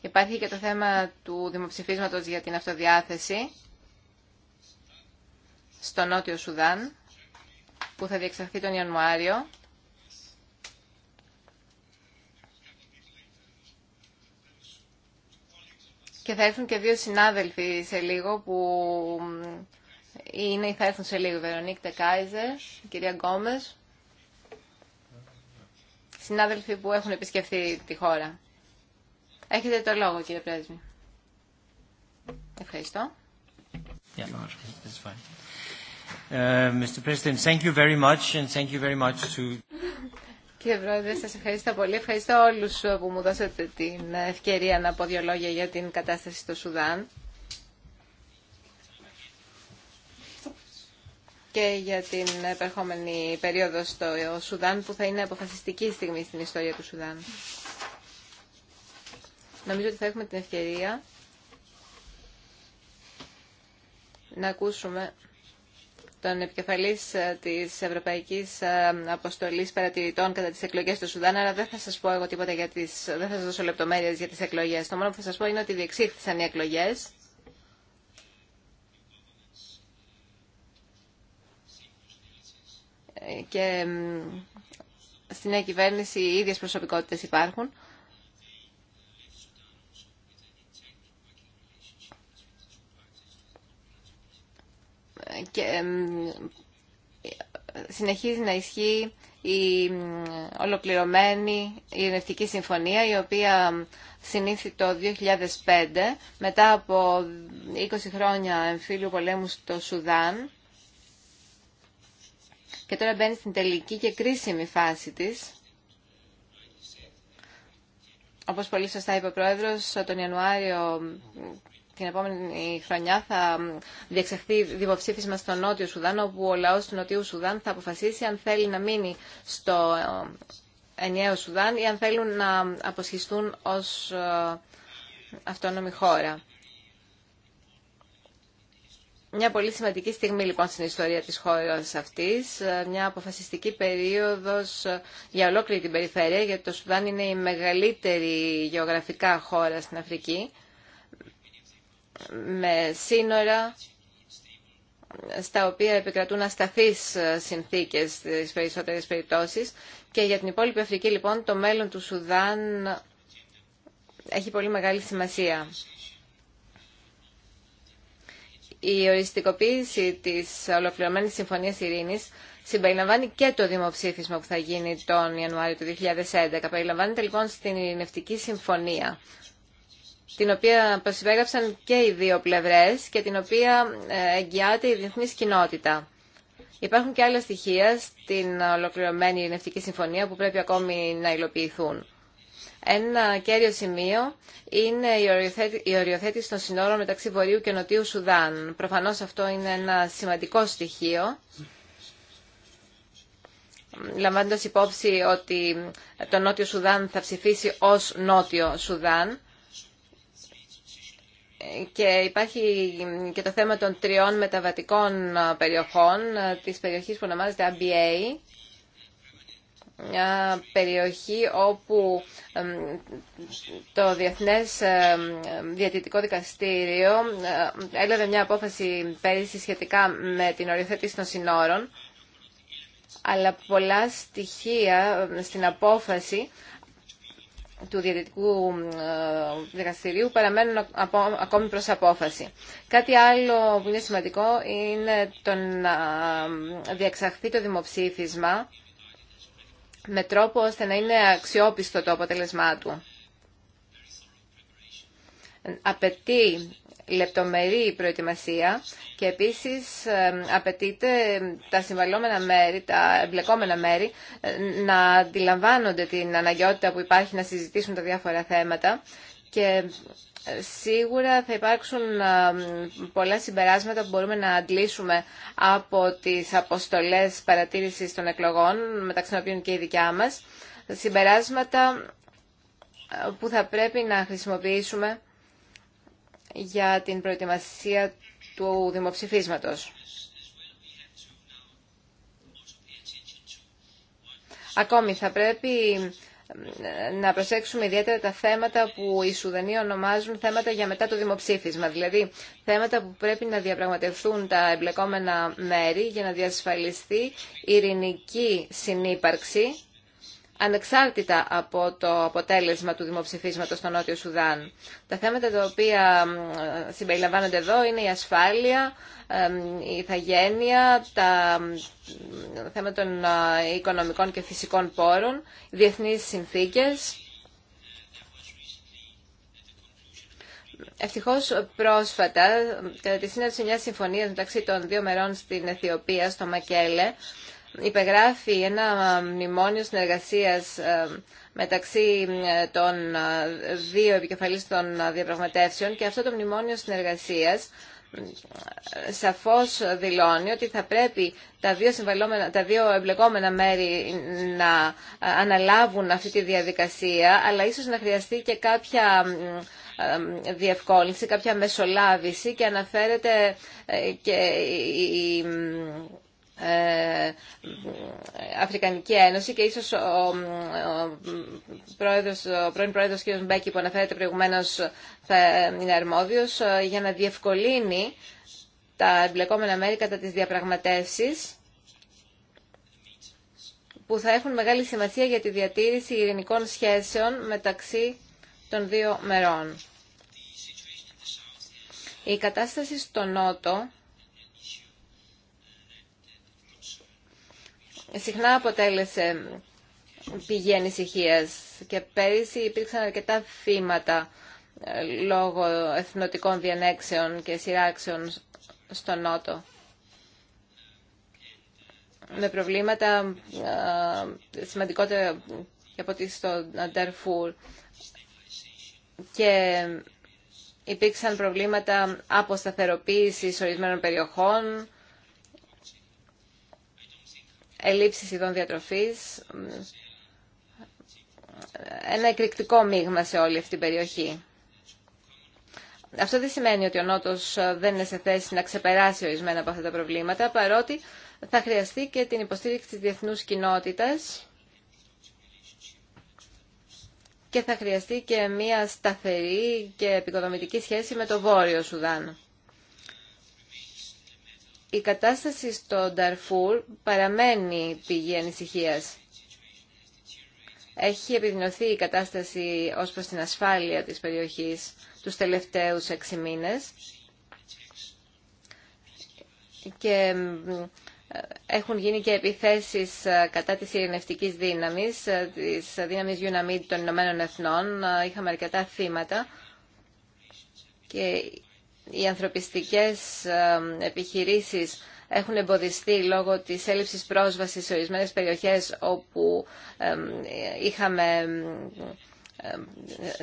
Υπάρχει και το θέμα του δημοψηφίσματος για την αυτοδιάθεση στο Νότιο Σουδάν που θα διεξαχθεί τον Ιανουάριο Και θα έρθουν και δύο συνάδελφοι σε λίγο που είναι ή θα έρθουν σε λίγο. Βερονίκ Τεκάιζερ, η κυρία βερονικ τεκαιζερ Συνάδελφοι που έχουν επισκεφθεί τη χώρα. Έχετε το λόγο κύριε Πρέσβη. Ευχαριστώ. Yeah, that's uh, Mr. President, thank you very much and thank you very much to Κύριε Πρόεδρε, σας ευχαριστώ πολύ. Ευχαριστώ όλου που μου δώσατε την ευκαιρία να πω δύο λόγια για την κατάσταση στο Σουδάν. και για την επερχόμενη περίοδο στο Σουδάν που θα είναι αποφασιστική στιγμή στην ιστορία του Σουδάν. Νομίζω ότι θα έχουμε την ευκαιρία να ακούσουμε τον επικεφαλής ε, της Ευρωπαϊκής ε, Αποστολής Παρατηρητών κατά τις εκλογές του Σουδάν, αλλά δεν θα σας πω εγώ τίποτα για τις, δεν θα σας δώσω λεπτομέρειες για τις εκλογές. Το μόνο που θα σας πω είναι ότι διεξήχθησαν οι εκλογές. Ε, και στην νέα κυβέρνηση οι ίδιες προσωπικότητες υπάρχουν. και συνεχίζει να ισχύει η ολοκληρωμένη ειρηνευτική συμφωνία η οποία συνήθι το 2005 μετά από 20 χρόνια εμφύλιου πολέμου στο Σουδάν και τώρα μπαίνει στην τελική και κρίσιμη φάση της. Όπως πολύ σωστά είπε ο Πρόεδρος, τον Ιανουάριο την επόμενη χρονιά θα διεξαχθεί δημοψήφισμα στο Νότιο Σουδάν, όπου ο λαός του Νοτιού Σουδάν θα αποφασίσει αν θέλει να μείνει στο ενιαίο Σουδάν ή αν θέλουν να αποσχιστούν ως ε, αυτόνομη χώρα. Μια πολύ σημαντική στιγμή λοιπόν στην ιστορία της χώρας αυτής, ε, μια αποφασιστική περίοδος ε, για ολόκληρη την περιφέρεια, γιατί το Σουδάν είναι η μεγαλύτερη γεωγραφικά χώρα στην Αφρική με σύνορα στα οποία επικρατούν ασταθείς ε, συνθήκες στις περισσότερες περιπτώσεις και για την υπόλοιπη Αφρική λοιπόν το μέλλον του Σουδάν έχει πολύ μεγάλη σημασία. Η οριστικοποίηση της ολοκληρωμένης συμφωνίας ειρήνης συμπεριλαμβάνει και το δημοψήφισμα που θα γίνει τον Ιανουάριο του 2011. Περιλαμβάνεται λοιπόν στην ειρηνευτική συμφωνία την οποία προσυπέγραψαν και οι δύο πλευρές και την οποία ε, εγγυάται η διεθνής κοινότητα. Υπάρχουν και άλλα στοιχεία στην ολοκληρωμένη ειρηνευτική συμφωνία που πρέπει ακόμη να υλοποιηθούν. Ένα κέριο σημείο είναι η οριοθέτηση των συνόρων μεταξύ Βορείου και Νοτιού Σουδάν. Προφανώς αυτό είναι ένα σημαντικό στοιχείο, λαμβάνοντας υπόψη ότι το Νότιο Σουδάν θα ψηφίσει ως Νότιο Σουδάν και υπάρχει και το θέμα των τριών μεταβατικών ε, περιοχών ε, της περιοχής που ονομάζεται ABA μια περιοχή όπου ε, το Διεθνές Διατητικό Δικαστήριο έλαβε μια απόφαση πέρυσι σχετικά με την οριοθέτηση των συνόρων αλλά πολλά στοιχεία στην απόφαση του Διαιτητικού ε, Δικαστηρίου παραμένουν ακόμη προς απόφαση. Κάτι άλλο που είναι σημαντικό είναι το να ε, διεξαχθεί το δημοψήφισμα με τρόπο ώστε να είναι αξιόπιστο το αποτέλεσμά του. Απαιτεί λεπτομερή προετοιμασία και επίσης ε, απαιτείται τα συμβαλόμενα μέρη, τα εμπλεκόμενα μέρη ε, να αντιλαμβάνονται την αναγκαιότητα που υπάρχει να συζητήσουν τα διάφορα θέματα και ε, σίγουρα θα υπάρξουν πολλά συμπεράσματα που μπορούμε να αντλήσουμε από τις αποστολές παρατήρησης των εκλογών, μεταξύ των οποίων και η δικιά μας, συμπεράσματα που θα πρέπει να χρησιμοποιήσουμε για την προετοιμασία του δημοψηφίσματος. Ακόμη θα πρέπει να προσέξουμε ιδιαίτερα τα θέματα που οι Σουδανοί ονομάζουν θέματα για μετά το δημοψήφισμα, δηλαδή θέματα που πρέπει να διαπραγματευτούν τα εμπλεκόμενα μέρη για να διασφαλιστεί ειρηνική συνύπαρξη ανεξάρτητα από το αποτέλεσμα του δημοψηφίσματος στο Νότιο Σουδάν. Τα θέματα τα οποία συμπεριλαμβάνονται εδώ είναι η ασφάλεια, η ηθαγένεια, τα θέματα των ε, οικονομικών και φυσικών πόρων, διεθνείς συνθήκες. Ευτυχώς πρόσφατα, κατά τη σύνδεση μιας συμφωνίας μεταξύ των δύο μερών στην Αιθιοπία, στο Μακέλε, υπεγράφει ένα μνημόνιο συνεργασίας ε, μεταξύ ε, των ε, δύο επικεφαλής των διαπραγματεύσεων και αυτό το μνημόνιο συνεργασίας σαφώς δηλώνει ότι θα πρέπει τα δύο, τα δύο εμπλεκόμενα μέρη να αναλάβουν αυτή τη διαδικασία, αλλά ίσως να χρειαστεί και κάποια διευκόλυνση, κάποια μεσολάβηση και αναφέρεται και ε, Αφρικανική Ένωση και ίσως ο, πρόεδρος, ο πρώην πρόεδρος κ. Μπέκη που αναφέρεται προηγουμένως θα είναι αρμόδιος ε, για να διευκολύνει τα εμπλεκόμενα μέρη κατά τις διαπραγματεύσεις που θα έχουν μεγάλη σημασία για τη διατήρηση ειρηνικών σχέσεων μεταξύ των δύο μερών. Η κατάσταση στο Νότο συχνά αποτέλεσε πηγή ανησυχία και πέρυσι υπήρξαν αρκετά θύματα ε, λόγω εθνοτικών διανέξεων και σειράξεων στο Νότο με προβλήματα ε, σημαντικότερα από ότι στο Νταρφούρ και υπήρξαν προβλήματα αποσταθεροποίησης ορισμένων περιοχών ελλείψεις ειδών διατροφής, ένα εκρηκτικό μείγμα σε όλη αυτή την περιοχή. Αυτό δεν σημαίνει ότι ο Νότος δεν είναι σε θέση να ξεπεράσει ορισμένα από αυτά τα προβλήματα, παρότι θα χρειαστεί και την υποστήριξη της διεθνούς κοινότητας και θα χρειαστεί και μια σταθερή και επικοδομητική σχέση με το Βόρειο Σουδάν. Η κατάσταση στο Νταρφούρ παραμένει πηγή ανησυχίας. Έχει επιδεινωθεί η κατάσταση ως προς την ασφάλεια της περιοχής τους τελευταίους έξι μήνες και έχουν γίνει και επιθέσεις ε, κατά της ειρηνευτικής δύναμης, ε, της δύναμης UNAMID των Ηνωμένων Εθνών. Ε, είχαμε αρκετά θύματα και οι ανθρωπιστικές επιχειρήσεις έχουν εμποδιστεί λόγω της έλλειψης πρόσβασης σε ορισμένες περιοχές όπου είχαμε ε,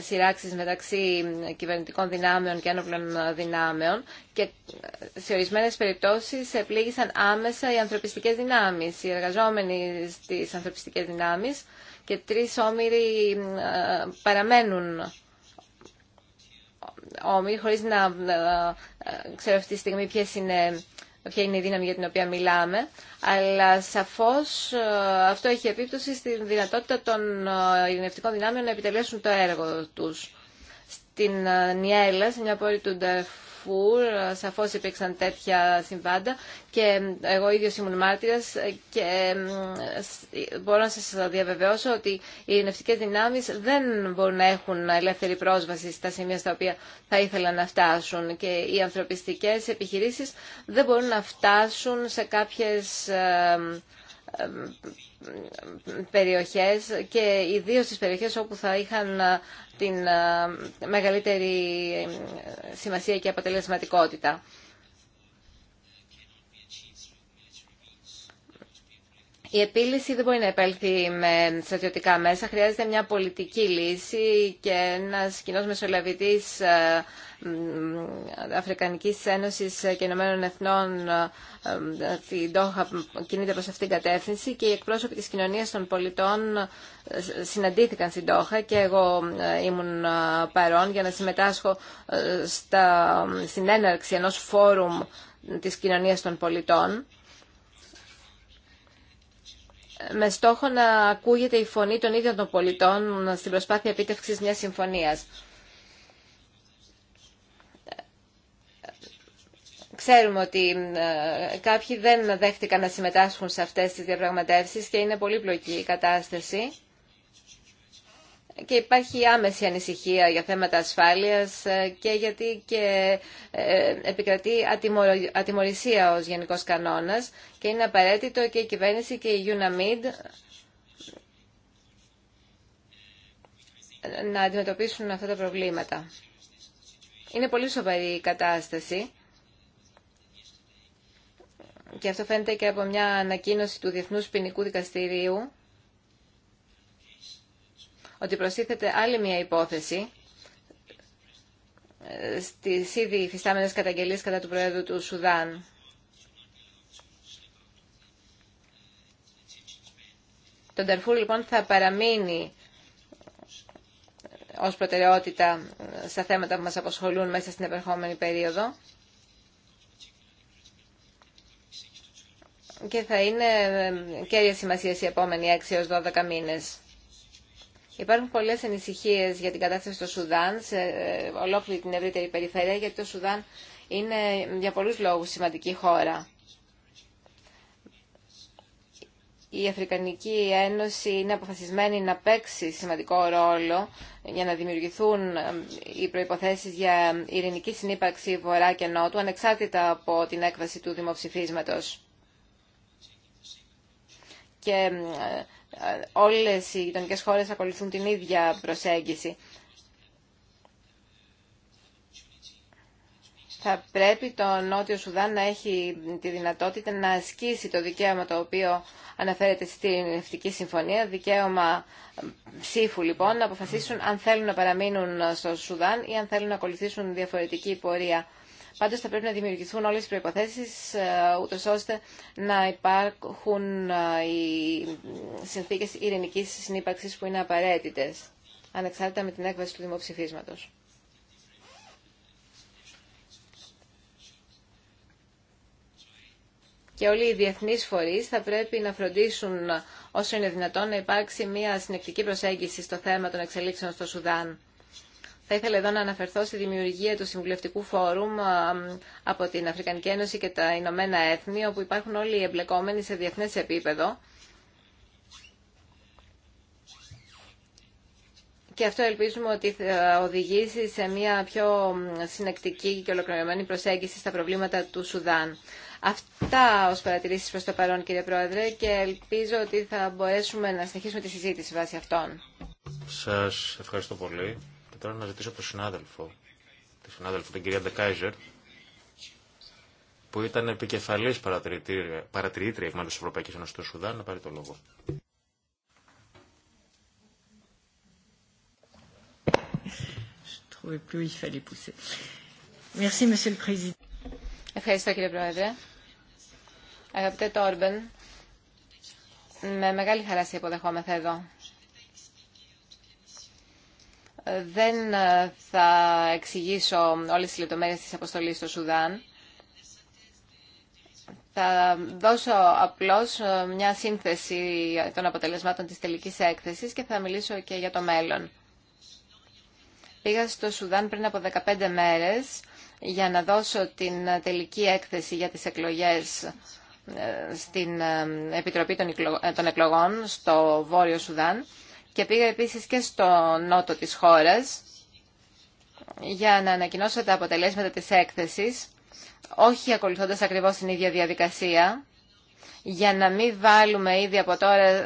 σειράξεις μεταξύ κυβερνητικών δυνάμεων και ένοπλων δυνάμεων και ε, σε ορισμένες περιπτώσεις επλήγησαν άμεσα οι ανθρωπιστικές δυνάμεις, οι εργαζόμενοι στις ανθρωπιστικές δυνάμεις και τρεις όμοιροι ε, παραμένουν όμοιροι, χωρίς να ε, ξέρω αυτή τη στιγμή είναι ποια είναι η δύναμη για την οποία μιλάμε, αλλά σαφώς ε, αυτό έχει επίπτωση στην δυνατότητα των ε, ειρηνευτικών δυνάμεων να επιτελέσουν το έργο τους. Στην Νιέλα, σε μια πόλη του φού σαφώς υπήρξαν τέτοια συμβάντα και εγώ ίδιος ήμουν μάρτυρας και μπορώ να σας διαβεβαιώσω ότι οι ειρηνευτικές δυνάμεις δεν μπορούν να έχουν ελεύθερη πρόσβαση στα σημεία στα οποία θα ήθελαν να φτάσουν και οι ανθρωπιστικές επιχειρήσεις δεν μπορούν να φτάσουν σε κάποιες ε, περιοχές και ιδίως στις περιοχές όπου θα είχαν ε, την ε, μεγαλύτερη ε, σημασία και αποτελεσματικότητα. Η επίλυση δεν μπορεί να επέλθει με στρατιωτικά μέσα. Χρειάζεται μια πολιτική λύση και ένα κοινό μεσολαβητή ε, Αφρικανική Ένωση και Ηνωμένων Εθνών ε, ε, στην Τόχα κινείται προ αυτήν την κατεύθυνση και οι εκπρόσωποι τη κοινωνία των πολιτών συναντήθηκαν στην Τόχα και εγώ ήμουν παρόν για να συμμετάσχω στα, στην έναρξη ενό φόρουμ της κοινωνίας των πολιτών με στόχο να ακούγεται η φωνή των ίδιων των πολιτών στην προσπάθεια επίτευξης μιας συμφωνίας. Ξέρουμε ότι ε, κάποιοι δεν δέχτηκαν να συμμετάσχουν σε αυτές τις διαπραγματεύσεις και είναι πολύ πλοκή η κατάσταση και υπάρχει άμεση ανησυχία για θέματα ασφάλειας ε, και γιατί και ε, επικρατεί ατιμορρησία ως γενικός κανόνας και είναι απαραίτητο και η κυβέρνηση και η UNAMID να αντιμετωπίσουν αυτά τα προβλήματα. Είναι πολύ σοβαρή η κατάσταση και αυτό φαίνεται και από μια ανακοίνωση του Διεθνούς Ποινικού Δικαστηρίου ότι προστίθεται άλλη μια υπόθεση ε, στις ήδη φυστάμενες καταγγελίες κατά του Προέδρου του Σουδάν. Το Νταρφούρ λοιπόν θα παραμείνει ε, ως προτεραιότητα ε, στα θέματα που μας αποσχολούν μέσα στην επερχόμενη περίοδο και θα είναι κέρια σημασία οι επόμενοι 6 έως 12 μήνες. Υπάρχουν πολλέ ανησυχίε για την κατάσταση στο Σουδάν, σε ε, ολόκληρη την ευρύτερη περιφέρεια, γιατί το Σουδάν είναι για πολλού λόγου σημαντική χώρα. Η Αφρικανική Ένωση είναι αποφασισμένη να παίξει σημαντικό ρόλο για να δημιουργηθούν ε, οι προϋποθέσεις για ειρηνική συνύπαρξη Βορρά και Νότου, ανεξάρτητα από την έκβαση του δημοψηφίσματος. Και ε, όλες οι γειτονικέ χώρες ακολουθούν την ίδια προσέγγιση. Θα πρέπει το Νότιο Σουδάν να έχει τη δυνατότητα να ασκήσει το δικαίωμα το οποίο αναφέρεται στην Ευτική Συμφωνία, δικαίωμα ψήφου λοιπόν, να αποφασίσουν αν θέλουν να παραμείνουν στο Σουδάν ή αν θέλουν να ακολουθήσουν διαφορετική πορεία Πάντω θα πρέπει να δημιουργηθούν όλες οι προϋποθέσεις ε, ούτω ώστε να υπάρχουν ε, οι συνθήκε ειρηνική συνύπαρξης που είναι απαραίτητες ανεξάρτητα με την έκβαση του δημοψηφίσματος. και όλοι οι διεθνεί φορεί θα πρέπει να φροντίσουν ε, όσο είναι δυνατόν να υπάρξει μια συνεκτική προσέγγιση στο θέμα των εξελίξεων στο Σουδάν. Θα ήθελα εδώ να αναφερθώ στη δημιουργία του Συμβουλευτικού Φόρουμ ε, από την Αφρικανική Ένωση και τα Ηνωμένα Έθνη, όπου υπάρχουν όλοι οι εμπλεκόμενοι σε διεθνές επίπεδο. Και αυτό ελπίζουμε ότι θα οδηγήσει σε μια πιο συνεκτική και ολοκληρωμένη προσέγγιση στα προβλήματα του Σουδάν. Αυτά ως παρατηρήσεις προς το παρόν κύριε Πρόεδρε και ελπίζω ότι θα μπορέσουμε να συνεχίσουμε τη συζήτηση βάσει αυτών. Σας ευχαριστώ πολύ τώρα να ζητήσω τον συνάδελφο, τον συνάδελφο, την κυρία Ντεκάιζερ, που ήταν επικεφαλής παρατηρήτρια εκ της Ευρωπαϊκής Ένωσης του Σουδάν, να πάρει το λόγο. Ευχαριστώ κύριε Πρόεδρε. Αγαπητέ Τόρμπεν, με μεγάλη χαρά σε υποδεχόμεθα εδώ. Δεν ε, θα εξηγήσω όλες τις λεπτομέρειες της αποστολής στο Σουδάν. Θα δώσω απλώς ε, μια σύνθεση των αποτελεσμάτων της τελικής έκθεσης και θα μιλήσω και για το μέλλον. Πήγα στο Σουδάν πριν από 15 μέρες για να δώσω την τελική έκθεση για τις εκλογές ε, στην Επιτροπή των Εκλογών στο Βόρειο Σουδάν και πήγα επίσης και στο νότο της χώρας για να ανακοινώσω τα αποτελέσματα της έκθεσης, όχι ακολουθώντας ακριβώς την ίδια διαδικασία, για να μην βάλουμε ήδη από τώρα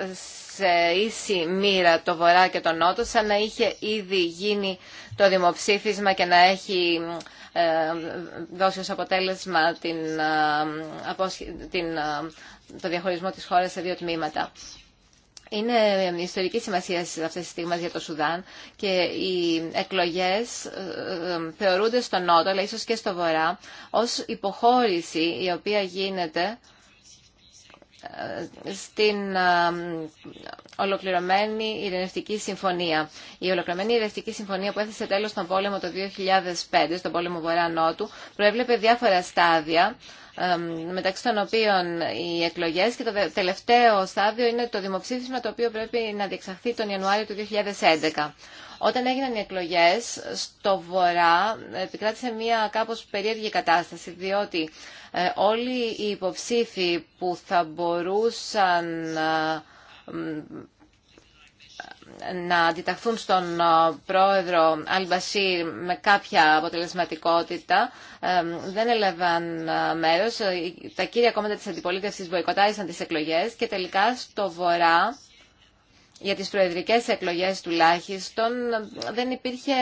σε ίση μοίρα το βορρά και το νότο, σαν να είχε ήδη γίνει το δημοψήφισμα και να έχει ε, δώσει ως αποτέλεσμα την, ε, την, ε, το διαχωρισμό της χώρας σε δύο τμήματα. Είναι ιστορική σημασία σε αυτές τις στιγμές για το Σουδάν και οι εκλογές ε, ε, θεωρούνται στο Νότο, αλλά ίσως και στο Βορρά, ως υποχώρηση η οποία γίνεται ε, στην ολοκληρωμένη ειρηνευτική συμφωνία. Η ολοκληρωμένη ειρηνευτική συμφωνία που έθεσε τέλος στον πόλεμο το 2005, στον πόλεμο Βορρά Νότου, προέβλεπε διάφορα στάδια μεταξύ των οποίων οι εκλογές και το τελευταίο στάδιο είναι το δημοψήφισμα το οποίο πρέπει να διεξαχθεί τον Ιανουάριο του 2011. Όταν έγιναν οι εκλογές, στο Βορρά ε, επικράτησε μια κάπως περίεργη κατάσταση, διότι ε, όλοι οι υποψήφοι που θα μπορούσαν ε, να αντιταχθούν στον ε, πρόεδρο Αλμπασίρ με κάποια αποτελεσματικότητα ε, δεν έλαβαν ε, μέρος. Τα κύρια κόμματα της αντιπολίτευσης βοηκοτάρισαν τις εκλογές και τελικά στο Βορρά για τις προεδρικές εκλογές τουλάχιστον δεν υπήρχε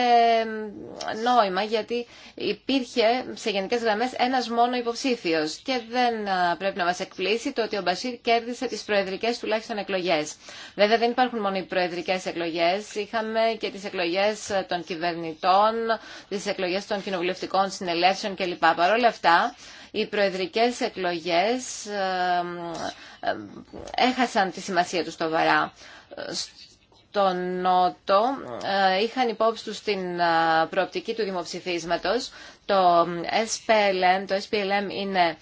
νόημα γιατί υπήρχε σε γενικές γραμμές ένας μόνο υποψήφιος και δεν πρέπει να μας εκπλήσει το ότι ο Μπασίρ κέρδισε τις προεδρικές τουλάχιστον εκλογές. Βέβαια δεν υπάρχουν μόνο οι προεδρικές εκλογές, είχαμε και τις εκλογές των κυβερνητών, τις εκλογές των κοινοβουλευτικών συνελεύσεων κλπ. Παρ' όλα αυτά οι προεδρικές εκλογές ε, ε, ε, έχασαν τη σημασία του στο βαρά στο Νότο ε, είχαν υπόψη τους την ε, προοπτική του δημοψηφίσματος. Το ε, SPLM, το SPLM είναι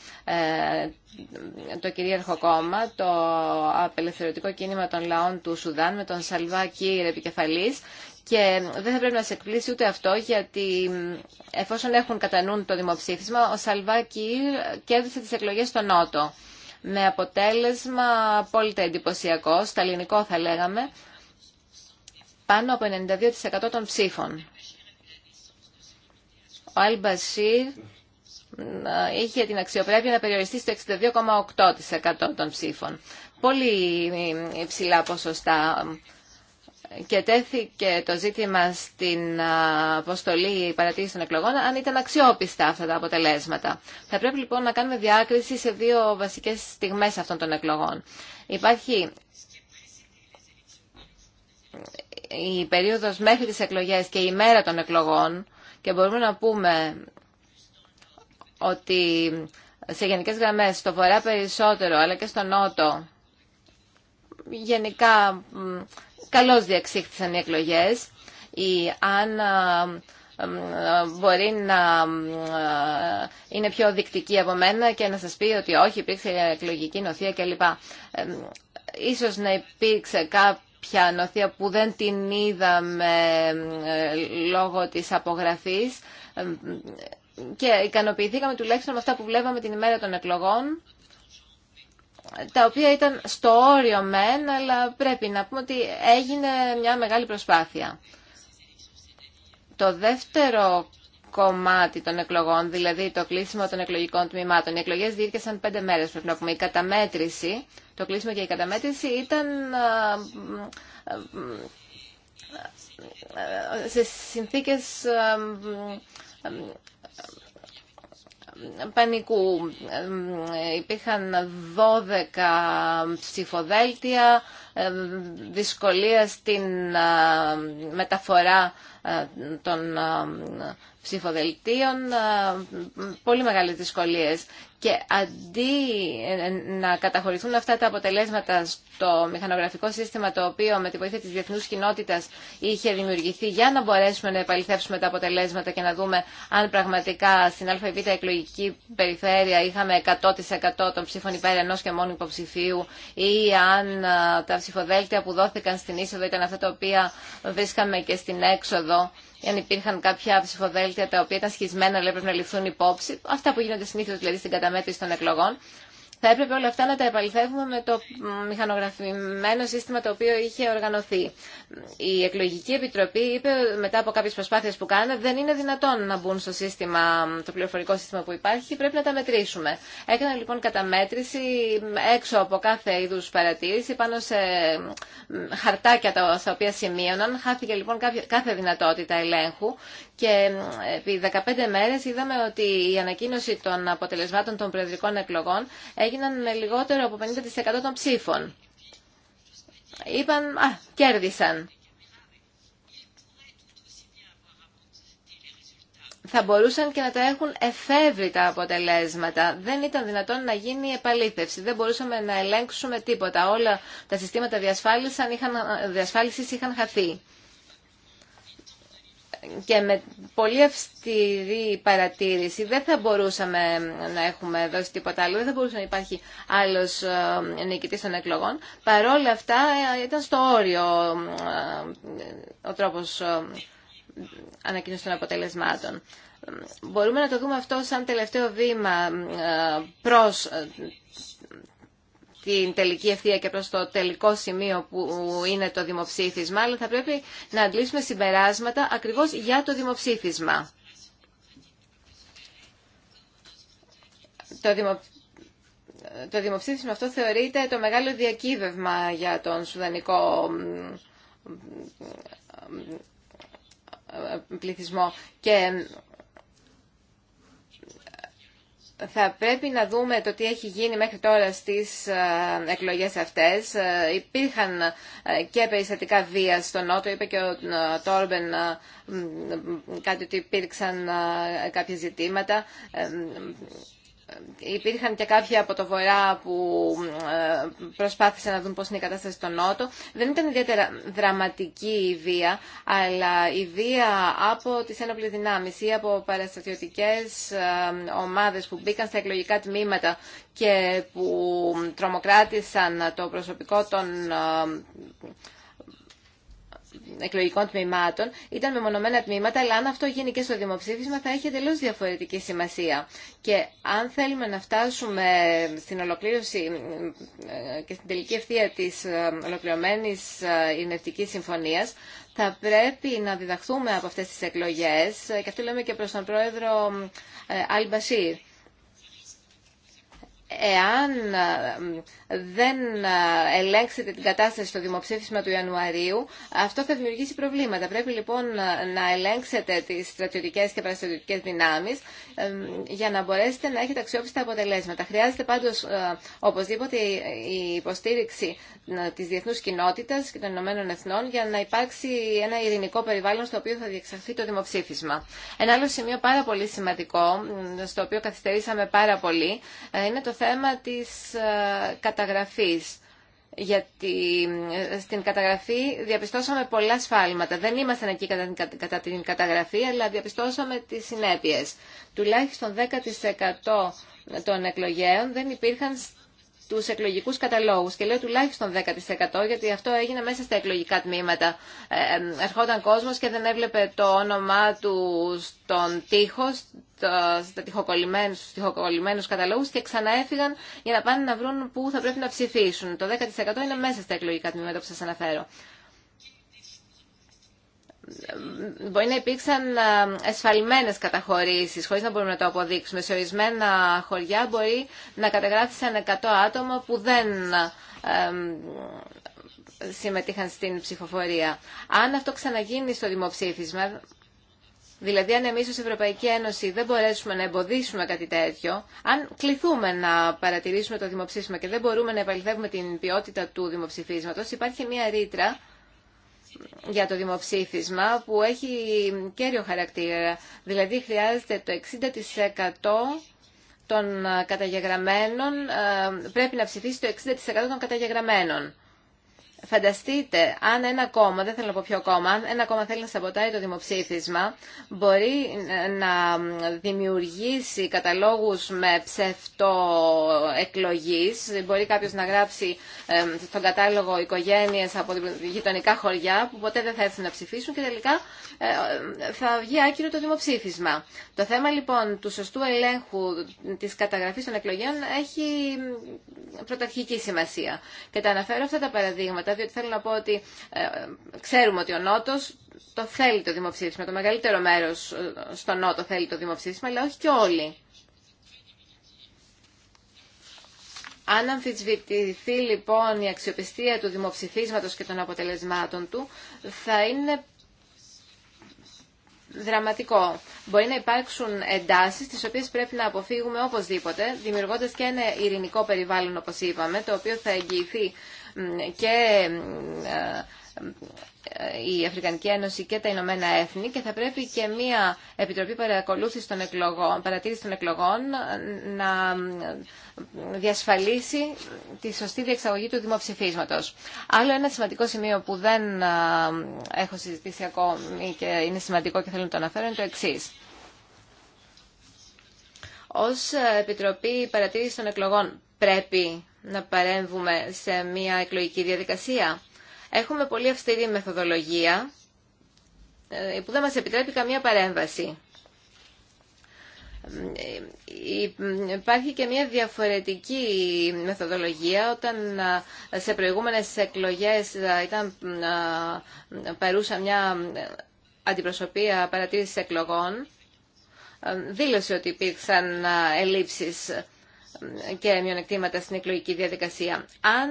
το κυρίαρχο κόμμα, το απελευθερωτικό κίνημα των λαών του Σουδάν με τον Σαλβά Κύρ επικεφαλής και δεν θα πρέπει να σε εκπλήσει ούτε αυτό, γιατί εφόσον έχουν κατά το δημοψήφισμα, ο Σαλβά Κύρ κέρδισε τις εκλογές στο Νότο με αποτέλεσμα απόλυτα εντυπωσιακό, στα θα λέγαμε, πάνω από 92% των ψήφων. Ο Αλμπασίρ είχε την αξιοπρέπεια να περιοριστεί στο 62,8% των ψήφων. Πολύ υψηλά ποσοστά και τέθηκε το ζήτημα στην αποστολή παρατήρηση των εκλογών αν ήταν αξιόπιστα αυτά τα αποτελέσματα. Θα πρέπει λοιπόν να κάνουμε διάκριση σε δύο βασικές στιγμές αυτών των εκλογών. Υπάρχει η περίοδος μέχρι τις εκλογές και η μέρα των εκλογών και μπορούμε να πούμε ότι σε γενικές γραμμές στο βορρά περισσότερο αλλά και στο νότο γενικά καλώς διαξήχθησαν οι εκλογές. Η Άννα μπορεί να ε, είναι πιο δεικτική από μένα και να σας πει ότι όχι, υπήρξε εκλογική νοθεία κλπ. Ε, ίσως να υπήρξε κάποια νοθεία που δεν την είδαμε ε, λόγω της απογραφής και ικανοποιηθήκαμε τουλάχιστον με αυτά που βλέπαμε την ημέρα των εκλογών τα οποία ήταν στο όριο μεν, αλλά πρέπει να πούμε ότι έγινε μια μεγάλη προσπάθεια. Το δεύτερο κομμάτι των εκλογών, δηλαδή το κλείσιμο των εκλογικών τμήματων. Οι εκλογέ διήρκεσαν πέντε μέρε, πρέπει να πούμε. Η καταμέτρηση, το κλείσιμο και η καταμέτρηση ήταν σε συνθήκες πανικού. Υπήρχαν 12 ψηφοδέλτια, δυσκολία στην μεταφορά των ψηφοδελτίων, πολύ μεγάλες δυσκολίες. Και αντί ε, ε, να καταχωρηθούν αυτά τα αποτελέσματα στο μηχανογραφικό σύστημα το οποίο με τη βοήθεια της διεθνούς κοινότητας είχε δημιουργηθεί για να μπορέσουμε να επαληθεύσουμε τα αποτελέσματα και να δούμε αν πραγματικά στην ΑΒ εκλογική περιφέρεια είχαμε 100% των ψήφων υπέρ ενός και μόνο υποψηφίου ή αν ε, τα ψηφοδέλτια που δόθηκαν στην είσοδο ήταν αυτά τα οποία βρίσκαμε και στην έξοδο αν υπήρχαν κάποια ψηφοδέλτια τα οποία ήταν σχισμένα αλλά έπρεπε να ληφθούν υπόψη. Αυτά που γίνονται συνήθω δηλαδή στην αναμέτρηση των εκλογών. Θα έπρεπε όλα αυτά να τα επαληθεύουμε με το μηχανογραφημένο σύστημα το οποίο είχε οργανωθεί. Η Εκλογική Επιτροπή είπε μετά από κάποιες προσπάθειες που κάνανε δεν είναι δυνατόν να μπουν στο σύστημα, το πληροφορικό σύστημα που υπάρχει, πρέπει να τα μετρήσουμε. Έκανα λοιπόν καταμέτρηση έξω από κάθε είδου παρατήρηση, πάνω σε χαρτάκια στα οποία σημείωναν. Χάθηκε λοιπόν κάθε δυνατότητα ελέγχου και επί 15 μέρες είδαμε ότι η ανακοίνωση των αποτελεσμάτων των προεδρικών εκλογών έγιναν με λιγότερο από 50% των ψήφων. Είπαν, α, κέρδισαν. θα μπορούσαν και να τα έχουν εφεύρει τα αποτελέσματα. Δεν ήταν δυνατόν να γίνει επαλήθευση. Δεν μπορούσαμε να ελέγξουμε τίποτα. Όλα τα συστήματα διασφάλισης διασφάλισης είχαν χαθεί και με πολύ αυστηρή παρατήρηση δεν θα μπορούσαμε να έχουμε δώσει τίποτα άλλο, δεν θα μπορούσε να υπάρχει άλλος ε, νικητής των εκλογών. Παρόλα αυτά ε, ήταν στο όριο ε, ο τρόπος ανακοίνωση των αποτελεσμάτων. Μπορούμε να το δούμε αυτό σαν τελευταίο βήμα προς την τελική ευθεία και προς το τελικό σημείο που είναι το δημοψήφισμα, αλλά θα πρέπει να αντλήσουμε συμπεράσματα ακριβώς για το δημοψήφισμα. Το, δημο... το δημοψήφισμα αυτό θεωρείται το μεγάλο διακύβευμα για τον Σουδανικό πληθυσμό και θα πρέπει να δούμε το τι έχει γίνει μέχρι τώρα στις ε, εκλογές αυτές. Ε, υπήρχαν ε, και περιστατικά βία στο Νότο. Είπε και ο Τόρμπεν κάτι ότι υπήρξαν κάποια ζητήματα υπήρχαν και κάποιοι από το Βορρά που ε, προσπάθησαν να δουν πώς είναι η κατάσταση στο Νότο. Δεν ήταν ιδιαίτερα δραματική η βία, αλλά η βία από τις ένοπλες δυνάμεις ή από παραστατιωτικές ε, ομάδες που μπήκαν στα εκλογικά τμήματα και που τρομοκράτησαν το προσωπικό των ε, εκλογικών τμήματων ήταν μεμονωμένα τμήματα, αλλά αν αυτό γίνει και στο δημοψήφισμα θα έχει εντελώ διαφορετική σημασία. Και αν θέλουμε να φτάσουμε στην ολοκλήρωση ε, και στην τελική ευθεία της ε, ολοκληρωμένης ε, ειρηνευτικής συμφωνίας, θα πρέπει να διδαχθούμε από αυτές τις εκλογές, και αυτό λέμε και προς τον πρόεδρο Αλ εάν ε, δεν ε, ελέγξετε την κατάσταση στο δημοψήφισμα του Ιανουαρίου, αυτό θα δημιουργήσει προβλήματα. Πρέπει λοιπόν ε, να ελέγξετε τις στρατιωτικές και παραστρατιωτικές δυνάμεις για να μπορέσετε να έχετε αξιόπιστα αποτελέσματα. Χρειάζεται πάντως οπωσδήποτε η υποστήριξη της διεθνούς κοινότητας και των Ηνωμένων Εθνών για να υπάρξει ένα ειρηνικό περιβάλλον στο οποίο θα διεξαχθεί το δημοψήφισμα. Ένα άλλο σημείο πάρα πολύ σημαντικό, στο οποίο καθυστερήσαμε πάρα πολύ, είναι το θέμα της ε, καταγραφής γιατί ε, στην καταγραφή διαπιστώσαμε πολλά σφάλματα. Δεν ήμασταν εκεί κατά την καταγραφή, αλλά διαπιστώσαμε τις συνέπειες. Τουλάχιστον 10% των εκλογέων δεν υπήρχαν του εκλογικού καταλόγους και λέω τουλάχιστον 10% γιατί αυτό έγινε μέσα στα εκλογικά τμήματα. Ε, ερχόταν κόσμο και δεν έβλεπε το όνομά του στον τοίχο, στου τυχοκολλημένου καταλόγου και ξαναέφυγαν για να πάνε να βρουν πού θα πρέπει να ψηφίσουν. Το 10% είναι μέσα στα εκλογικά τμήματα που σα αναφέρω μπορεί να υπήρξαν ε, εσφαλμένες καταχωρήσεις χωρίς να μπορούμε να το αποδείξουμε. Σε ορισμένα χωριά μπορεί να καταγράφησαν 100 άτομα που δεν ε, συμμετείχαν στην ψηφοφορία. Αν αυτό ξαναγίνει στο δημοψήφισμα, δηλαδή αν εμείς ως Ευρωπαϊκή Ένωση δεν μπορέσουμε να εμποδίσουμε κάτι τέτοιο, αν κληθούμε να παρατηρήσουμε το δημοψήφισμα και δεν μπορούμε να επαληθεύουμε την ποιότητα του δημοψηφίσματος, υπάρχει μια ρήτρα για το δημοψήφισμα που έχει κέριο χαρακτήρα. Δηλαδή χρειάζεται το 60% των καταγεγραμμένων, ε, πρέπει να ψηφίσει το 60% των καταγεγραμμένων. Φανταστείτε, αν ένα κόμμα, δεν θέλω να πω ποιο κόμμα, αν ένα κόμμα θέλει να σαμποτάει το δημοψήφισμα, μπορεί να δημιουργήσει καταλόγους με ψευτοεκλογής. Μπορεί κάποιος να γράψει στον κατάλογο οικογένειες από γειτονικά χωριά που ποτέ δεν θα έρθουν να ψηφίσουν και τελικά ε, θα βγει άκυρο το δημοψήφισμα. Το θέμα λοιπόν του σωστού ελέγχου της καταγραφής των εκλογών έχει πρωταρχική σημασία. Και τα αναφέρω αυτά τα παραδείγματα διότι δηλαδή θέλω να πω ότι ε, ξέρουμε ότι ο Νότος το θέλει το δημοψήφισμα, το μεγαλύτερο μέρος ε, στο Νότο θέλει το δημοψήφισμα, αλλά όχι και όλοι. Αν αμφισβητηθεί λοιπόν η αξιοπιστία του δημοψηφίσματος και των αποτελεσμάτων του, θα είναι δραματικό. Μπορεί να υπάρξουν εντάσεις τις οποίες πρέπει να αποφύγουμε οπωσδήποτε, δημιουργώντας και ένα ειρηνικό περιβάλλον όπως είπαμε, το οποίο θα εγγυηθεί και ε, η Αφρικανική Ένωση και τα Ηνωμένα Έθνη και θα πρέπει και μια επιτροπή παρακολούθηση των εκλογών, παρατήρηση των εκλογών να διασφαλίσει τη σωστή διεξαγωγή του δημοψηφίσματος. Άλλο ένα σημαντικό σημείο που δεν ε, έχω συζητήσει ακόμη και είναι σημαντικό και θέλω να το αναφέρω είναι το εξή. Ως Επιτροπή Παρατήρησης των Εκλογών πρέπει να παρέμβουμε σε μια εκλογική διαδικασία. Έχουμε πολύ αυστηρή μεθοδολογία ε, που δεν μας επιτρέπει καμία παρέμβαση. Ε, ε, υπάρχει και μια διαφορετική μεθοδολογία όταν σε προηγούμενες εκλογές ήταν παρούσα μια αντιπροσωπεία παρατήρησης εκλογών δήλωσε ότι υπήρξαν ελλείψεις και μειονεκτήματα στην εκλογική διαδικασία. Αν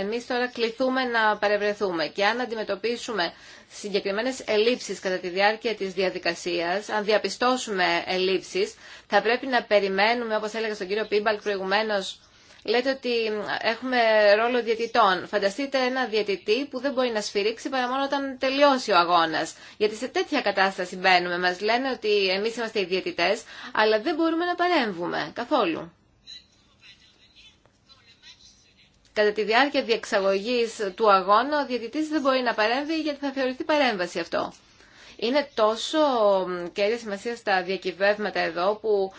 εμείς τώρα κληθούμε να παρευρεθούμε και αν αντιμετωπίσουμε συγκεκριμένες ελλείψεις κατά τη διάρκεια της διαδικασίας, αν διαπιστώσουμε ελλείψεις, θα πρέπει να περιμένουμε, όπως έλεγα στον κύριο Πίμπαλ προηγουμένως, Λέτε ότι έχουμε ρόλο διαιτητών. Φανταστείτε ένα διαιτητή που δεν μπορεί να σφυρίξει παρά μόνο όταν τελειώσει ο αγώνα. Γιατί σε τέτοια κατάσταση μπαίνουμε. Μα λένε ότι εμεί είμαστε οι διαιτητέ, αλλά δεν μπορούμε να παρέμβουμε καθόλου. κατά τη διάρκεια διεξαγωγής του αγώνα ο διαιτητής δεν μπορεί να παρέμβει γιατί θα θεωρηθεί παρέμβαση αυτό. Είναι τόσο κέρια σημασία στα διακυβεύματα εδώ που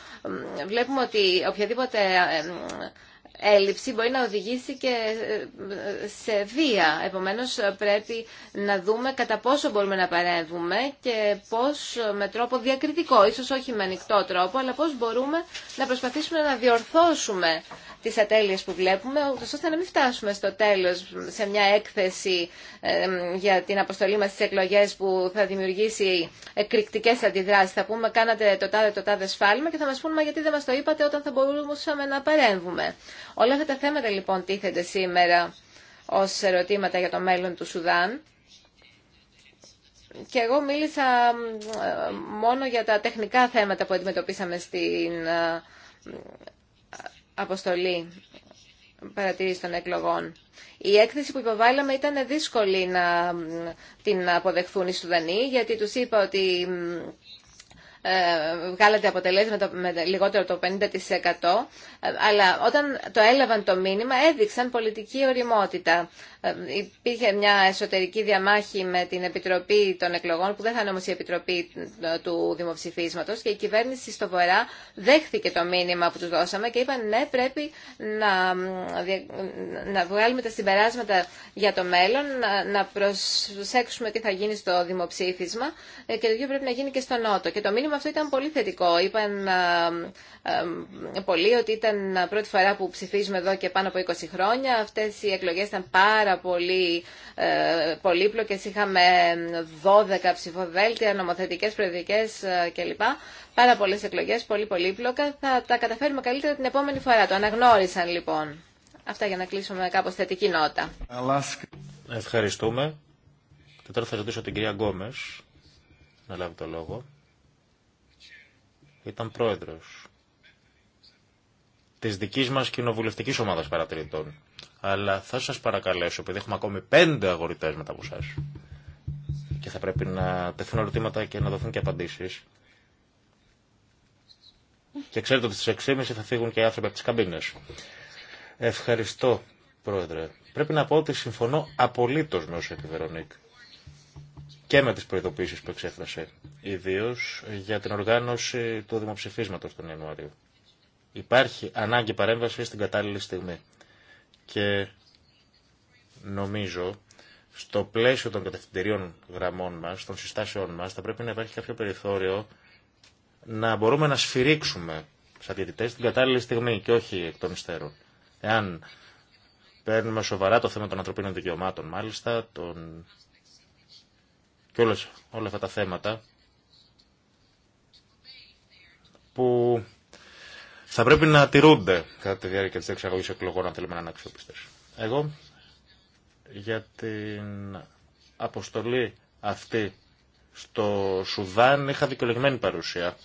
βλέπουμε ότι οποιαδήποτε έλλειψη μπορεί να οδηγήσει και σε βία. Επομένως πρέπει να δούμε κατά πόσο μπορούμε να παρέμβουμε και πώς με τρόπο διακριτικό, ίσως όχι με ανοιχτό τρόπο, αλλά πώς μπορούμε να προσπαθήσουμε να διορθώσουμε τις ατέλειες που βλέπουμε, ώστε να μην φτάσουμε στο τέλος σε μια έκθεση για την αποστολή μας στις εκλογές που θα δημιουργήσει εκρηκτικές αντιδράσεις. Θα πούμε κάνατε το τάδε το τάδε σφάλμα και θα μας πούμε γιατί δεν μας το είπατε όταν θα μπορούσαμε να παρέμβουμε. Όλα αυτά τα θέματα λοιπόν τίθενται σήμερα ως ερωτήματα για το μέλλον του Σουδάν. Και εγώ μίλησα μόνο για τα τεχνικά θέματα που αντιμετωπίσαμε στην ε, αποστολή παρατήρηση των εκλογών. Η έκθεση που υποβάλαμε ήταν δύσκολη να την αποδεχθούν οι Σουδανοί, γιατί τους είπα ότι ε, βγάλατε αποτελέσματα με λιγότερο το 50%, ε, αλλά όταν το έλαβαν το μήνυμα έδειξαν πολιτική οριμότητα. Ε, υπήρχε μια εσωτερική διαμάχη με την Επιτροπή των Εκλογών, που δεν θα είναι όμως η Επιτροπή του Δημοψηφίσματος, και η κυβέρνηση στο Βορρά δέχθηκε το μήνυμα που τους δώσαμε και είπαν ναι, πρέπει να, να βγάλουμε τα συμπεράσματα για το μέλλον, να προσέξουμε τι θα γίνει στο δημοψήφισμα και το ίδιο πρέπει να γίνει και στο Νότο. Και το αυτό ήταν πολύ θετικό. Είπαν ε, ε, πολλοί ότι ήταν πρώτη φορά που ψηφίζουμε εδώ και πάνω από 20 χρόνια. Αυτές οι εκλογές ήταν πάρα πολύ ε, πολύπλοκες. Είχαμε 12 ψηφοδέλτια, νομοθετικές, προεδρικές κλπ. Πάρα πολλές εκλογές, πολύ πολύπλοκα. Θα τα καταφέρουμε καλύτερα την επόμενη φορά. Το αναγνώρισαν λοιπόν. Αυτά για να κλείσουμε κάπως θετική νότα. Ευχαριστούμε. Και τώρα θα ζητήσω την κυρία Γκόμες να λάβει το λόγο ήταν πρόεδρος της δικής μας κοινοβουλευτικής ομάδας παρατηρητών. Αλλά θα σας παρακαλέσω, επειδή έχουμε ακόμη πέντε αγορητές μετά από εσάς και θα πρέπει να τεθούν ερωτήματα και να δοθούν και απαντήσεις. Και ξέρετε ότι στις 6.30 θα φύγουν και οι άνθρωποι από τις καμπίνες. Ευχαριστώ, Πρόεδρε. Πρέπει να πω ότι συμφωνώ απολύτως με όσο είπε η και με τις προειδοποίησεις που εξέφρασε, ιδίω για την οργάνωση του δημοψηφίσματος τον Ιανουάριο. Υπάρχει ανάγκη παρέμβαση στην κατάλληλη στιγμή. Και νομίζω στο πλαίσιο των κατευθυντηρίων γραμμών μας, των συστάσεών μας, θα πρέπει να υπάρχει κάποιο περιθώριο να μπορούμε να σφυρίξουμε σαν διαιτητές την κατάλληλη στιγμή και όχι εκ των υστέρων. Εάν παίρνουμε σοβαρά το θέμα των ανθρωπίνων δικαιωμάτων, μάλιστα, των και όλες, όλα αυτά τα θέματα που θα πρέπει να τηρούνται κατά τη διάρκεια της εξαγωγής εκλογών αν θέλουμε να είναι Εγώ για την αποστολή αυτή στο Σουδάν είχα δικαιολογημένη παρουσία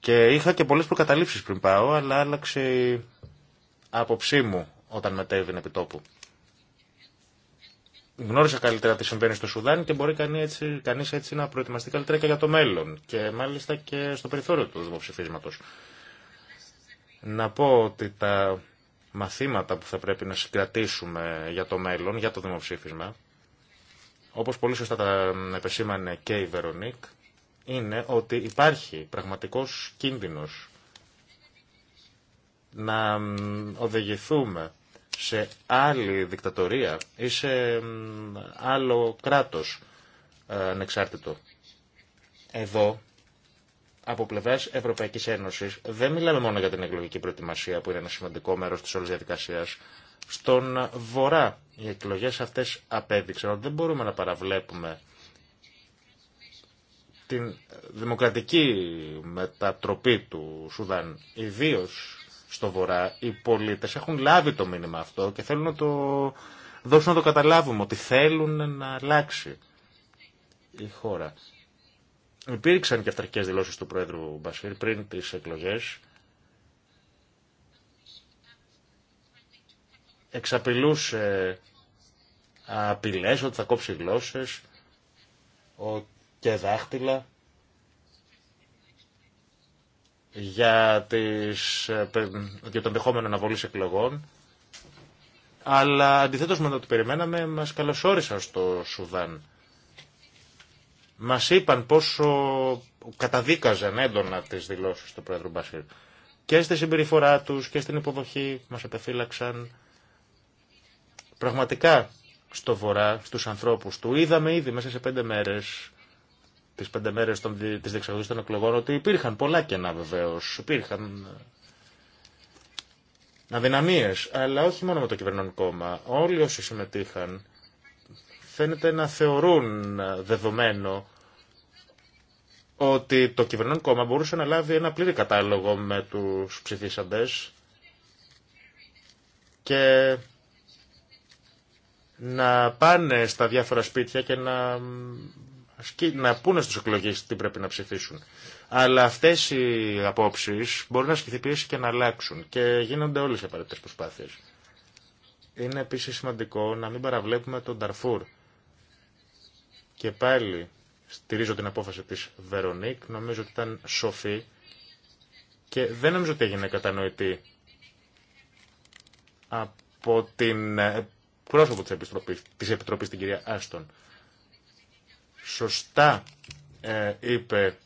και είχα και πολλές προκαταλήψεις πριν πάω αλλά άλλαξε η άποψή μου όταν μετέβηνε επί τόπου γνώρισα καλύτερα τι συμβαίνει στο Σουδάν και μπορεί κανεί έτσι, κανείς έτσι να προετοιμαστεί καλύτερα και για το μέλλον και μάλιστα και στο περιθώριο του δημοψηφίσματο. Να πω ότι τα μαθήματα που θα πρέπει να συγκρατήσουμε για το μέλλον, για το δημοψήφισμα, όπως πολύ σωστά τα επεσήμανε και η Βερονίκ, είναι ότι υπάρχει πραγματικός κίνδυνος να οδηγηθούμε σε άλλη δικτατορία ή σε άλλο κράτος ε, ανεξάρτητο. Εδώ, από πλευρά Ευρωπαϊκή Ένωση, δεν μιλάμε μόνο για την εκλογική προετοιμασία, που είναι ένα σημαντικό μέρο τη όλη διαδικασία. Στον Βορρά, οι εκλογέ αυτέ απέδειξαν ότι δεν μπορούμε να παραβλέπουμε την δημοκρατική μετατροπή του Σουδάν, ιδίω, στο Βορρά, οι πολίτες έχουν λάβει το μήνυμα αυτό και θέλουν να το δώσουν να το καταλάβουμε, ότι θέλουν να αλλάξει η χώρα. Υπήρξαν και αυταρχικέ δηλώσεις του Πρόεδρου Μπασίρ πριν τι εκλογές, εξαπειλούσε απειλέ ότι θα κόψει γλώσσες και δάχτυλα για, τις, ε, για το ενδεχόμενο αναβολή εκλογών. Αλλά αντιθέτως με το ότι περιμέναμε, μας καλωσόρισαν στο Σουδάν. Μας είπαν πόσο καταδίκαζαν έντονα τις δηλώσεις του Πρόεδρου Μπασίρ. Και στη συμπεριφορά τους και στην υποδοχή μας επεφύλαξαν πραγματικά στο βορρά, στους ανθρώπους του. Είδαμε ήδη μέσα σε πέντε μέρες τις πέντε μέρες των, της δεξαγωγής των εκλογών ότι υπήρχαν πολλά κενά βεβαίως, υπήρχαν αδυναμίες, αλλά όχι μόνο με το κυβερνόν κόμμα. Όλοι όσοι συμμετείχαν φαίνεται να θεωρούν δεδομένο ότι το κυβερνόν κόμμα μπορούσε να λάβει ένα πλήρη κατάλογο με τους ψηφίσαντες και να πάνε στα διάφορα σπίτια και να να πούνε στου εκλογέ τι πρέπει να ψηφίσουν. Αλλά αυτές οι απόψεις μπορεί να ασκηθεί και να αλλάξουν και γίνονται όλε οι απαραίτητε προσπάθειε. Είναι επίση σημαντικό να μην παραβλέπουμε τον Ταρφούρ. Και πάλι στηρίζω την απόφαση της Βερονίκ, νομίζω ότι ήταν σοφή και δεν νομίζω ότι έγινε κατανοητή από την ε, πρόσωπο της Επιτροπής, της Επιτροπής την κυρία Άστον. Σωστά ε, είπε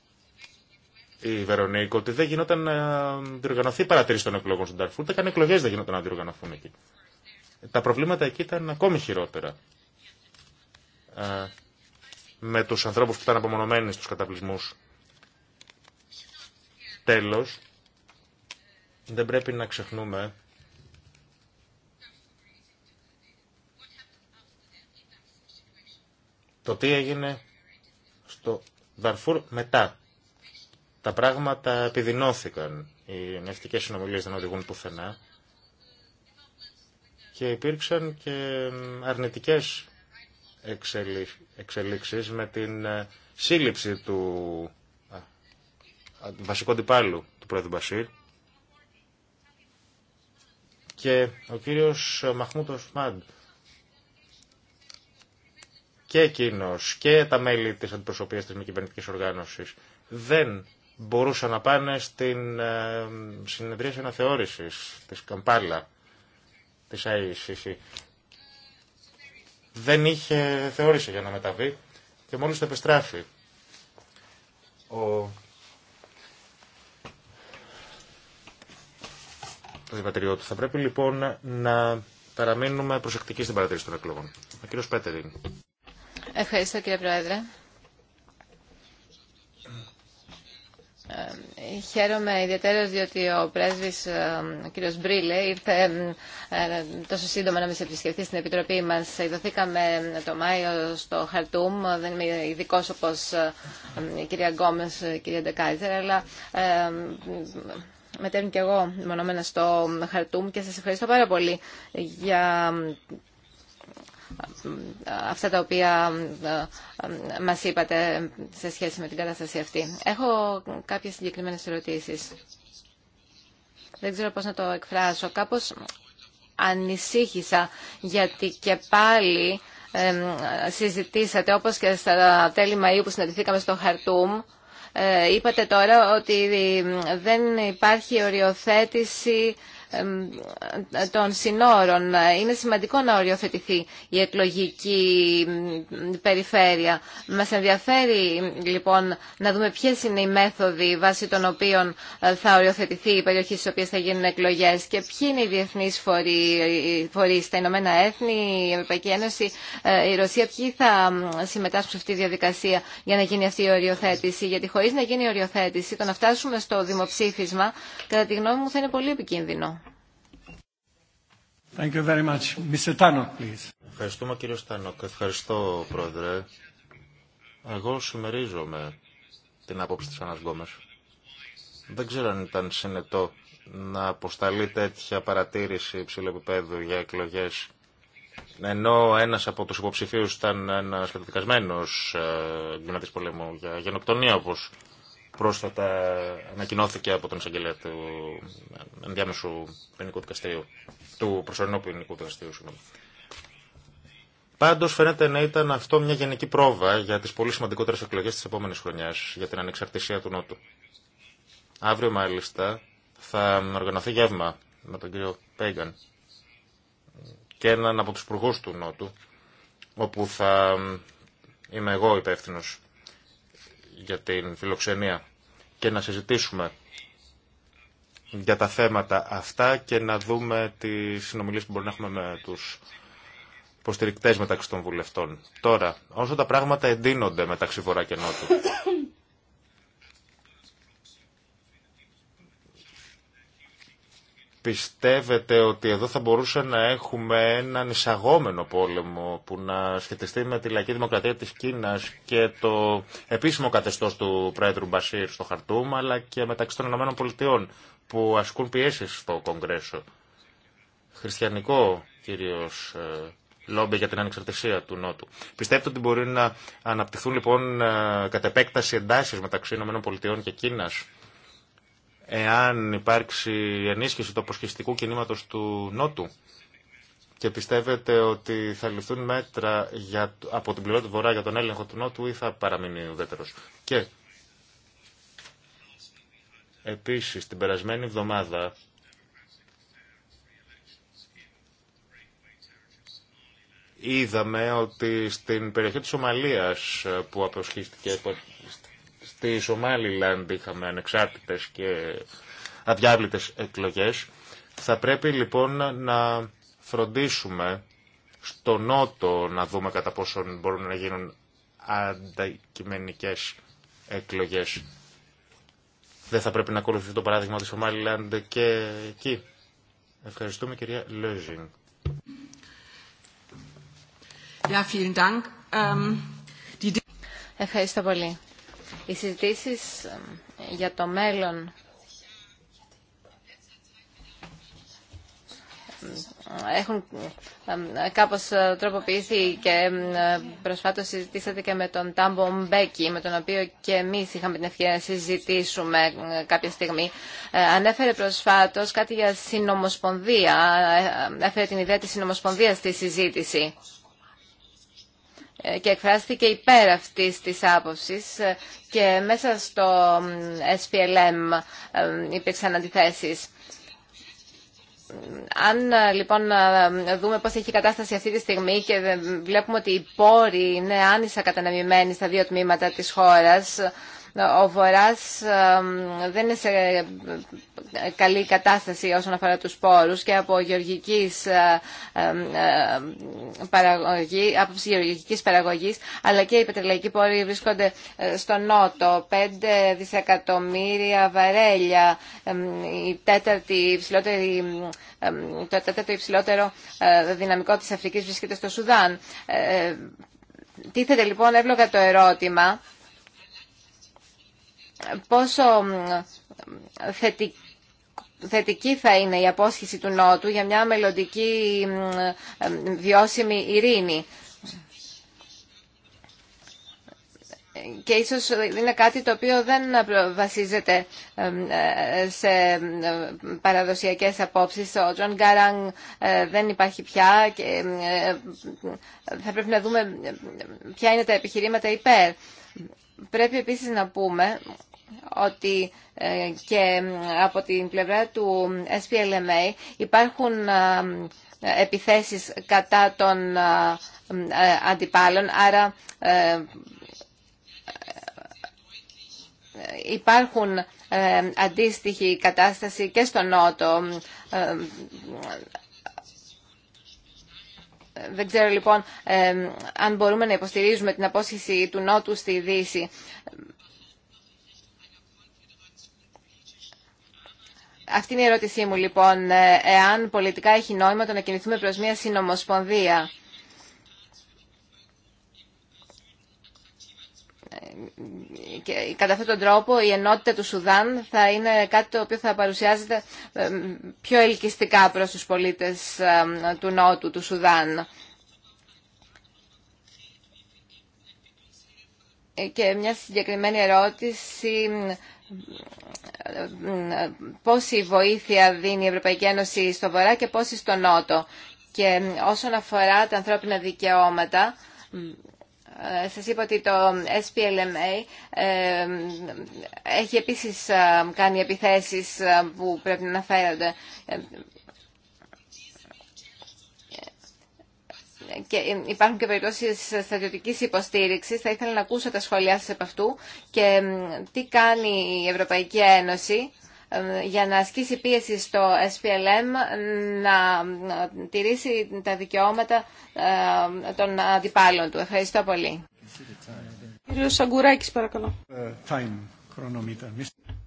η Βερονίκο ότι δεν γινόταν να διοργανωθεί παρατήρηση των εκλογών στον Ταρφούρ, έκανε εκλογέ δεν γινόταν να διοργανωθούν εκεί. Τα προβλήματα εκεί ήταν ακόμη χειρότερα. Ε, με τους ανθρώπους που ήταν απομονωμένοι στους καταπλησμούς. Τέλος, δεν πρέπει να ξεχνούμε το τι έγινε στο δαρφούρ μετά. Τα πράγματα επιδεινώθηκαν. Οι νευτικές συνομιλίες δεν οδηγούν πουθενά. Και υπήρξαν και αρνητικές εξελίξεις με την ε, σύλληψη του βασικού αντιπάλου του πρόεδρου Μπασίρ. Και ο κύριος Μαχμούτος Μαντ και εκείνο και τα μέλη της αντιπροσωπεία τη μη κυβερνητική Οργάνωση δεν μπορούσαν να πάνε στην ε, συνεδρία αναθεώρηση τη Καμπάλα, τη ΑΕΣΥΣ. E δεν είχε θεώρηση για να μεταβεί και μόλι το επιστράφει. Ο το του. Θα πρέπει λοιπόν να παραμείνουμε προσεκτικοί στην παρατήρηση των εκλογών. Ο κύριος Ευχαριστώ κύριε Πρόεδρε. Ε, χαίρομαι ιδιαίτερα διότι ο πρέσβης, ε, ο κύριος Μπρίλε, ήρθε ε, τόσο σύντομα να μας επισκεφθεί στην Επιτροπή μας. Ειδωθήκαμε το Μάιο στο Χαρτούμ, δεν είμαι ειδικό όπως η κυρία Γκόμες, η κυρία Ντεκάιζερ, αλλά μετέβη και εγώ μονομένα στο Χαρτούμ και σας ευχαριστώ πάρα πολύ για αυτά τα οποία ε, ε, μας είπατε σε σχέση με την κατάσταση αυτή. Έχω κάποιες συγκεκριμένες ερωτήσεις. Δεν ξέρω πώς να το εκφράσω. Κάπως ανησύχησα γιατί και πάλι ε, συζητήσατε όπως και στα τέλη Μαΐου που συναντηθήκαμε στο Χαρτούμ είπατε τώρα ότι δεν υπάρχει οριοθέτηση των συνόρων. Είναι σημαντικό να οριοθετηθεί η εκλογική περιφέρεια. Μας ενδιαφέρει λοιπόν να δούμε ποιες είναι οι μέθοδοι βάσει των οποίων ε, θα οριοθετηθεί η περιοχή στις οποίες θα γίνουν εκλογές και ποιοι είναι οι διεθνείς φορείς, τα Ηνωμένα Έθνη, η Ευρωπαϊκή Ένωση, ε, η Ρωσία, ποιοι θα συμμετάσχουν σε αυτή τη διαδικασία για να γίνει αυτή η οριοθέτηση. Γιατί χωρίς να γίνει η οριοθέτηση, το να φτάσουμε στο δημοψήφισμα, κατά τη γνώμη μου θα είναι πολύ επικίνδυνο. Ευχαριστούμε κύριο Στάνοκ. Ευχαριστώ πρόεδρε. Εγώ συμμερίζομαι την άποψη της Άννας Γκόμες. Δεν ξέρω αν ήταν συνετό να αποσταλεί τέτοια παρατήρηση υψηλού επίπεδου για εκλογές ενώ ένας από τους υποψηφίους ήταν ένας καταδικασμένος ε, εγκληματής πολέμου για γενοκτονία όπως πρόσφατα ανακοινώθηκε από τον εισαγγελέα του ενδιάμεσου ποινικού δικαστηρίου, του προσωρινού ποινικού δικαστηρίου, συγγνώμη. Πάντως φαίνεται να ήταν αυτό μια γενική πρόβα για τις πολύ σημαντικότερες εκλογές της επόμενης χρονιάς, για την ανεξαρτησία του Νότου. Αύριο μάλιστα θα οργανωθεί γεύμα με τον κύριο Πέγκαν και έναν από τους υπουργού του Νότου, όπου θα είμαι εγώ υπεύθυνο για την φιλοξενία και να συζητήσουμε για τα θέματα αυτά και να δούμε τις συνομιλίες που μπορούμε να έχουμε με τους υποστηρικτέ μεταξύ των βουλευτών. Τώρα, όσο τα πράγματα εντείνονται μεταξύ Βορρά και Νότου, πιστεύετε ότι εδώ θα μπορούσε να έχουμε έναν εισαγόμενο πόλεμο που να σχετιστεί με τη λαϊκή δημοκρατία της Κίνας και το επίσημο καθεστώς του πρόεδρου Μπασίρ στο Χαρτούμ αλλά και μεταξύ των Πολιτείων που ασκούν πιέσεις στο Κογκρέσο. Χριστιανικό κύριος ε, λόμπι για την ανεξαρτησία του Νότου. Πιστεύετε ότι μπορεί να αναπτυχθούν λοιπόν ε, κατ' επέκταση εντάσεις μεταξύ ΗΠΑ και Κίνας εάν υπάρξει ενίσχυση του αποσχιστικού κινήματος του Νότου και πιστεύετε ότι θα ληφθούν μέτρα για, από την πλευρά του Βορρά για τον έλεγχο του Νότου ή θα παραμείνει ουδέτερος. Και επίσης την περασμένη εβδομάδα είδαμε ότι στην περιοχή της Σομαλίας που αποσχίστηκε Στη Σομάλιλαντ είχαμε ανεξάρτητες και αδιάβλητες εκλογές. Θα πρέπει λοιπόν να φροντίσουμε στο Νότο να δούμε κατά πόσον μπορούν να γίνουν αντακειμενικές εκλογές. Δεν θα πρέπει να ακολουθεί το παράδειγμα της Σομάλιλαντ και εκεί. Ευχαριστούμε κυρία Λέζιν. Ähm, Ευχαριστώ πολύ. Οι συζητήσεις για το μέλλον έχουν κάπως ε, τροποποιηθεί και ε, προσφάτως συζητήσατε και με τον Τάμπο Μπέκη, με τον οποίο και εμείς είχαμε την ευκαιρία να συζητήσουμε ε, κάποια στιγμή. Ανέφερε προσφάτως κάτι για συνομοσπονδία, έφερε την ιδέα της συνομοσπονδίας στη συζήτηση και εκφράστηκε υπέρ αυτής της άποψης ε, και μέσα στο SPLM ε, υπήρξαν αντιθέσεις. Αν ε, λοιπόν δούμε πώς έχει η κατάσταση αυτή τη στιγμή και βλέπουμε ότι οι πόροι είναι άνισα καταναμημένοι στα δύο τμήματα της χώρας, ο Βορράς δεν είναι σε καλή κατάσταση όσον αφορά τους πόρους και από γεωργικής ε, ε, παραγωγή, από γεωργικής παραγωγής, αλλά και οι πετρελαϊκοί πόροι βρίσκονται ε, στο νότο. 5 δισεκατομμύρια βαρέλια, η τέταρτη υψηλότερη το τέταρτο υψηλότερο δυναμικό της Αφρικής βρίσκεται στο Σουδάν. Τίθεται λοιπόν εύλογα το ερώτημα πόσο θετική θα είναι η απόσχηση του Νότου για μια μελλοντική βιώσιμη ειρήνη. Και ίσως είναι κάτι το οποίο δεν βασίζεται σε παραδοσιακές απόψεις. Ο Τζον Γκάραν ε, δεν υπάρχει πια και ε, θα πρέπει να δούμε ποια είναι τα επιχειρήματα υπέρ. Πρέπει επίσης να πούμε ότι ε, και από την πλευρά του SPLMA υπάρχουν ε, επιθέσεις κατά των ε, αντιπάλων, άρα υπάρχουν αντίστοιχη κατάσταση και στο Νότο δεν ξέρω λοιπόν αν μπορούμε να υποστηρίζουμε την απόσχεση του Νότου στη Δύση. Αυτή είναι η ερώτησή μου λοιπόν, ε, εάν πολιτικά έχει νόημα το να κινηθούμε προς μια συνομοσπονδία. και κατά αυτόν τον τρόπο η ενότητα του Σουδάν θα είναι κάτι το οποίο θα παρουσιάζεται ε, πιο ελκυστικά προς τους πολίτες ε, του Νότου, του Σουδάν. Ε, και μια συγκεκριμένη ερώτηση πόση βοήθεια δίνει η Ευρωπαϊκή Ένωση στο Βορρά και πόση στο Νότο. Και όσον αφορά τα ανθρώπινα δικαιώματα, ε, σας είπα ότι το SPLMA ε, έχει επίσης ε, κάνει επιθέσεις που πρέπει να αναφέρονται. και υπάρχουν και περιπτώσει στρατιωτική υποστήριξη. Θα ήθελα να ακούσω τα σχόλιά σα από αυτού και τι κάνει η Ευρωπαϊκή Ένωση για να ασκήσει πίεση στο SPLM να τηρήσει τα δικαιώματα ε, των αντιπάλων του. Ευχαριστώ πολύ. Κύριο Σαγκουράκης, παρακαλώ. Ε,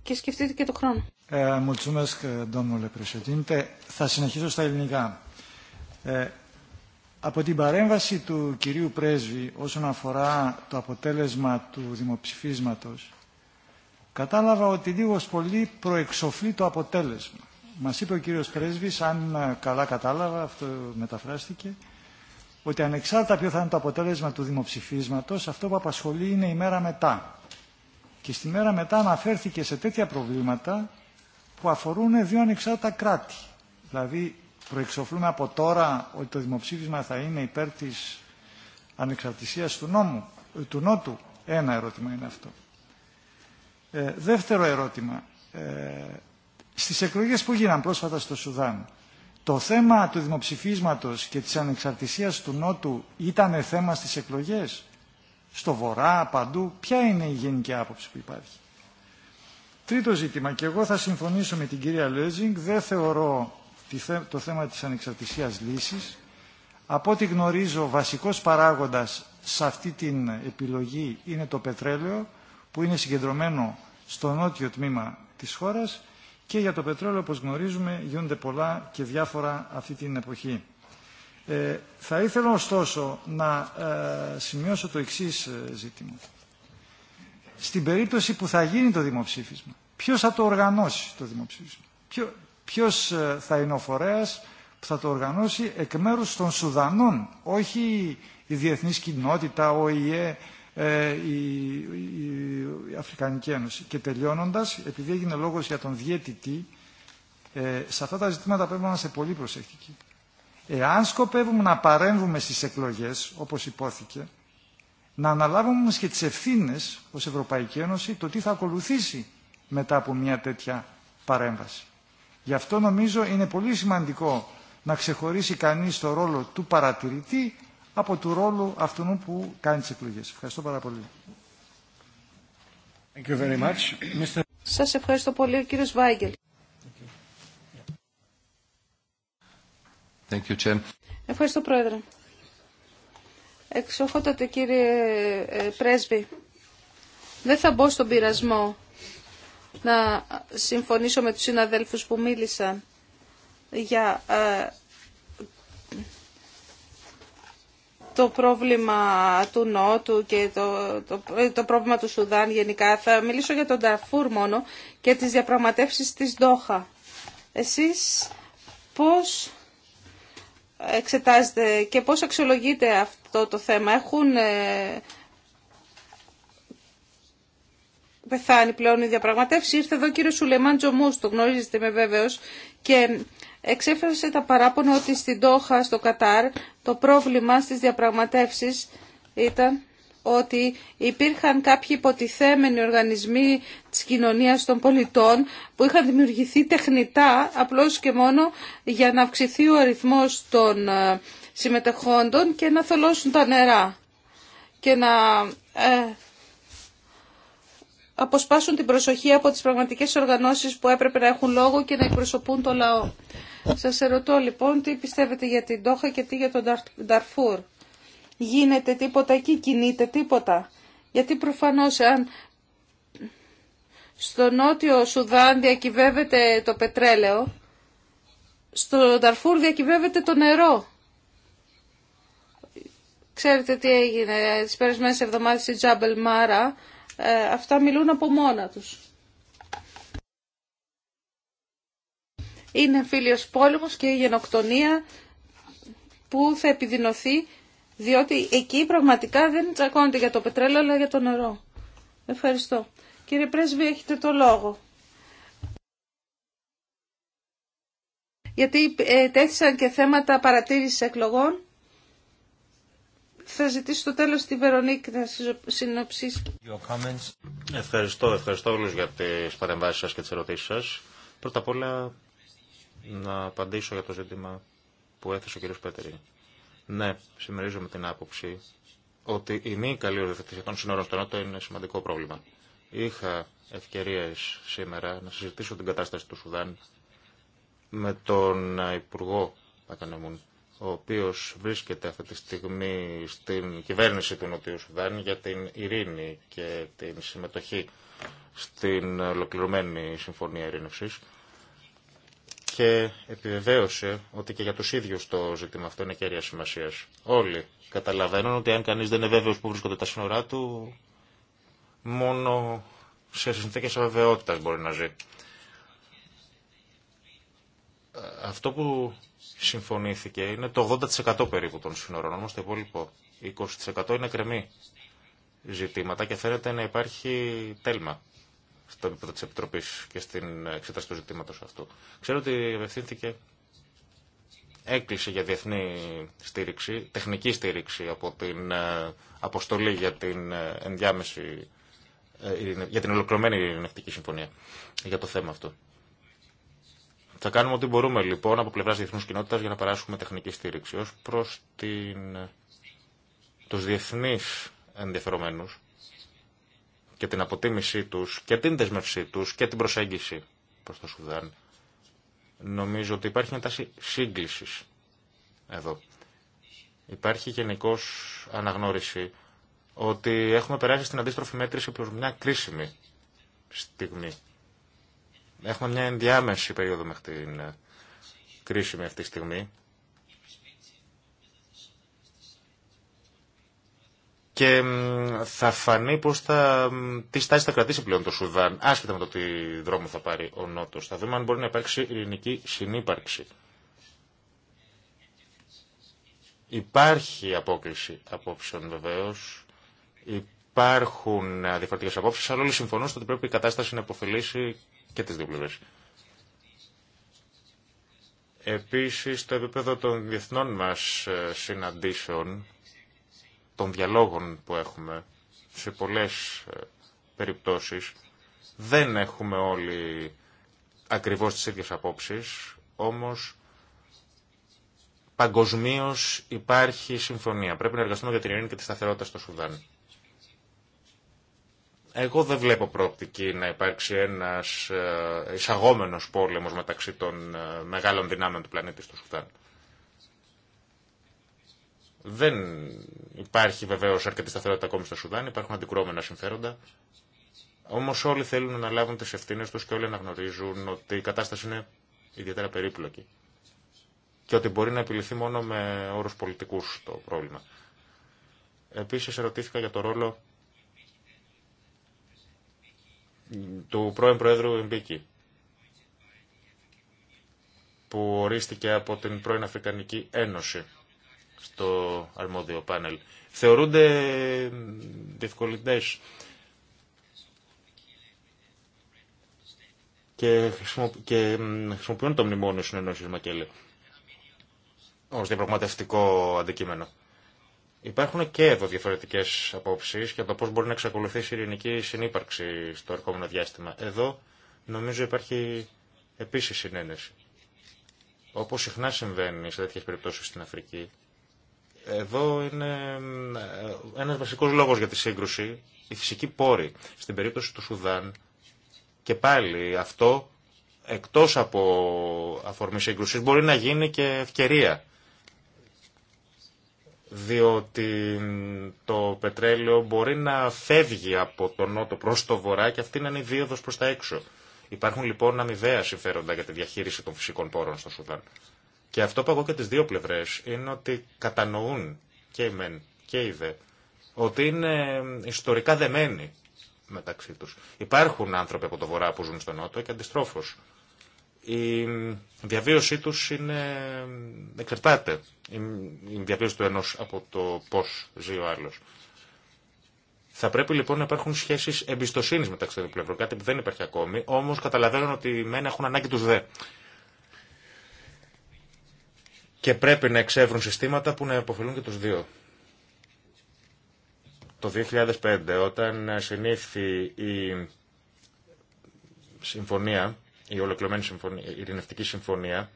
και σκεφτείτε και το χρόνο. Ε, θα συνεχίσω στα ελληνικά. από την παρέμβαση του κυρίου Πρέσβη όσον αφορά το αποτέλεσμα του δημοψηφίσματος κατάλαβα ότι λίγο πολύ προεξοφλεί το αποτέλεσμα. Μας είπε ο κύριος Πρέσβης, αν ε, καλά κατάλαβα, αυτό μεταφράστηκε, ότι ανεξάρτητα ποιο θα είναι το αποτέλεσμα του δημοψηφίσματος, αυτό που απασχολεί είναι η μέρα μετά. Και στη μέρα μετά αναφέρθηκε σε τέτοια προβλήματα που αφορούν δύο ανεξάρτητα κράτη. Δηλαδή προεξοφλούμε από τώρα ότι το δημοψήφισμα θα είναι υπέρ της ανεξαρτησίας του, ε, του Νότου. Ένα ερώτημα είναι αυτό. Ε, δεύτερο ερώτημα. Ε, στις εκλογές που γίναν πρόσφατα στο Σουδάν, το θέμα του δημοψηφίσματος και της ανεξαρτησίας του Νότου ήταν θέμα στις εκλογές, στο Βορρά, παντού. Ποια είναι η γενική άποψη που υπάρχει. Τρίτο ζήτημα, και εγώ θα συμφωνήσω με την κυρία Λέζινγκ, δεν θεωρώ το θέμα της ανεξαρτησίας λύσης. Από ό,τι γνωρίζω, βασικός παράγοντας σε αυτή την επιλογή είναι το πετρέλαιο, που είναι συγκεντρωμένο στο νότιο τμήμα της χώρας και για το πετρέλαιο, όπως γνωρίζουμε, γίνονται πολλά και διάφορα αυτή την εποχή. Ε, θα ήθελα ωστόσο να ε, σημειώσω το εξής ε, ζήτημα. Στην περίπτωση που θα γίνει το δημοψήφισμα, ποιος θα το οργανώσει το δημοψήφισμα, ποιο, ποιος θα είναι ο φορέας που θα το οργανώσει εκ μέρους των Σουδανών, όχι η διεθνής κοινότητα, ο ΙΕ, ε, η Αφρικανική Ένωση. Και τελειώνοντας, επειδή έγινε λόγος για τον διαιτητή, ε, σε αυτά τα ζητήματα πρέπει να είμαστε πολύ προσεκτικοί. Εάν σκοπεύουμε να παρέμβουμε στις εκλογές, όπως υπόθηκε, να αναλάβουμε όμως και τις ευθύνες ως Ευρωπαϊκή Ένωση το τι θα ακολουθήσει μετά από μια τέτοια παρέμβαση. Γι' αυτό νομίζω είναι πολύ σημαντικό να ξεχωρίσει κανείς το ρόλο του παρατηρητή από του ρόλου αυτού που κάνει τις εκλογές. Ευχαριστώ πάρα πολύ. Σας ευχαριστώ πολύ, ο κύριος Βάγγελ. Ευχαριστώ, Πρόεδρε. Εξοχότατε, κύριε ε, Πρέσβη. Δεν θα μπω στον πειρασμό να συμφωνήσω με τους συναδέλφους που μίλησαν για ε, το πρόβλημα του Νότου και το, το, πρόβλημα του Σουδάν γενικά. Θα μιλήσω για τον Ταρφούρ μόνο και τις διαπραγματεύσεις της Ντόχα. Εσείς πώς εξετάζετε και πώς αξιολογείτε αυτό το θέμα. Έχουν ε, πεθάνει πλέον οι διαπραγματεύσεις. Ήρθε εδώ ο κύριος Σουλεμάν Τζομούς, το γνωρίζετε με βέβαιος, και εξέφρασε τα παράπονα ότι στην Τόχα, στο Κατάρ, το πρόβλημα στις διαπραγματεύσεις ήταν ότι υπήρχαν κάποιοι υποτιθέμενοι οργανισμοί της κοινωνίας των πολιτών που είχαν δημιουργηθεί τεχνητά απλώς και μόνο για να αυξηθεί ο αριθμός των ε, συμμετεχόντων και να θολώσουν τα νερά και να ε, αποσπάσουν την προσοχή από τις πραγματικές οργανώσεις που έπρεπε να έχουν λόγο και να εκπροσωπούν το λαό. Σας ερωτώ λοιπόν τι πιστεύετε για την Τόχα και τι για τον Νταρφούρ. Γίνεται τίποτα εκεί, κινείται τίποτα. Γιατί προφανώς αν στο νότιο Σουδάν διακυβεύεται το πετρέλαιο, στο Νταρφούρ διακυβεύεται το νερό. Ξέρετε τι έγινε τις περίσμενες εβδομάδες στη Τζάμπελ Μάρα. Ε, αυτά μιλούν από μόνα τους. είναι φίλιος πόλεμος και η γενοκτονία που θα επιδεινωθεί διότι εκεί πραγματικά δεν τσακώνεται για το πετρέλαιο αλλά για το νερό. Ευχαριστώ. Κύριε Πρέσβη, έχετε το λόγο. Γιατί ε, τέθησαν και θέματα παρατήρησης εκλογών. Θα ζητήσω το τέλος τη Βερονίκη να συνοψίσει. Ευχαριστώ, ευχαριστώ όλους για τις παρεμβάσεις σας και τις ερωτήσεις σας. Πρώτα απ' όλα να απαντήσω για το ζήτημα που έθεσε ο κ. Πέτερη. Ναι, με την άποψη ότι η μη καλή οριοθέτηση των σύνορων στον Νότο είναι σημαντικό πρόβλημα. Είχα ευκαιρίε σήμερα να συζητήσω την κατάσταση του Σουδάν με τον Υπουργό Πακανεμούν, ο οποίο βρίσκεται αυτή τη στιγμή στην κυβέρνηση του Νοτιού Σουδάν για την ειρήνη και την συμμετοχή στην ολοκληρωμένη συμφωνία ειρήνευσης και επιβεβαίωσε ότι και για τους ίδιους το ζήτημα αυτό είναι κέρια σημασία. Όλοι καταλαβαίνουν ότι αν κανείς δεν είναι βέβαιος που βρίσκονται τα σύνορά του, μόνο σε συνθήκε αβεβαιότητας μπορεί να ζει. Αυτό που συμφωνήθηκε είναι το 80% περίπου των σύνορων, όμως το υπόλοιπο 20% είναι κρεμή ζητήματα και φαίνεται να υπάρχει τέλμα στο επίπεδο τη επιτροπή και στην εξέταση του ζητήματο αυτού. Ξέρω ότι απευθύνθηκε έκκληση για διεθνή στήριξη, τεχνική στήριξη από την ε, αποστολή για την ε, ενδιάμεση, ε, για την ολοκληρωμένη ειρηνευτική συμφωνία για το θέμα αυτό. Θα κάνουμε ό,τι μπορούμε λοιπόν από πλευρά διεθνού κοινότητα για να παράσχουμε τεχνική στήριξη ω προ την... του διεθνεί ενδιαφερομένου και την αποτίμησή τους και την δεσμευσή τους και την προσέγγιση προς το Σουδάν, νομίζω ότι υπάρχει μια τάση σύγκλησης εδώ. Υπάρχει γενικώ αναγνώριση ότι έχουμε περάσει στην αντίστροφη μέτρηση προς μια κρίσιμη στιγμή. Έχουμε μια ενδιάμεση περίοδο μέχρι την κρίσιμη αυτή στιγμή και θα φανεί πώς θα, τι στάση θα κρατήσει πλέον το Σουδάν, άσχετα με το τι δρόμο θα πάρει ο Νότος. Θα δούμε αν μπορεί να υπάρξει ειρηνική συνύπαρξη. Υπάρχει απόκληση απόψεων βεβαίω. Υπάρχουν ε, διαφορετικέ απόψεις. αλλά όλοι συμφωνούν στο ότι πρέπει η κατάσταση να υποφελήσει και τις δύο πλευρές. Επίση, στο επίπεδο των διεθνών μα ε, συναντήσεων, των διαλόγων που έχουμε σε πολλές ε, περιπτώσεις δεν έχουμε όλοι ακριβώς τις ίδιες απόψεις, όμως παγκοσμίω υπάρχει συμφωνία. Πρέπει να εργαστούμε για την ειρήνη και τη σταθερότητα στο Σουδάν. Εγώ δεν βλέπω πρόπτικη να υπάρξει ένας ε, εισαγόμενος πόλεμος μεταξύ των ε, μεγάλων δυνάμεων του πλανήτη στο Σουδάν. Δεν υπάρχει βεβαίω αρκετή σταθερότητα ακόμη στο Σουδάν, υπάρχουν αντικρώμενα συμφέροντα. Όμω όλοι θέλουν να λάβουν τι ευθύνε του και όλοι να γνωρίζουν ότι η κατάσταση είναι ιδιαίτερα περίπλοκη. Και ότι μπορεί να επιληθεί μόνο με όρου πολιτικού το πρόβλημα. Επίση ερωτήθηκα για το ρόλο του πρώην Προέδρου Εμπίκη που ορίστηκε από την πρώην Αφρικανική Ένωση στο αρμόδιο πάνελ. Θεωρούνται διευκολυντές και, χρησιμοποιούν το μνημόνιο συνεννόησης Μακέλη ως διαπραγματευτικό αντικείμενο. Υπάρχουν και εδώ διαφορετικέ απόψει για το πώ μπορεί να εξακολουθήσει η ειρηνική συνύπαρξη στο ερχόμενο διάστημα. Εδώ νομίζω υπάρχει επίση συνένεση. Όπω συχνά συμβαίνει σε τέτοιε περιπτώσει στην Αφρική, εδώ είναι ε, ένας βασικός λόγος για τη σύγκρουση, η φυσική πόρη. Στην περίπτωση του Σουδάν και πάλι αυτό εκτός από αφορμή σύγκρουση μπορεί να γίνει και ευκαιρία διότι το πετρέλαιο μπορεί να φεύγει από τον νότο προς το βορρά και αυτή να είναι η δίωδος προς τα έξω. Υπάρχουν λοιπόν αμοιβαία συμφέροντα για τη διαχείριση των φυσικών πόρων στο Σουδάν. Και αυτό που εγώ και τι δύο πλευρέ είναι ότι κατανοούν και οι μεν και οι δε ότι είναι ιστορικά δεμένοι μεταξύ του. Υπάρχουν άνθρωποι από το βορρά που ζουν στο νότο και αντιστρόφω. Η διαβίωσή του είναι... εξαρτάται. Η διαβίωση του ενό από το πώ ζει ο άλλο. Θα πρέπει λοιπόν να υπάρχουν σχέσει εμπιστοσύνη μεταξύ των πλευρών, κάτι που δεν υπάρχει ακόμη, όμω καταλαβαίνουν ότι οι μεν έχουν ανάγκη του δε και πρέπει να εξεύρουν συστήματα που να υποφελούν και τους δύο. Το 2005 όταν συνήθη η συμφωνία, η ολοκληρωμένη συμφωνία, η ειρηνευτική συμφωνία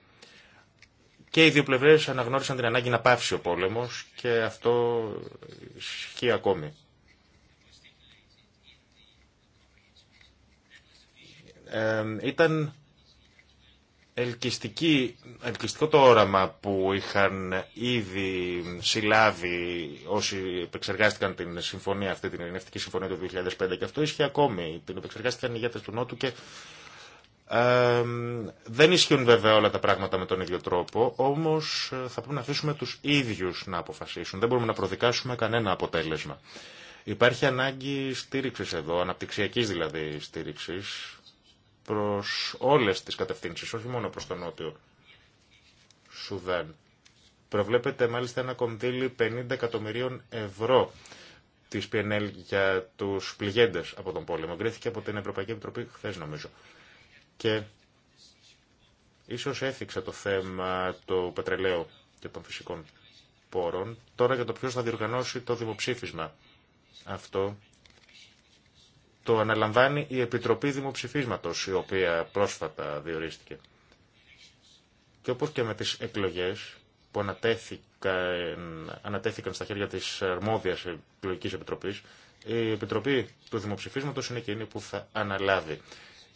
και οι δύο πλευρές αναγνώρισαν την ανάγκη να πάψει ο πόλεμος και αυτό ισχύει ακόμη. Ε, ήταν ελκυστική, ελκυστικό το όραμα που είχαν ήδη συλλάβει όσοι επεξεργάστηκαν την συμφωνία αυτή, την Ειρηνευτική Συμφωνία του 2005 και αυτό ίσχυε ακόμη. Την επεξεργάστηκαν οι ηγέτες του Νότου και δεν ισχύουν βέβαια όλα τα πράγματα με τον ίδιο τρόπο, όμως ε, θα πρέπει να αφήσουμε τους ίδιους να αποφασίσουν. Δεν μπορούμε να προδικάσουμε κανένα αποτέλεσμα. Υπάρχει ανάγκη στήριξης εδώ, αναπτυξιακής δηλαδή στήριξης, προς όλες τις κατευθύνσεις, όχι μόνο προς τον Νότιο Σουδάν. Προβλέπεται μάλιστα ένα κονδύλι 50 εκατομμυρίων ευρώ της PNL για τους πληγέντες από τον πόλεμο. Γκρίθηκε από την Ευρωπαϊκή Επιτροπή χθε νομίζω. Και ίσως έθιξε το θέμα του πετρελαίου και των φυσικών πόρων. Τώρα για το ποιος θα διοργανώσει το δημοψήφισμα. Αυτό το αναλαμβάνει η Επιτροπή Δημοψηφίσματος, η οποία πρόσφατα διορίστηκε. Και όπως και με τις εκλογές που ανατέθηκαν, στα χέρια της αρμόδιας εκλογικής επιτροπής, η Επιτροπή του Δημοψηφίσματος είναι εκείνη που θα αναλάβει.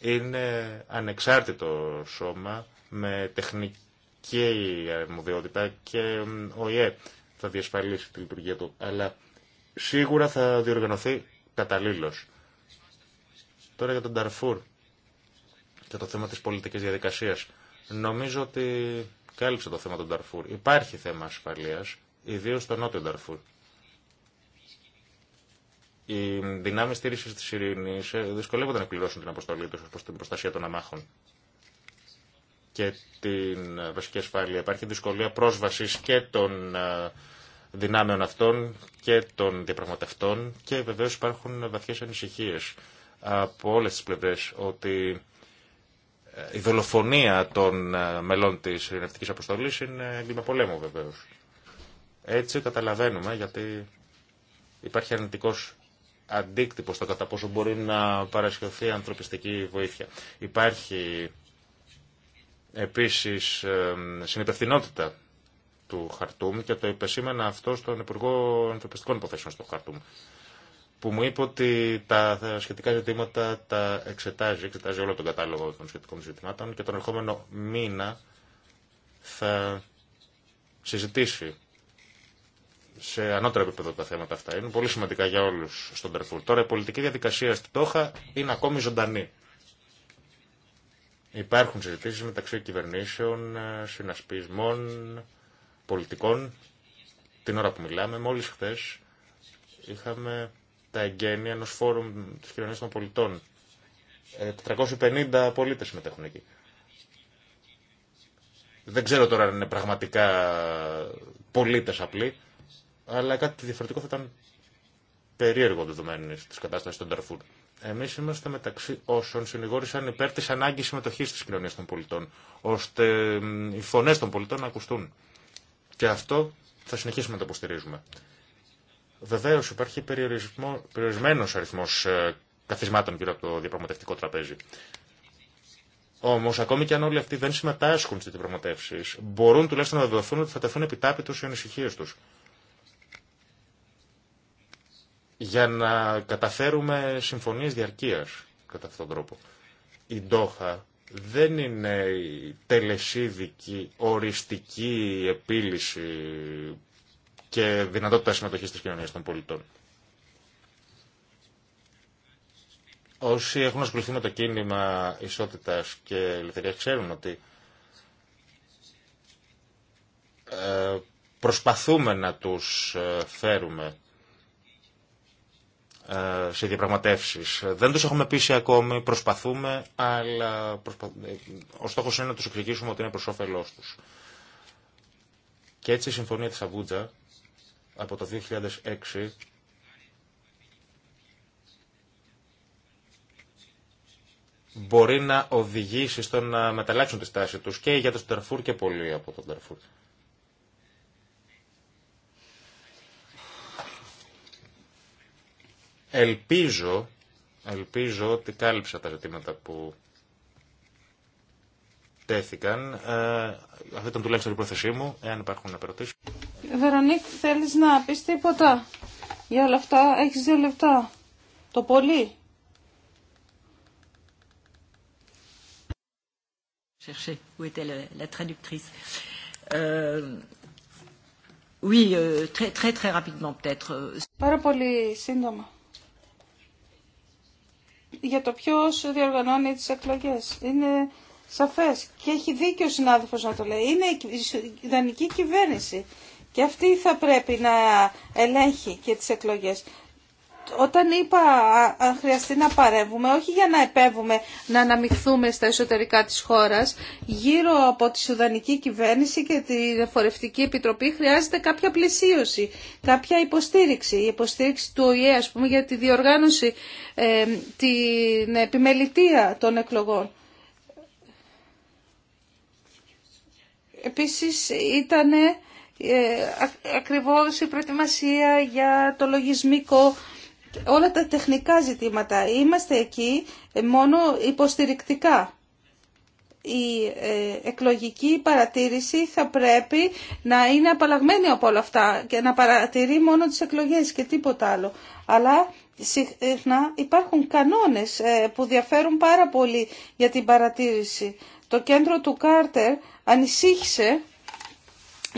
Είναι ανεξάρτητο σώμα με τεχνική αρμοδιότητα και ο ΙΕ θα διασφαλίσει τη λειτουργία του, αλλά σίγουρα θα διοργανωθεί καταλήλως. Τώρα για τον Ταρφούρ και το θέμα της πολιτικής διαδικασίας. Νομίζω ότι κάλυψε το θέμα του Νταρφούρ. Υπάρχει θέμα ασφαλείας, ιδίως στο νότιο Νταρφούρ. Οι δυνάμει στήριξη τη ειρήνη ε, δυσκολεύονται να πληρώσουν την αποστολή του προ την προστασία των αμάχων και την ε, βασική ασφάλεια. Υπάρχει δυσκολία πρόσβαση και των ε, δυνάμεων αυτών και των διαπραγματευτών και βεβαίω υπάρχουν βαθιέ ανησυχίε από όλες τις πλευρές ότι ε, η δολοφονία των ε, μελών της ειρηνευτικής αποστολής είναι έγκλημα πολέμου βεβαίως. Έτσι καταλαβαίνουμε γιατί υπάρχει αρνητικός αντίκτυπο στο κατά πόσο μπορεί να παρασχεθεί ανθρωπιστική βοήθεια. Υπάρχει επίσης ε, συνυπευθυνότητα του Χαρτούμ και το υπεσήμενα αυτό στον Υπουργό Ανθρωπιστικών Υποθέσεων στο Χαρτούμ που μου είπε ότι τα σχετικά ζητήματα τα εξετάζει, εξετάζει όλο τον κατάλογο των σχετικών ζητημάτων και τον ερχόμενο μήνα θα συζητήσει σε ανώτερο επίπεδο τα θέματα αυτά. Είναι πολύ σημαντικά για όλους στον Τερφούρ. Τώρα η πολιτική διαδικασία στην Τόχα είναι ακόμη ζωντανή. Υπάρχουν συζητήσεις μεταξύ κυβερνήσεων, συνασπισμών, πολιτικών. Την ώρα που μιλάμε, μόλις χθες είχαμε τα εγγένεια ενό φόρουμ τη Κοινωνία των πολιτών. 450 ε, πολίτε συμμετέχουν εκεί. Δεν ξέρω τώρα αν είναι πραγματικά πολίτες απλοί, αλλά κάτι διαφορετικό θα ήταν περίεργο δεδομένη τη κατάσταση των Ταρφούρ. Εμεί είμαστε μεταξύ όσων συνηγόρησαν υπέρ τη ανάγκη συμμετοχή τη κοινωνία των πολιτών, ώστε οι φωνέ των πολιτών να ακουστούν. Και αυτό θα συνεχίσουμε να το υποστηρίζουμε. Βεβαίω υπάρχει περιορισμένο αριθμό ε, καθισμάτων γύρω από το διαπραγματευτικό τραπέζι. Όμω, ακόμη και αν όλοι αυτοί δεν συμμετάσχουν στι διαπραγματεύσει, μπορούν τουλάχιστον να δεδοθούν ότι θα τεθούν επιτάπητο οι ανησυχίε του. Για να καταφέρουμε συμφωνίε διαρκεία κατά αυτόν τον τρόπο. Η Ντόχα δεν είναι η τελεσίδικη, οριστική επίλυση και δυνατότητα συμμετοχή τη κοινωνία των πολιτών. Όσοι έχουν ασχοληθεί με το κίνημα ισότητα και ελευθερίας ξέρουν ότι ε, προσπαθούμε να τους ε, φέρουμε ε, σε διαπραγματεύσεις. Δεν τους έχουμε πείσει ακόμη, προσπαθούμε, αλλά ωστόσο ο στόχος είναι να τους εξηγήσουμε ότι είναι προς όφελός τους. Και έτσι η συμφωνία της Αβούτζα από το 2006 μπορεί να οδηγήσει στο να μεταλλάξουν τη στάση τους και για τον τερφούρ και πολύ από τον τερφούρ. Ελπίζω, ελπίζω ότι κάλυψα τα ζητήματα που τέθηκαν. Ε, αυτή ήταν τουλάχιστον η πρόθεσή μου, εάν υπάρχουν να Βερονίκ, θέλεις να πεις τίποτα για όλα αυτά. Έχεις δύο λεπτά. Το πολύ. Chercher où Πάρα πολύ σύντομα. Για το ποιος διοργανώνει τις εκλογές. Είναι σαφές και έχει δίκιο ο συνάδελφος να το λέει. Είναι η ιδανική κυβέρνηση και αυτή θα πρέπει να ελέγχει και τις εκλογές. Όταν είπα αν χρειαστεί να παρεύουμε, όχι για να επέβουμε, να αναμειχθούμε στα εσωτερικά της χώρας, γύρω από τη Σουδανική κυβέρνηση και τη Φορευτική Επιτροπή χρειάζεται κάποια πλαισίωση, κάποια υποστήριξη. Η υποστήριξη του ΟΗΕ, πούμε, για τη διοργάνωση, ε, την επιμελητία των εκλογών. Επίσης, ήτανε ε, ακριβώς η προετοιμασία για το λογισμικό, όλα τα τεχνικά ζητήματα. Είμαστε εκεί ε, μόνο υποστηρικτικά. Η ε, εκλογική παρατήρηση θα πρέπει να είναι απαλλαγμένη από όλα αυτά και να παρατηρεί μόνο τις εκλογές και τίποτα άλλο. Αλλά συχνά υπάρχουν κανόνες που διαφέρουν πάρα πολύ για την παρατήρηση. Το κέντρο του Κάρτερ ανησύχησε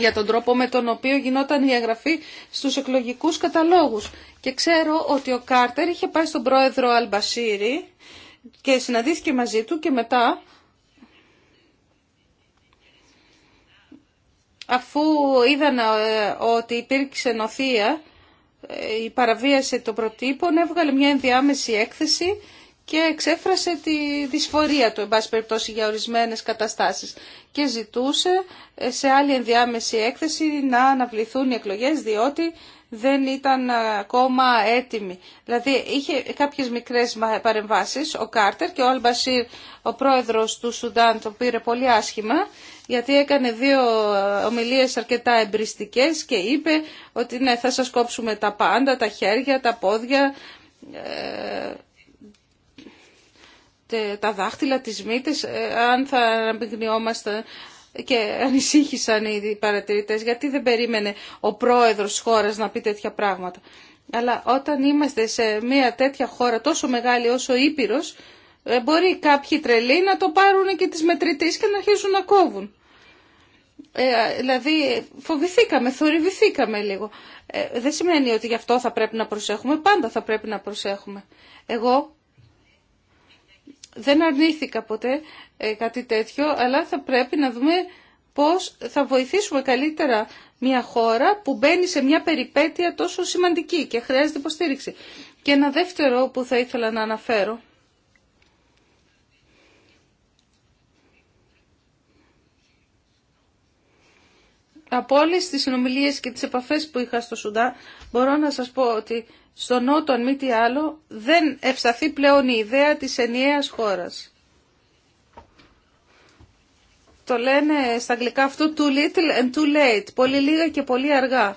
για τον τρόπο με τον οποίο γινόταν η εγγραφή στους εκλογικούς καταλόγους. Και ξέρω ότι ο Κάρτερ είχε πάει στον πρόεδρο Αλμπασίρη και συναντήθηκε μαζί του και μετά αφού είδαν ε, ότι υπήρξε νοθεία ε, η παραβίαση των προτύπων έβγαλε μια ενδιάμεση έκθεση και εξέφρασε τη δυσφορία του, εν πάση περιπτώσει, για ορισμένες καταστάσεις και ζητούσε ε, σε άλλη ενδιάμεση έκθεση να αναβληθούν οι εκλογές διότι δεν ήταν ε, ακόμα έτοιμοι. Δηλαδή είχε κάποιες μικρές παρεμβάσεις ο Κάρτερ και ο Αλμπασίρ, ο πρόεδρος του Σουντάν, το πήρε πολύ άσχημα γιατί έκανε δύο ε, ομιλίες αρκετά εμπριστικές και είπε ότι ναι θα σας κόψουμε τα πάντα, τα χέρια, τα πόδια, ε, τα δάχτυλα, τις μύτες, ε, αν θα αναπηγνιόμασταν και ανησύχησαν οι παρατηρητές γιατί δεν περίμενε ο πρόεδρος χώρας να πει τέτοια πράγματα. Αλλά όταν είμαστε σε μια τέτοια χώρα τόσο μεγάλη όσο Ήπειρος, ε, μπορεί κάποιοι τρελοί να το πάρουν και τις μετρητές και να αρχίσουν να κόβουν. Ε, δηλαδή φοβηθήκαμε, θορυβηθήκαμε λίγο. δεν σημαίνει ότι γι' αυτό θα πρέπει να προσέχουμε, πάντα θα πρέπει να προσέχουμε. Εγώ δεν αρνήθηκα ποτέ ε, κάτι τέτοιο, αλλά θα πρέπει να δούμε πώς θα βοηθήσουμε καλύτερα μια χώρα που μπαίνει σε μια περιπέτεια τόσο σημαντική και χρειάζεται υποστήριξη. Και ένα δεύτερο που θα ήθελα να αναφέρω από όλε τι συνομιλίε και τι επαφέ που είχα στο Σουντά, μπορώ να σα πω ότι στο Νότο, αν μη τι άλλο, δεν ευσταθεί πλέον η ιδέα τη ενιαία χώρα. Το λένε στα αγγλικά αυτό too little and too late, πολύ λίγα και πολύ αργά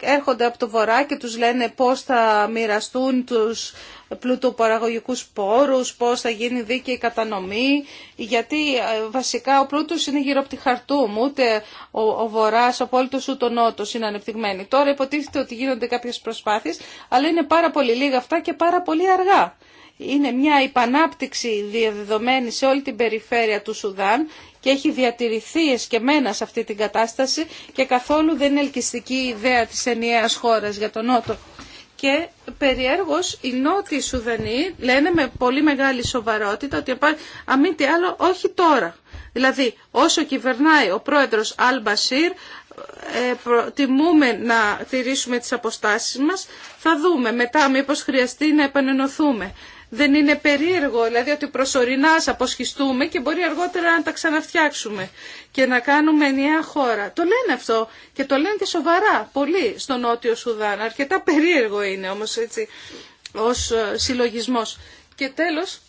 έρχονται από το βορρά και τους λένε πώς θα μοιραστούν τους πλουτοπαραγωγικούς πόρους, πώς θα γίνει δίκαιη κατανομή, γιατί ε, βασικά ο πλούτος είναι γύρω από τη χαρτούμ, ούτε ο, ο βορράς, ο πόλτος, ούτε ο νότος είναι ανεπτυγμένοι. Τώρα υποτίθεται ότι γίνονται κάποιες προσπάθειες, αλλά είναι πάρα πολύ λίγα αυτά και πάρα πολύ αργά. Είναι μια υπανάπτυξη διαδεδομένη σε όλη την περιφέρεια του Σουδάν και έχει διατηρηθεί εσκεμένα σε αυτή την κατάσταση και καθόλου δεν είναι ελκυστική η ιδέα της ενιαίας χώρας για τον Νότο. Και περιέργως οι Νότιοι Σουδανοί λένε με πολύ μεγάλη σοβαρότητα ότι αν τι άλλο όχι τώρα. Δηλαδή όσο κυβερνάει ο πρόεδρος Αλ Μπασίρ ε, προτιμούμε να τηρήσουμε τις αποστάσεις μας. Θα δούμε μετά μήπως χρειαστεί να επανενωθούμε δεν είναι περίεργο, δηλαδή ότι προσωρινά αποσχιστούμε και μπορεί αργότερα να τα ξαναφτιάξουμε και να κάνουμε ενιαία χώρα. Το λένε αυτό και το λένε και σοβαρά πολύ στο Νότιο Σουδάν. Αρκετά περίεργο είναι όμως έτσι ως ε, συλλογισμός. Και τέλος,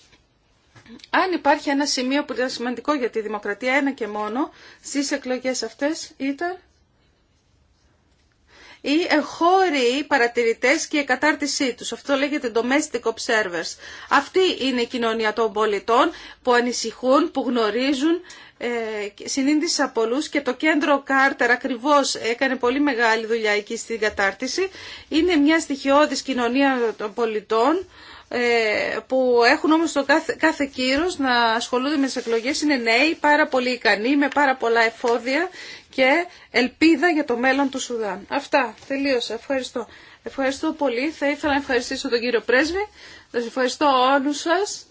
αν υπάρχει ένα σημείο που ήταν σημαντικό για τη δημοκρατία, ένα και μόνο, στις εκλογές αυτές ήταν ή εγχώριοι παρατηρητές και η κατάρτισή τους. Αυτό λέγεται domestic observers. Αυτή είναι η κοινωνία των πολιτών που ανησυχούν, που γνωρίζουν, ε, από πολλού και το κέντρο Κάρτερ ακριβώς έκανε πολύ μεγάλη δουλειά εκεί στην κατάρτιση. Είναι μια στοιχειώδης κοινωνία των πολιτών ε, που έχουν όμως το κάθε, κάθε κύρος να ασχολούνται με τις εκλογές είναι νέοι, πάρα πολύ ικανοί, με πάρα πολλά εφόδια και ελπίδα για το μέλλον του Σουδάν. Αυτά, τελείωσα, ευχαριστώ. Ευχαριστώ πολύ, θα ήθελα να ευχαριστήσω τον κύριο Πρέσβη, θα σας ευχαριστώ όλους σας.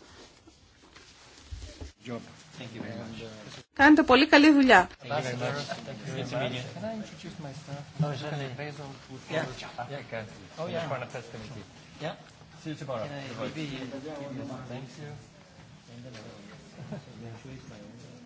Κάνετε πολύ καλή δουλειά. See you tomorrow. Thank you.